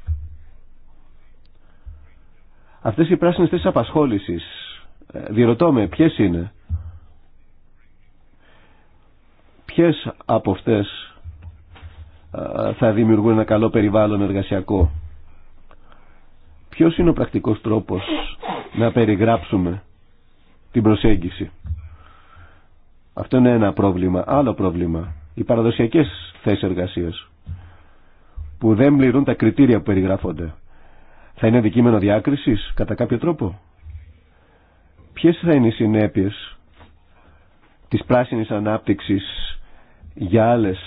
Αυτές οι πράσινες θέσεις απασχόλησης, ε, διερωτώ με, ποιες είναι. Ποιες από αυτές ε, θα δημιουργούν ένα καλό περιβάλλον εργασιακό. Ποιος είναι ο πρακτικός τρόπος να περιγράψουμε την προσέγγιση. Αυτό είναι ένα πρόβλημα. Άλλο πρόβλημα. Οι παραδοσιακές θέσεις εργασίας που δεν πληρούν τα κριτήρια που περιγράφονται θα είναι αντικείμενο διάκρισης κατά κάποιο τρόπο. Ποιε θα είναι οι συνέπειες της πράσινη ανάπτυξη για, άλλες,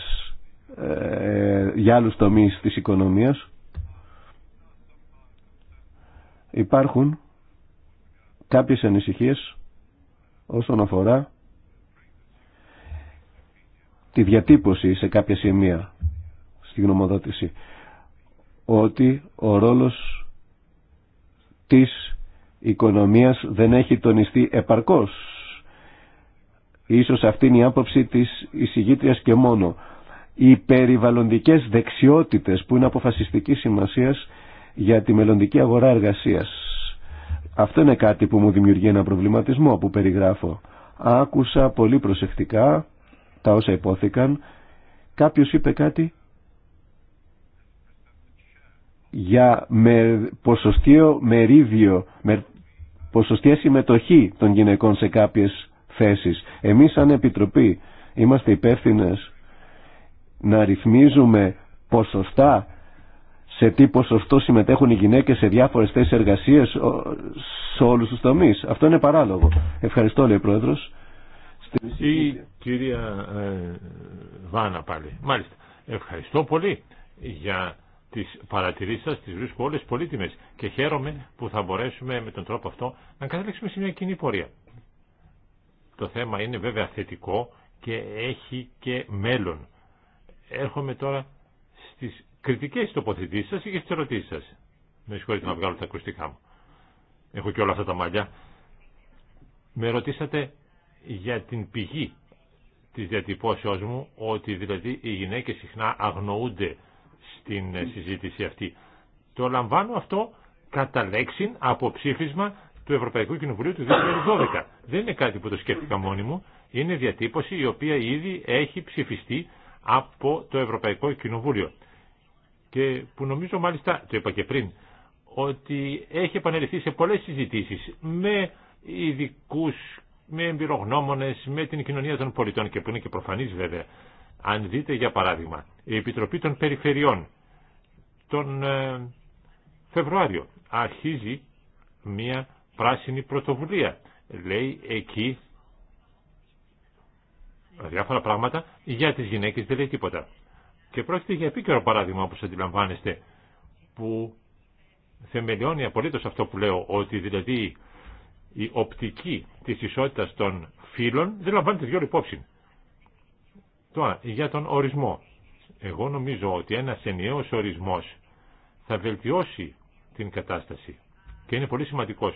ε, για άλλους τομείς της οικονομίας. Υπάρχουν κάποιες ανησυχίες όσον αφορά τη διατύπωση σε κάποια σημεία στη γνωμοδότηση ότι ο ρόλος της οικονομίας δεν έχει τονιστεί επαρκώς. Ίσως αυτή είναι η άποψη της εισηγήτριας και μόνο. Οι περιβαλλοντικές δεξιότητες που είναι αποφασιστική σημασίας για τη μελλοντική αγορά εργασίας. Αυτό είναι κάτι που μου δημιουργεί ένα προβληματισμό που περιγράφω. Άκουσα πολύ προσεκτικά τα όσα υπόθηκαν. Κάποιος είπε κάτι για με ποσοστίο μερίδιο, με ποσοστία συμμετοχή των γυναικών σε κάποιες θέσεις. Εμείς σαν Επιτροπή είμαστε υπεύθυνε να ρυθμίζουμε ποσοστά σε τι ποσοστό συμμετέχουν οι γυναίκες σε διάφορες θέσεις εργασίας σε όλους τους τομείς. Αυτό είναι παράλογο. Ευχαριστώ λέει ο Πρόεδρος. Η κυρία ε, Βάνα πάλι. Μάλιστα. Ευχαριστώ πολύ για τις παρατηρήσεις σας, τις βρίσκω όλες πολύτιμες και χαίρομαι που θα μπορέσουμε με τον τρόπο αυτό να καταλήξουμε σε μια κοινή πορεία. Το θέμα είναι βέβαια θετικό και έχει και μέλλον. Έρχομαι τώρα στις κριτικές τοποθετήσεις σας ή και στις ερωτήσεις σας. Με συγχωρείτε να βγάλω τα ακουστικά μου. Έχω και όλα αυτά τα μαλλιά. Με ρωτήσατε για την πηγή της διατυπώσεώς μου ότι δηλαδή οι γυναίκες συχνά αγνοούνται την ε, συζήτηση αυτή. Το λαμβάνω αυτό κατά λέξη από ψήφισμα του Ευρωπαϊκού Κοινοβουλίου του 2012. Δεν είναι κάτι που το σκέφτηκα μόνη μου. Είναι διατύπωση η οποία ήδη έχει ψηφιστεί από το Ευρωπαϊκό Κοινοβούλιο. Και που νομίζω μάλιστα, το είπα και πριν, ότι έχει επανεληφθεί σε πολλές συζητήσεις με ειδικού, με εμπειρογνώμονες, με την κοινωνία των πολιτών και που είναι και προφανής βέβαια. Αν δείτε για παράδειγμα, η Επιτροπή των Περιφερειών τον ε, Φεβρουάριο. Αρχίζει μια πράσινη πρωτοβουλία. Λέει εκεί διάφορα πράγματα για τις γυναίκες δεν λέει τίποτα. Και πρόκειται για επίκαιρο παράδειγμα όπως αντιλαμβάνεστε που θεμελιώνει απολύτως αυτό που λέω ότι δηλαδή η οπτική της ισότητας των φύλων δεν λαμβάνεται δυο υπόψη. Τώρα, για τον ορισμό. Εγώ νομίζω ότι ένας ενιαίος ορισμός θα βελτιώσει την κατάσταση και είναι πολύ σημαντικός.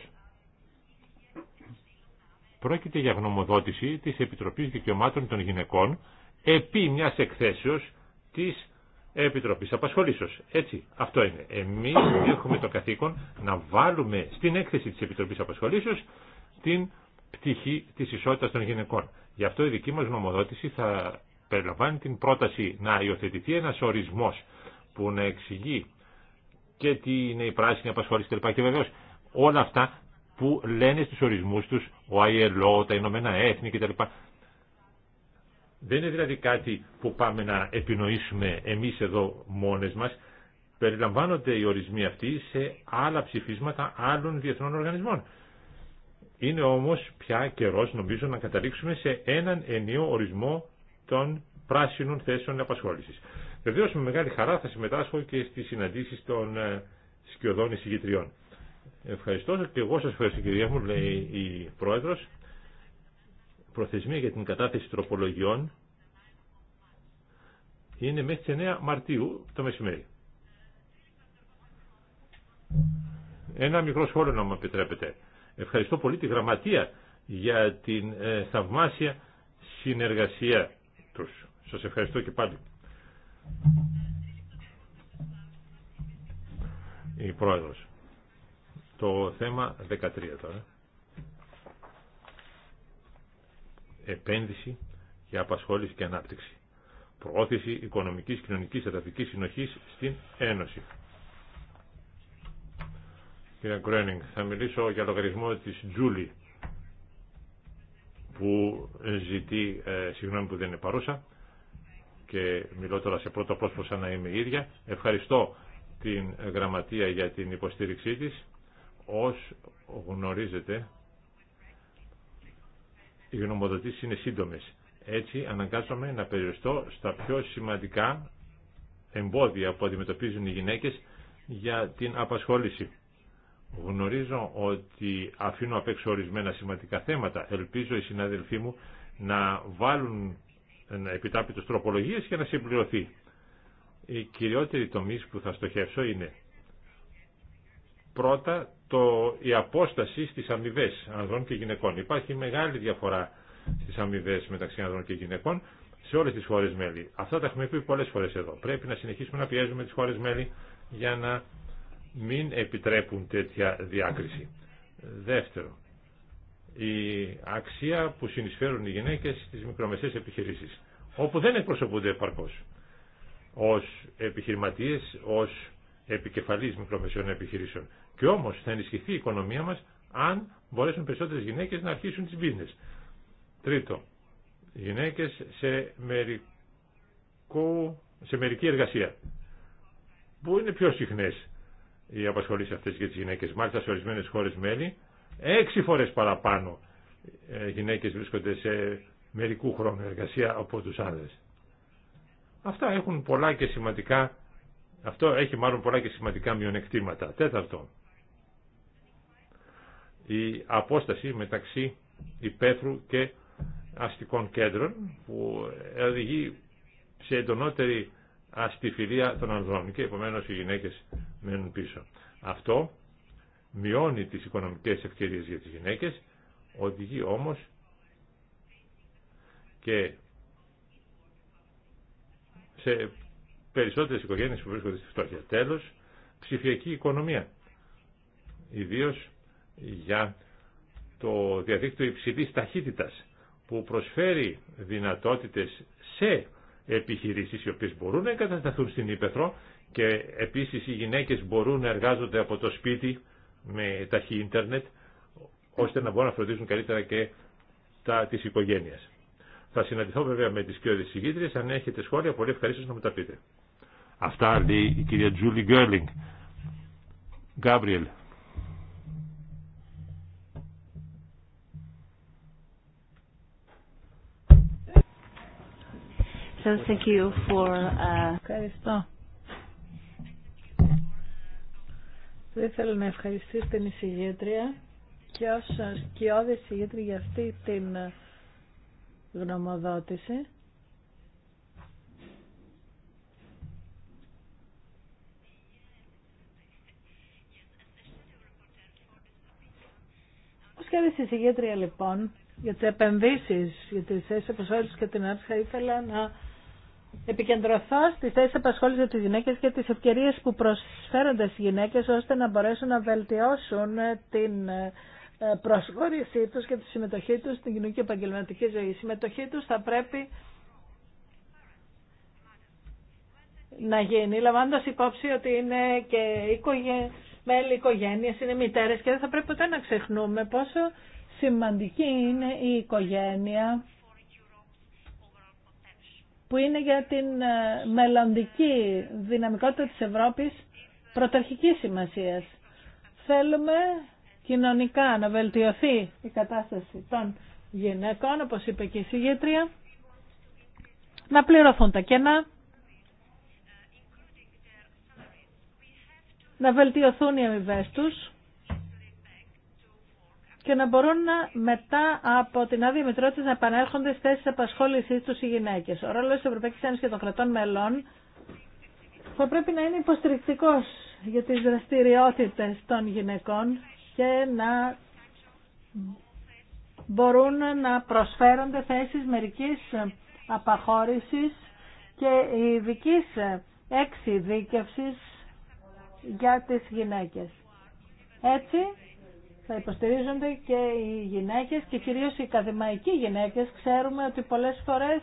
Πρόκειται για γνωμοδότηση της Επιτροπής Δικαιωμάτων των Γυναικών επί μιας εκθέσεως της Επιτροπής Απασχολήσεως. Έτσι, αυτό είναι. Εμείς έχουμε το καθήκον να βάλουμε στην έκθεση της Επιτροπής Απασχολήσεως την πτυχή της ισότητας των γυναικών. Γι' αυτό η δική μας γνωμοδότηση θα περιλαμβάνει την πρόταση να υιοθετηθεί ένας ορισμός που να εξηγεί και τι είναι η πράσινη απασχόληση κλπ. Και βεβαίως όλα αυτά που λένε στους ορισμούς τους ο ILO, τα Ηνωμένα Έθνη κτλ. Δεν είναι δηλαδή κάτι που πάμε να επινοήσουμε εμείς εδώ μόνες μας. Περιλαμβάνονται οι ορισμοί αυτοί σε άλλα ψηφίσματα άλλων διεθνών οργανισμών. Είναι όμως πια καιρός νομίζω να καταλήξουμε σε έναν ενίο ορισμό των πράσινων θέσεων απασχόλησης. Βεβαίω με μεγάλη χαρά θα συμμετάσχω και στις συναντήσεις των ε, σκιωδών εισηγητριών. Ευχαριστώ και εγώ σας ευχαριστώ κυρία μου, λέει η Πρόεδρος. Προθεσμία για την κατάθεση τροπολογιών είναι μέχρι τις 9 Μαρτίου το μεσημέρι. Ένα μικρό σχόλιο να μου επιτρέπετε. Ευχαριστώ πολύ τη Γραμματεία για την ε, θαυμάσια συνεργασία τους. Σας ευχαριστώ και πάλι. Η Πρόεδρος. Το θέμα 13 τώρα. Επένδυση για απασχόληση και ανάπτυξη. Προώθηση οικονομικής, κοινωνικής, εδαφικής συνοχής στην Ένωση. Κύριε Γκρένινγκ, θα μιλήσω για λογαριασμό της Τζούλη που ε, ζητεί, ε, συγγνώμη που δεν είναι παρούσα και μιλώ τώρα σε πρώτο πρόσωπο σαν να είμαι ίδια. Ευχαριστώ την Γραμματεία για την υποστήριξή της. Ως γνωρίζετε, οι γνωμοδοτήσεις είναι σύντομες. Έτσι αναγκάζομαι να περιοριστώ στα πιο σημαντικά εμπόδια που αντιμετωπίζουν οι γυναίκες για την απασχόληση. Γνωρίζω ότι αφήνω απ' έξω ορισμένα σημαντικά θέματα. Ελπίζω οι συναδελφοί μου να βάλουν επιτάπητος τροπολογίες για να συμπληρωθεί. Οι κυριότεροι τομείς που θα στοχεύσω είναι πρώτα το, η απόσταση στις αμοιβέ ανδρών και γυναικών. Υπάρχει μεγάλη διαφορά στις αμοιβέ μεταξύ ανδρών και γυναικών σε όλες τις χώρες μέλη. Αυτά τα έχουμε πει πολλές φορές εδώ. Πρέπει να συνεχίσουμε να πιέζουμε τις χώρες μέλη για να μην επιτρέπουν τέτοια διάκριση. Δεύτερο, η αξία που συνεισφέρουν οι γυναίκες στις μικρομεσαίες επιχειρήσεις, όπου δεν εκπροσωπούνται επαρκώς ως επιχειρηματίες, ως επικεφαλής μικρομεσαίων επιχειρήσεων. Και όμως θα ενισχυθεί η οικονομία μας αν μπορέσουν περισσότερες γυναίκες να αρχίσουν τις business. Τρίτο, γυναίκες σε, σε μερική εργασία, που είναι πιο συχνές οι απασχολήσει αυτέ για τι γυναίκες. Μάλιστα σε ορισμένες χώρε μέλη, έξι φορές παραπάνω ε, γυναίκες βρίσκονται σε μερικού χρόνου εργασία από τους άνδρες. Αυτά έχουν πολλά και σημαντικά, αυτό έχει μάλλον πολλά και σημαντικά μειονεκτήματα. Τέταρτο, η απόσταση μεταξύ υπαίθρου και αστικών κέντρων που οδηγεί σε εντονότερη αστιφιλία των ανδρών και επομένως οι γυναίκες μένουν πίσω. Αυτό μειώνει τις οικονομικές ευκαιρίες για τις γυναίκες, οδηγεί όμως και σε περισσότερες οικογένειες που βρίσκονται στη φτώχεια. Τέλος, ψηφιακή οικονομία, ιδίως για το διαδίκτυο υψηλής ταχύτητας, που προσφέρει δυνατότητες σε επιχειρήσεις οι οποίες μπορούν να εγκατασταθούν στην Ήπεθρο και επίσης οι γυναίκες μπορούν να εργάζονται από το σπίτι με ταχύ ίντερνετ ώστε να μπορούν να φροντίζουν καλύτερα και τα της οικογένειες. Θα συναντηθώ βέβαια με τις κύριες συγκήτριες. Αν έχετε σχόλια, πολύ ευχαρίστως να μου τα πείτε. Αυτά λέει η κυρία Τζούλι Γκέρλινγκ. Γκάμπριελ. Uh, Ευχαριστώ Θα ήθελα να ευχαριστήσω την εισηγήτρια και ως σκιώδη εισηγήτρια για αυτή την γνωμοδότηση. Ως και εισηγήτρια λοιπόν για τις επενδύσεις, για τις θέσεις απασχόλησης και την αρχή, θα ήθελα να επικεντρωθώ στις θέσεις για τι γυναίκες και τις ευκαιρίε που προσφέρονται στις γυναίκες ώστε να μπορέσουν να βελτιώσουν την ε, προσχώρησή του και τη συμμετοχή τους στην κοινωνική επαγγελματική ζωή. Η συμμετοχή τους θα πρέπει να γίνει, λαμβάνοντα υπόψη ότι είναι και μέλη οικογένεια, είναι μητέρε, και δεν θα πρέπει ποτέ να ξεχνούμε πόσο σημαντική είναι η οικογένεια που είναι για την ε, μελλοντική δυναμικότητα της Ευρώπης πρωταρχικής σημασίας. Θέλουμε κοινωνικά να βελτιωθεί η κατάσταση των γυναικών, όπως είπε και η συγγετρία, να πληρωθούν τα κενά, να βελτιωθούν οι αμοιβές τους, και να μπορούν να μετά από την άδεια μητρότητα να επανέρχονται στι θέσει απασχόλησή του οι γυναίκε. Ο ρόλο τη Ευρωπαϊκή Ένωση και των κρατών μελών θα πρέπει να είναι υποστηρικτικό για τι δραστηριότητε των γυναικών και να μπορούν να προσφέρονται θέσεις μερικής απαχώρησης και ειδική εξειδίκευσης για τις γυναίκες. Έτσι θα υποστηρίζονται και οι γυναίκες και κυρίως οι ακαδημαϊκοί γυναίκες. Ξέρουμε ότι πολλές φορές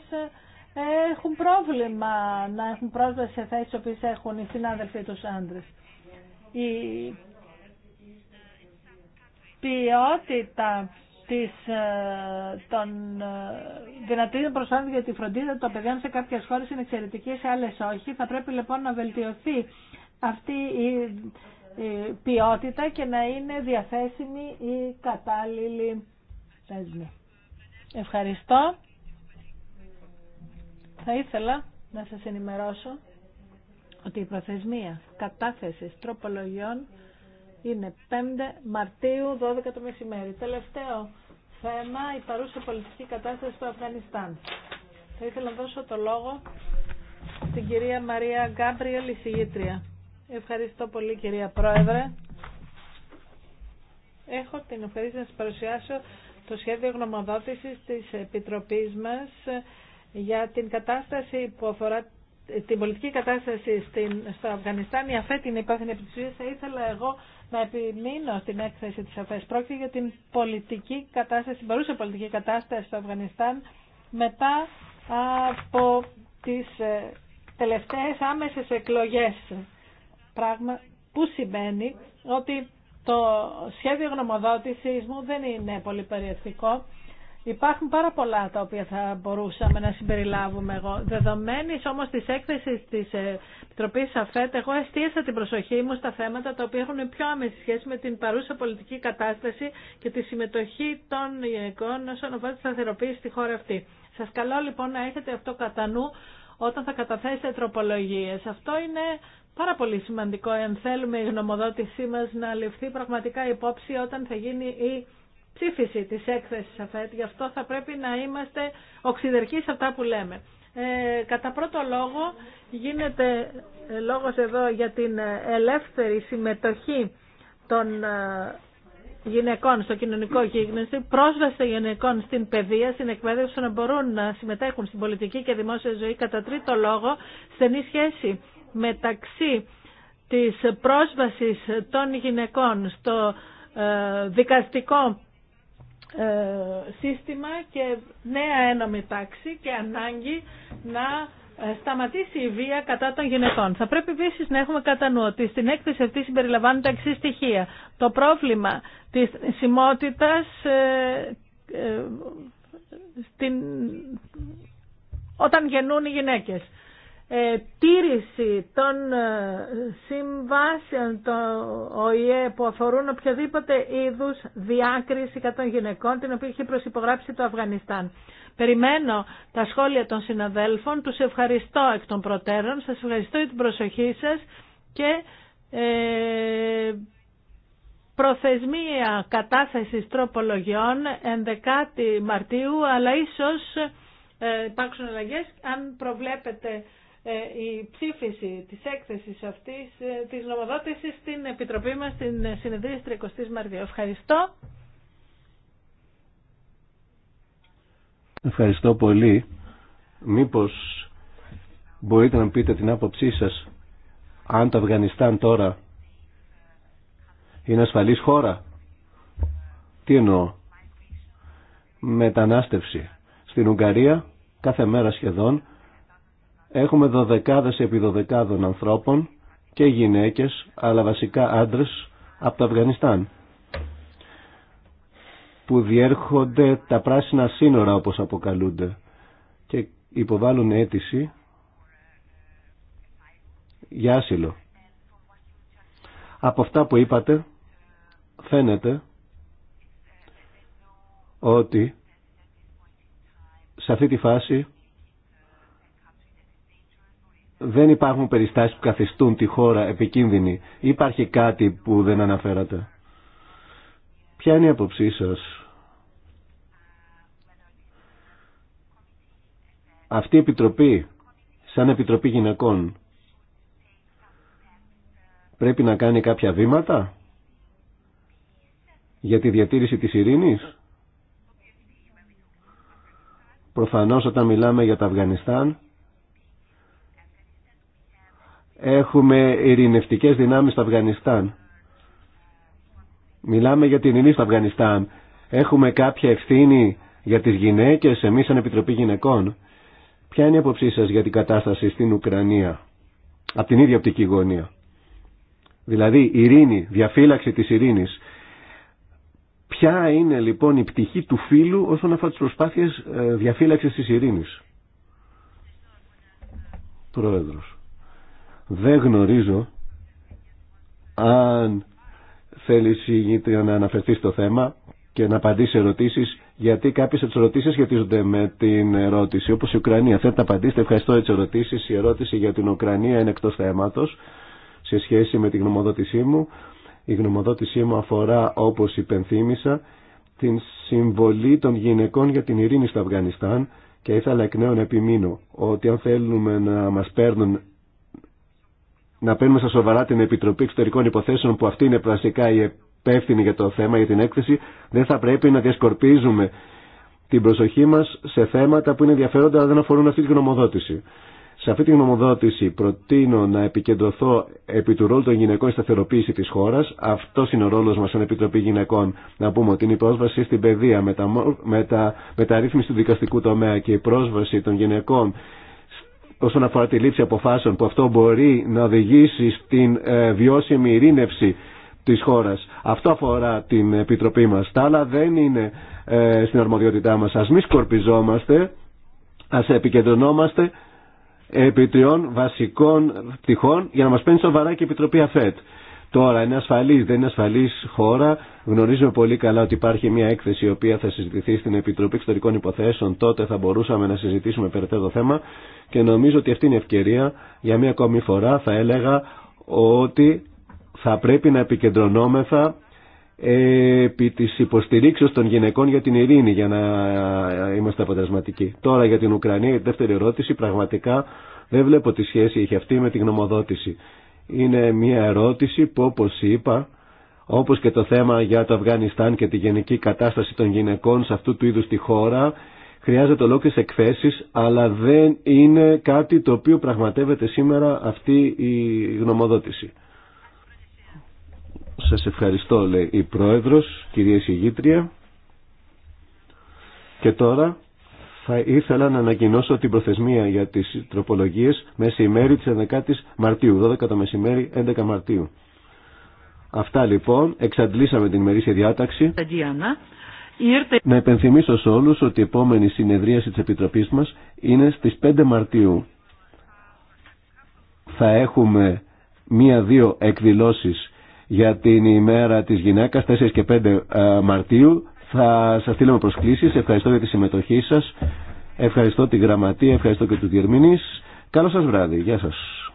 ε, έχουν πρόβλημα να έχουν πρόσβαση σε θέσεις που έχουν οι συνάδελφοί τους άντρες. Η ποιότητα της, ε, των ε, δυνατήτων προσφάνειων για τη φροντίδα των παιδιών σε κάποιες χώρες είναι εξαιρετική, σε άλλες όχι. Θα πρέπει λοιπόν να βελτιωθεί αυτή η ποιότητα και να είναι διαθέσιμη η κατάλληλη θέσμη. Ευχαριστώ. Θα ήθελα να σας ενημερώσω ότι η προθεσμία κατάθεσης τροπολογιών είναι 5 Μαρτίου 12 το μεσημέρι. Τελευταίο θέμα, η παρούσα πολιτική κατάσταση στο Αφγανιστάν. Θα ήθελα να δώσω το λόγο στην κυρία Μαρία Γκάμπριελ, η συγγήτρια. Ευχαριστώ πολύ κυρία Πρόεδρε. Έχω την ευχαρίστηση να σας παρουσιάσω το σχέδιο γνωμοδότησης της Επιτροπής μας για την κατάσταση που αφορά την πολιτική κατάσταση στην, στο Αφγανιστάν, η ΑΦΕ την υπεύθυνη επιτυχία, θα ήθελα εγώ να επιμείνω στην έκθεση της ΑΦΕΣ. Πρόκειται για την πολιτική κατάσταση, την παρούσα πολιτική κατάσταση στο Αφγανιστάν μετά από τις ε, τελευταίες άμεσες εκλογές Πράγμα που σημαίνει ότι το σχέδιο γνωμοδότησης μου δεν είναι πολύ περιεκτικό. Υπάρχουν πάρα πολλά τα οποία θα μπορούσαμε να συμπεριλάβουμε εγώ. Δεδομένη όμω τη έκθεση τη ε, Επιτροπή ΑΦΕΤ, εγώ εστίασα την προσοχή μου στα θέματα τα οποία έχουν πιο άμεση σχέση με την παρούσα πολιτική κατάσταση και τη συμμετοχή των γυναικών όσον αφορά τη σταθεροποίηση στη χώρα αυτή. Σα καλώ λοιπόν να έχετε αυτό κατά νου όταν θα καταθέσετε τροπολογίε. Αυτό είναι πάρα πολύ σημαντικό εάν θέλουμε η γνωμοδότησή μας να ληφθεί πραγματικά υπόψη όταν θα γίνει η ψήφιση της έκθεσης ΑΦΕΤ. Γι' αυτό θα πρέπει να είμαστε οξυδερκοί σε αυτά που λέμε. Ε, κατά πρώτο λόγο γίνεται λόγος εδώ για την ελεύθερη συμμετοχή των ε, γυναικών στο κοινωνικό γίγνεσθε, πρόσβαση των γυναικών στην παιδεία, στην εκπαίδευση, να μπορούν να συμμετέχουν στην πολιτική και δημόσια ζωή. Κατά τρίτο λόγο, στενή σχέση μεταξύ της πρόσβασης των γυναικών στο ε, δικαστικό ε, σύστημα και νέα ένομη τάξη και ανάγκη να ε, σταματήσει η βία κατά των γυναικών. Θα πρέπει επίση να έχουμε κατά νου ότι στην έκθεση αυτή συμπεριλαμβάνονται εξή στοιχεία. Το πρόβλημα της ε, στην... όταν γεννούν οι γυναίκες. Ε, τήρηση των ε, συμβάσεων των ΟΗΕ που αφορούν οποιαδήποτε είδους διάκριση κατά των γυναικών την οποία έχει προσυπογράψει το Αφγανιστάν. Περιμένω τα σχόλια των συναδέλφων, τους ευχαριστώ εκ των προτέρων, σας ευχαριστώ για την προσοχή σας και ε, προθεσμία κατάθεσης τροπολογιών 11 Μαρτίου αλλά ίσως υπάρξουν αλλαγές αν προβλέπετε ε, η ψήφιση της έκθεσης αυτής, ε, της νομοδότησης στην Επιτροπή μας στην συνεδρία 30 Μαρτίου. Ευχαριστώ. Ευχαριστώ πολύ. Μήπως μπορείτε να πείτε την άποψή σας αν το Αφγανιστάν τώρα είναι ασφαλής χώρα. Τι εννοώ. Μετανάστευση. Στην Ουγγαρία κάθε μέρα σχεδόν Έχουμε δωδεκάδες επί δωδεκάδων ανθρώπων και γυναίκες, αλλά βασικά άντρες από το Αφγανιστάν που διέρχονται τα πράσινα σύνορα όπως αποκαλούνται και υποβάλλουν αίτηση για άσυλο. Από αυτά που είπατε φαίνεται ότι σε αυτή τη φάση δεν υπάρχουν περιστάσεις που καθιστούν τη χώρα επικίνδυνη. Υπάρχει κάτι που δεν αναφέρατε. Ποια είναι η άποψή σας. Αυτή η Επιτροπή, σαν Επιτροπή Γυναικών, πρέπει να κάνει κάποια βήματα για τη διατήρηση της ειρήνης. Προφανώς όταν μιλάμε για το Αφγανιστάν, έχουμε ειρηνευτικές δυνάμεις στο Αφγανιστάν. Μιλάμε για την ειρηνή στο Αφγανιστάν. Έχουμε κάποια ευθύνη για τις γυναίκες, εμείς σαν Επιτροπή Γυναικών. Ποια είναι η απόψή σας για την κατάσταση στην Ουκρανία, από την ίδια οπτική γωνία. Δηλαδή, ειρήνη, διαφύλαξη της ειρήνης. Ποια είναι λοιπόν η πτυχή του φίλου όσον αφορά τις προσπάθειες ε, διαφύλαξης της ειρήνης. Πρόεδρος. Δεν γνωρίζω αν θέλει συγγήτρια να αναφερθεί στο θέμα και να απαντήσει ερωτήσει, γιατί κάποιε από τι ερωτήσει σχετίζονται με την ερώτηση, όπω η Ουκρανία. Θέλετε να απαντήσετε, ευχαριστώ για τι ερωτήσει. Η ερώτηση για την Ουκρανία είναι εκτό θέματο σε σχέση με τη γνωμοδότησή μου. Η γνωμοδότησή μου αφορά, όπω υπενθύμησα, την συμβολή των γυναικών για την ειρήνη στο Αφγανιστάν και ήθελα εκ νέου να επιμείνω ότι αν θέλουμε να μα παίρνουν να παίρνουμε στα σοβαρά την Επιτροπή Εξωτερικών Υποθέσεων που αυτή είναι πραστικά η υπεύθυνη για το θέμα, για την έκθεση. Δεν θα πρέπει να διασκορπίζουμε την προσοχή μα σε θέματα που είναι ενδιαφέροντα αλλά δεν αφορούν αυτή τη γνωμοδότηση. Σε αυτή τη γνωμοδότηση προτείνω να επικεντρωθώ επί του ρόλου των γυναικών στη σταθεροποίηση τη χώρα. Αυτό είναι ο ρόλο μα σαν Επιτροπή Γυναικών. Να πούμε ότι είναι η πρόσβαση στην παιδεία, με τα μεταρρύθμιση του δικαστικού τομέα και η πρόσβαση των γυναικών όσον αφορά τη λήψη αποφάσεων που αυτό μπορεί να οδηγήσει στην ε, βιώσιμη ειρήνευση της χώρας. Αυτό αφορά την Επιτροπή μας. Τα άλλα δεν είναι ε, στην αρμοδιότητά μας. Ας μη σκορπιζόμαστε, ας επικεντρωνόμαστε επί τριών βασικών πτυχών για να μας παίρνει σοβαρά και η Επιτροπή ΑΦΕΤ. Τώρα είναι ασφαλής, δεν είναι ασφαλής χώρα. Γνωρίζουμε πολύ καλά ότι υπάρχει μια έκθεση η οποία θα συζητηθεί στην Επιτροπή Εξωτερικών Υποθέσεων. Τότε θα μπορούσαμε να συζητήσουμε περαιτέρω το θέμα και νομίζω ότι αυτή είναι η ευκαιρία για μια ακόμη φορά θα έλεγα ότι θα πρέπει να επικεντρωνόμεθα επί της υποστηρίξεως των γυναικών για την ειρήνη για να είμαστε αποτελεσματικοί. Τώρα για την Ουκρανία, η δεύτερη ερώτηση, πραγματικά δεν βλέπω τι σχέση έχει αυτή με την γνωμοδότηση είναι μια ερώτηση που όπως είπα, όπως και το θέμα για το Αφγανιστάν και τη γενική κατάσταση των γυναικών σε αυτού του είδους τη χώρα, χρειάζεται ολόκληρες εκθέσεις, αλλά δεν είναι κάτι το οποίο πραγματεύεται σήμερα αυτή η γνωμοδότηση. Σας ευχαριστώ, λέει η Πρόεδρος, κυρία Συγήτρια. Και τώρα θα ήθελα να ανακοινώσω την προθεσμία για τις τροπολογίες μεσημέρι τη 11 η Μαρτίου, 12 το μεσημέρι 11 Μαρτίου. Αυτά λοιπόν, εξαντλήσαμε την ημερήσια διάταξη. Να επενθυμίσω σε όλους ότι η επόμενη συνεδρίαση της Επιτροπής μας είναι στις 5 Μαρτίου. Θα έχουμε μία-δύο εκδηλώσει για την ημέρα τη Γυναίκα 4 και 5 ε, Μαρτίου θα σας στείλουμε προσκλήσεις. Ευχαριστώ για τη συμμετοχή σας. Ευχαριστώ τη γραμματεία, ευχαριστώ και του διερμηνείς. Καλό σας βράδυ. Γεια σας.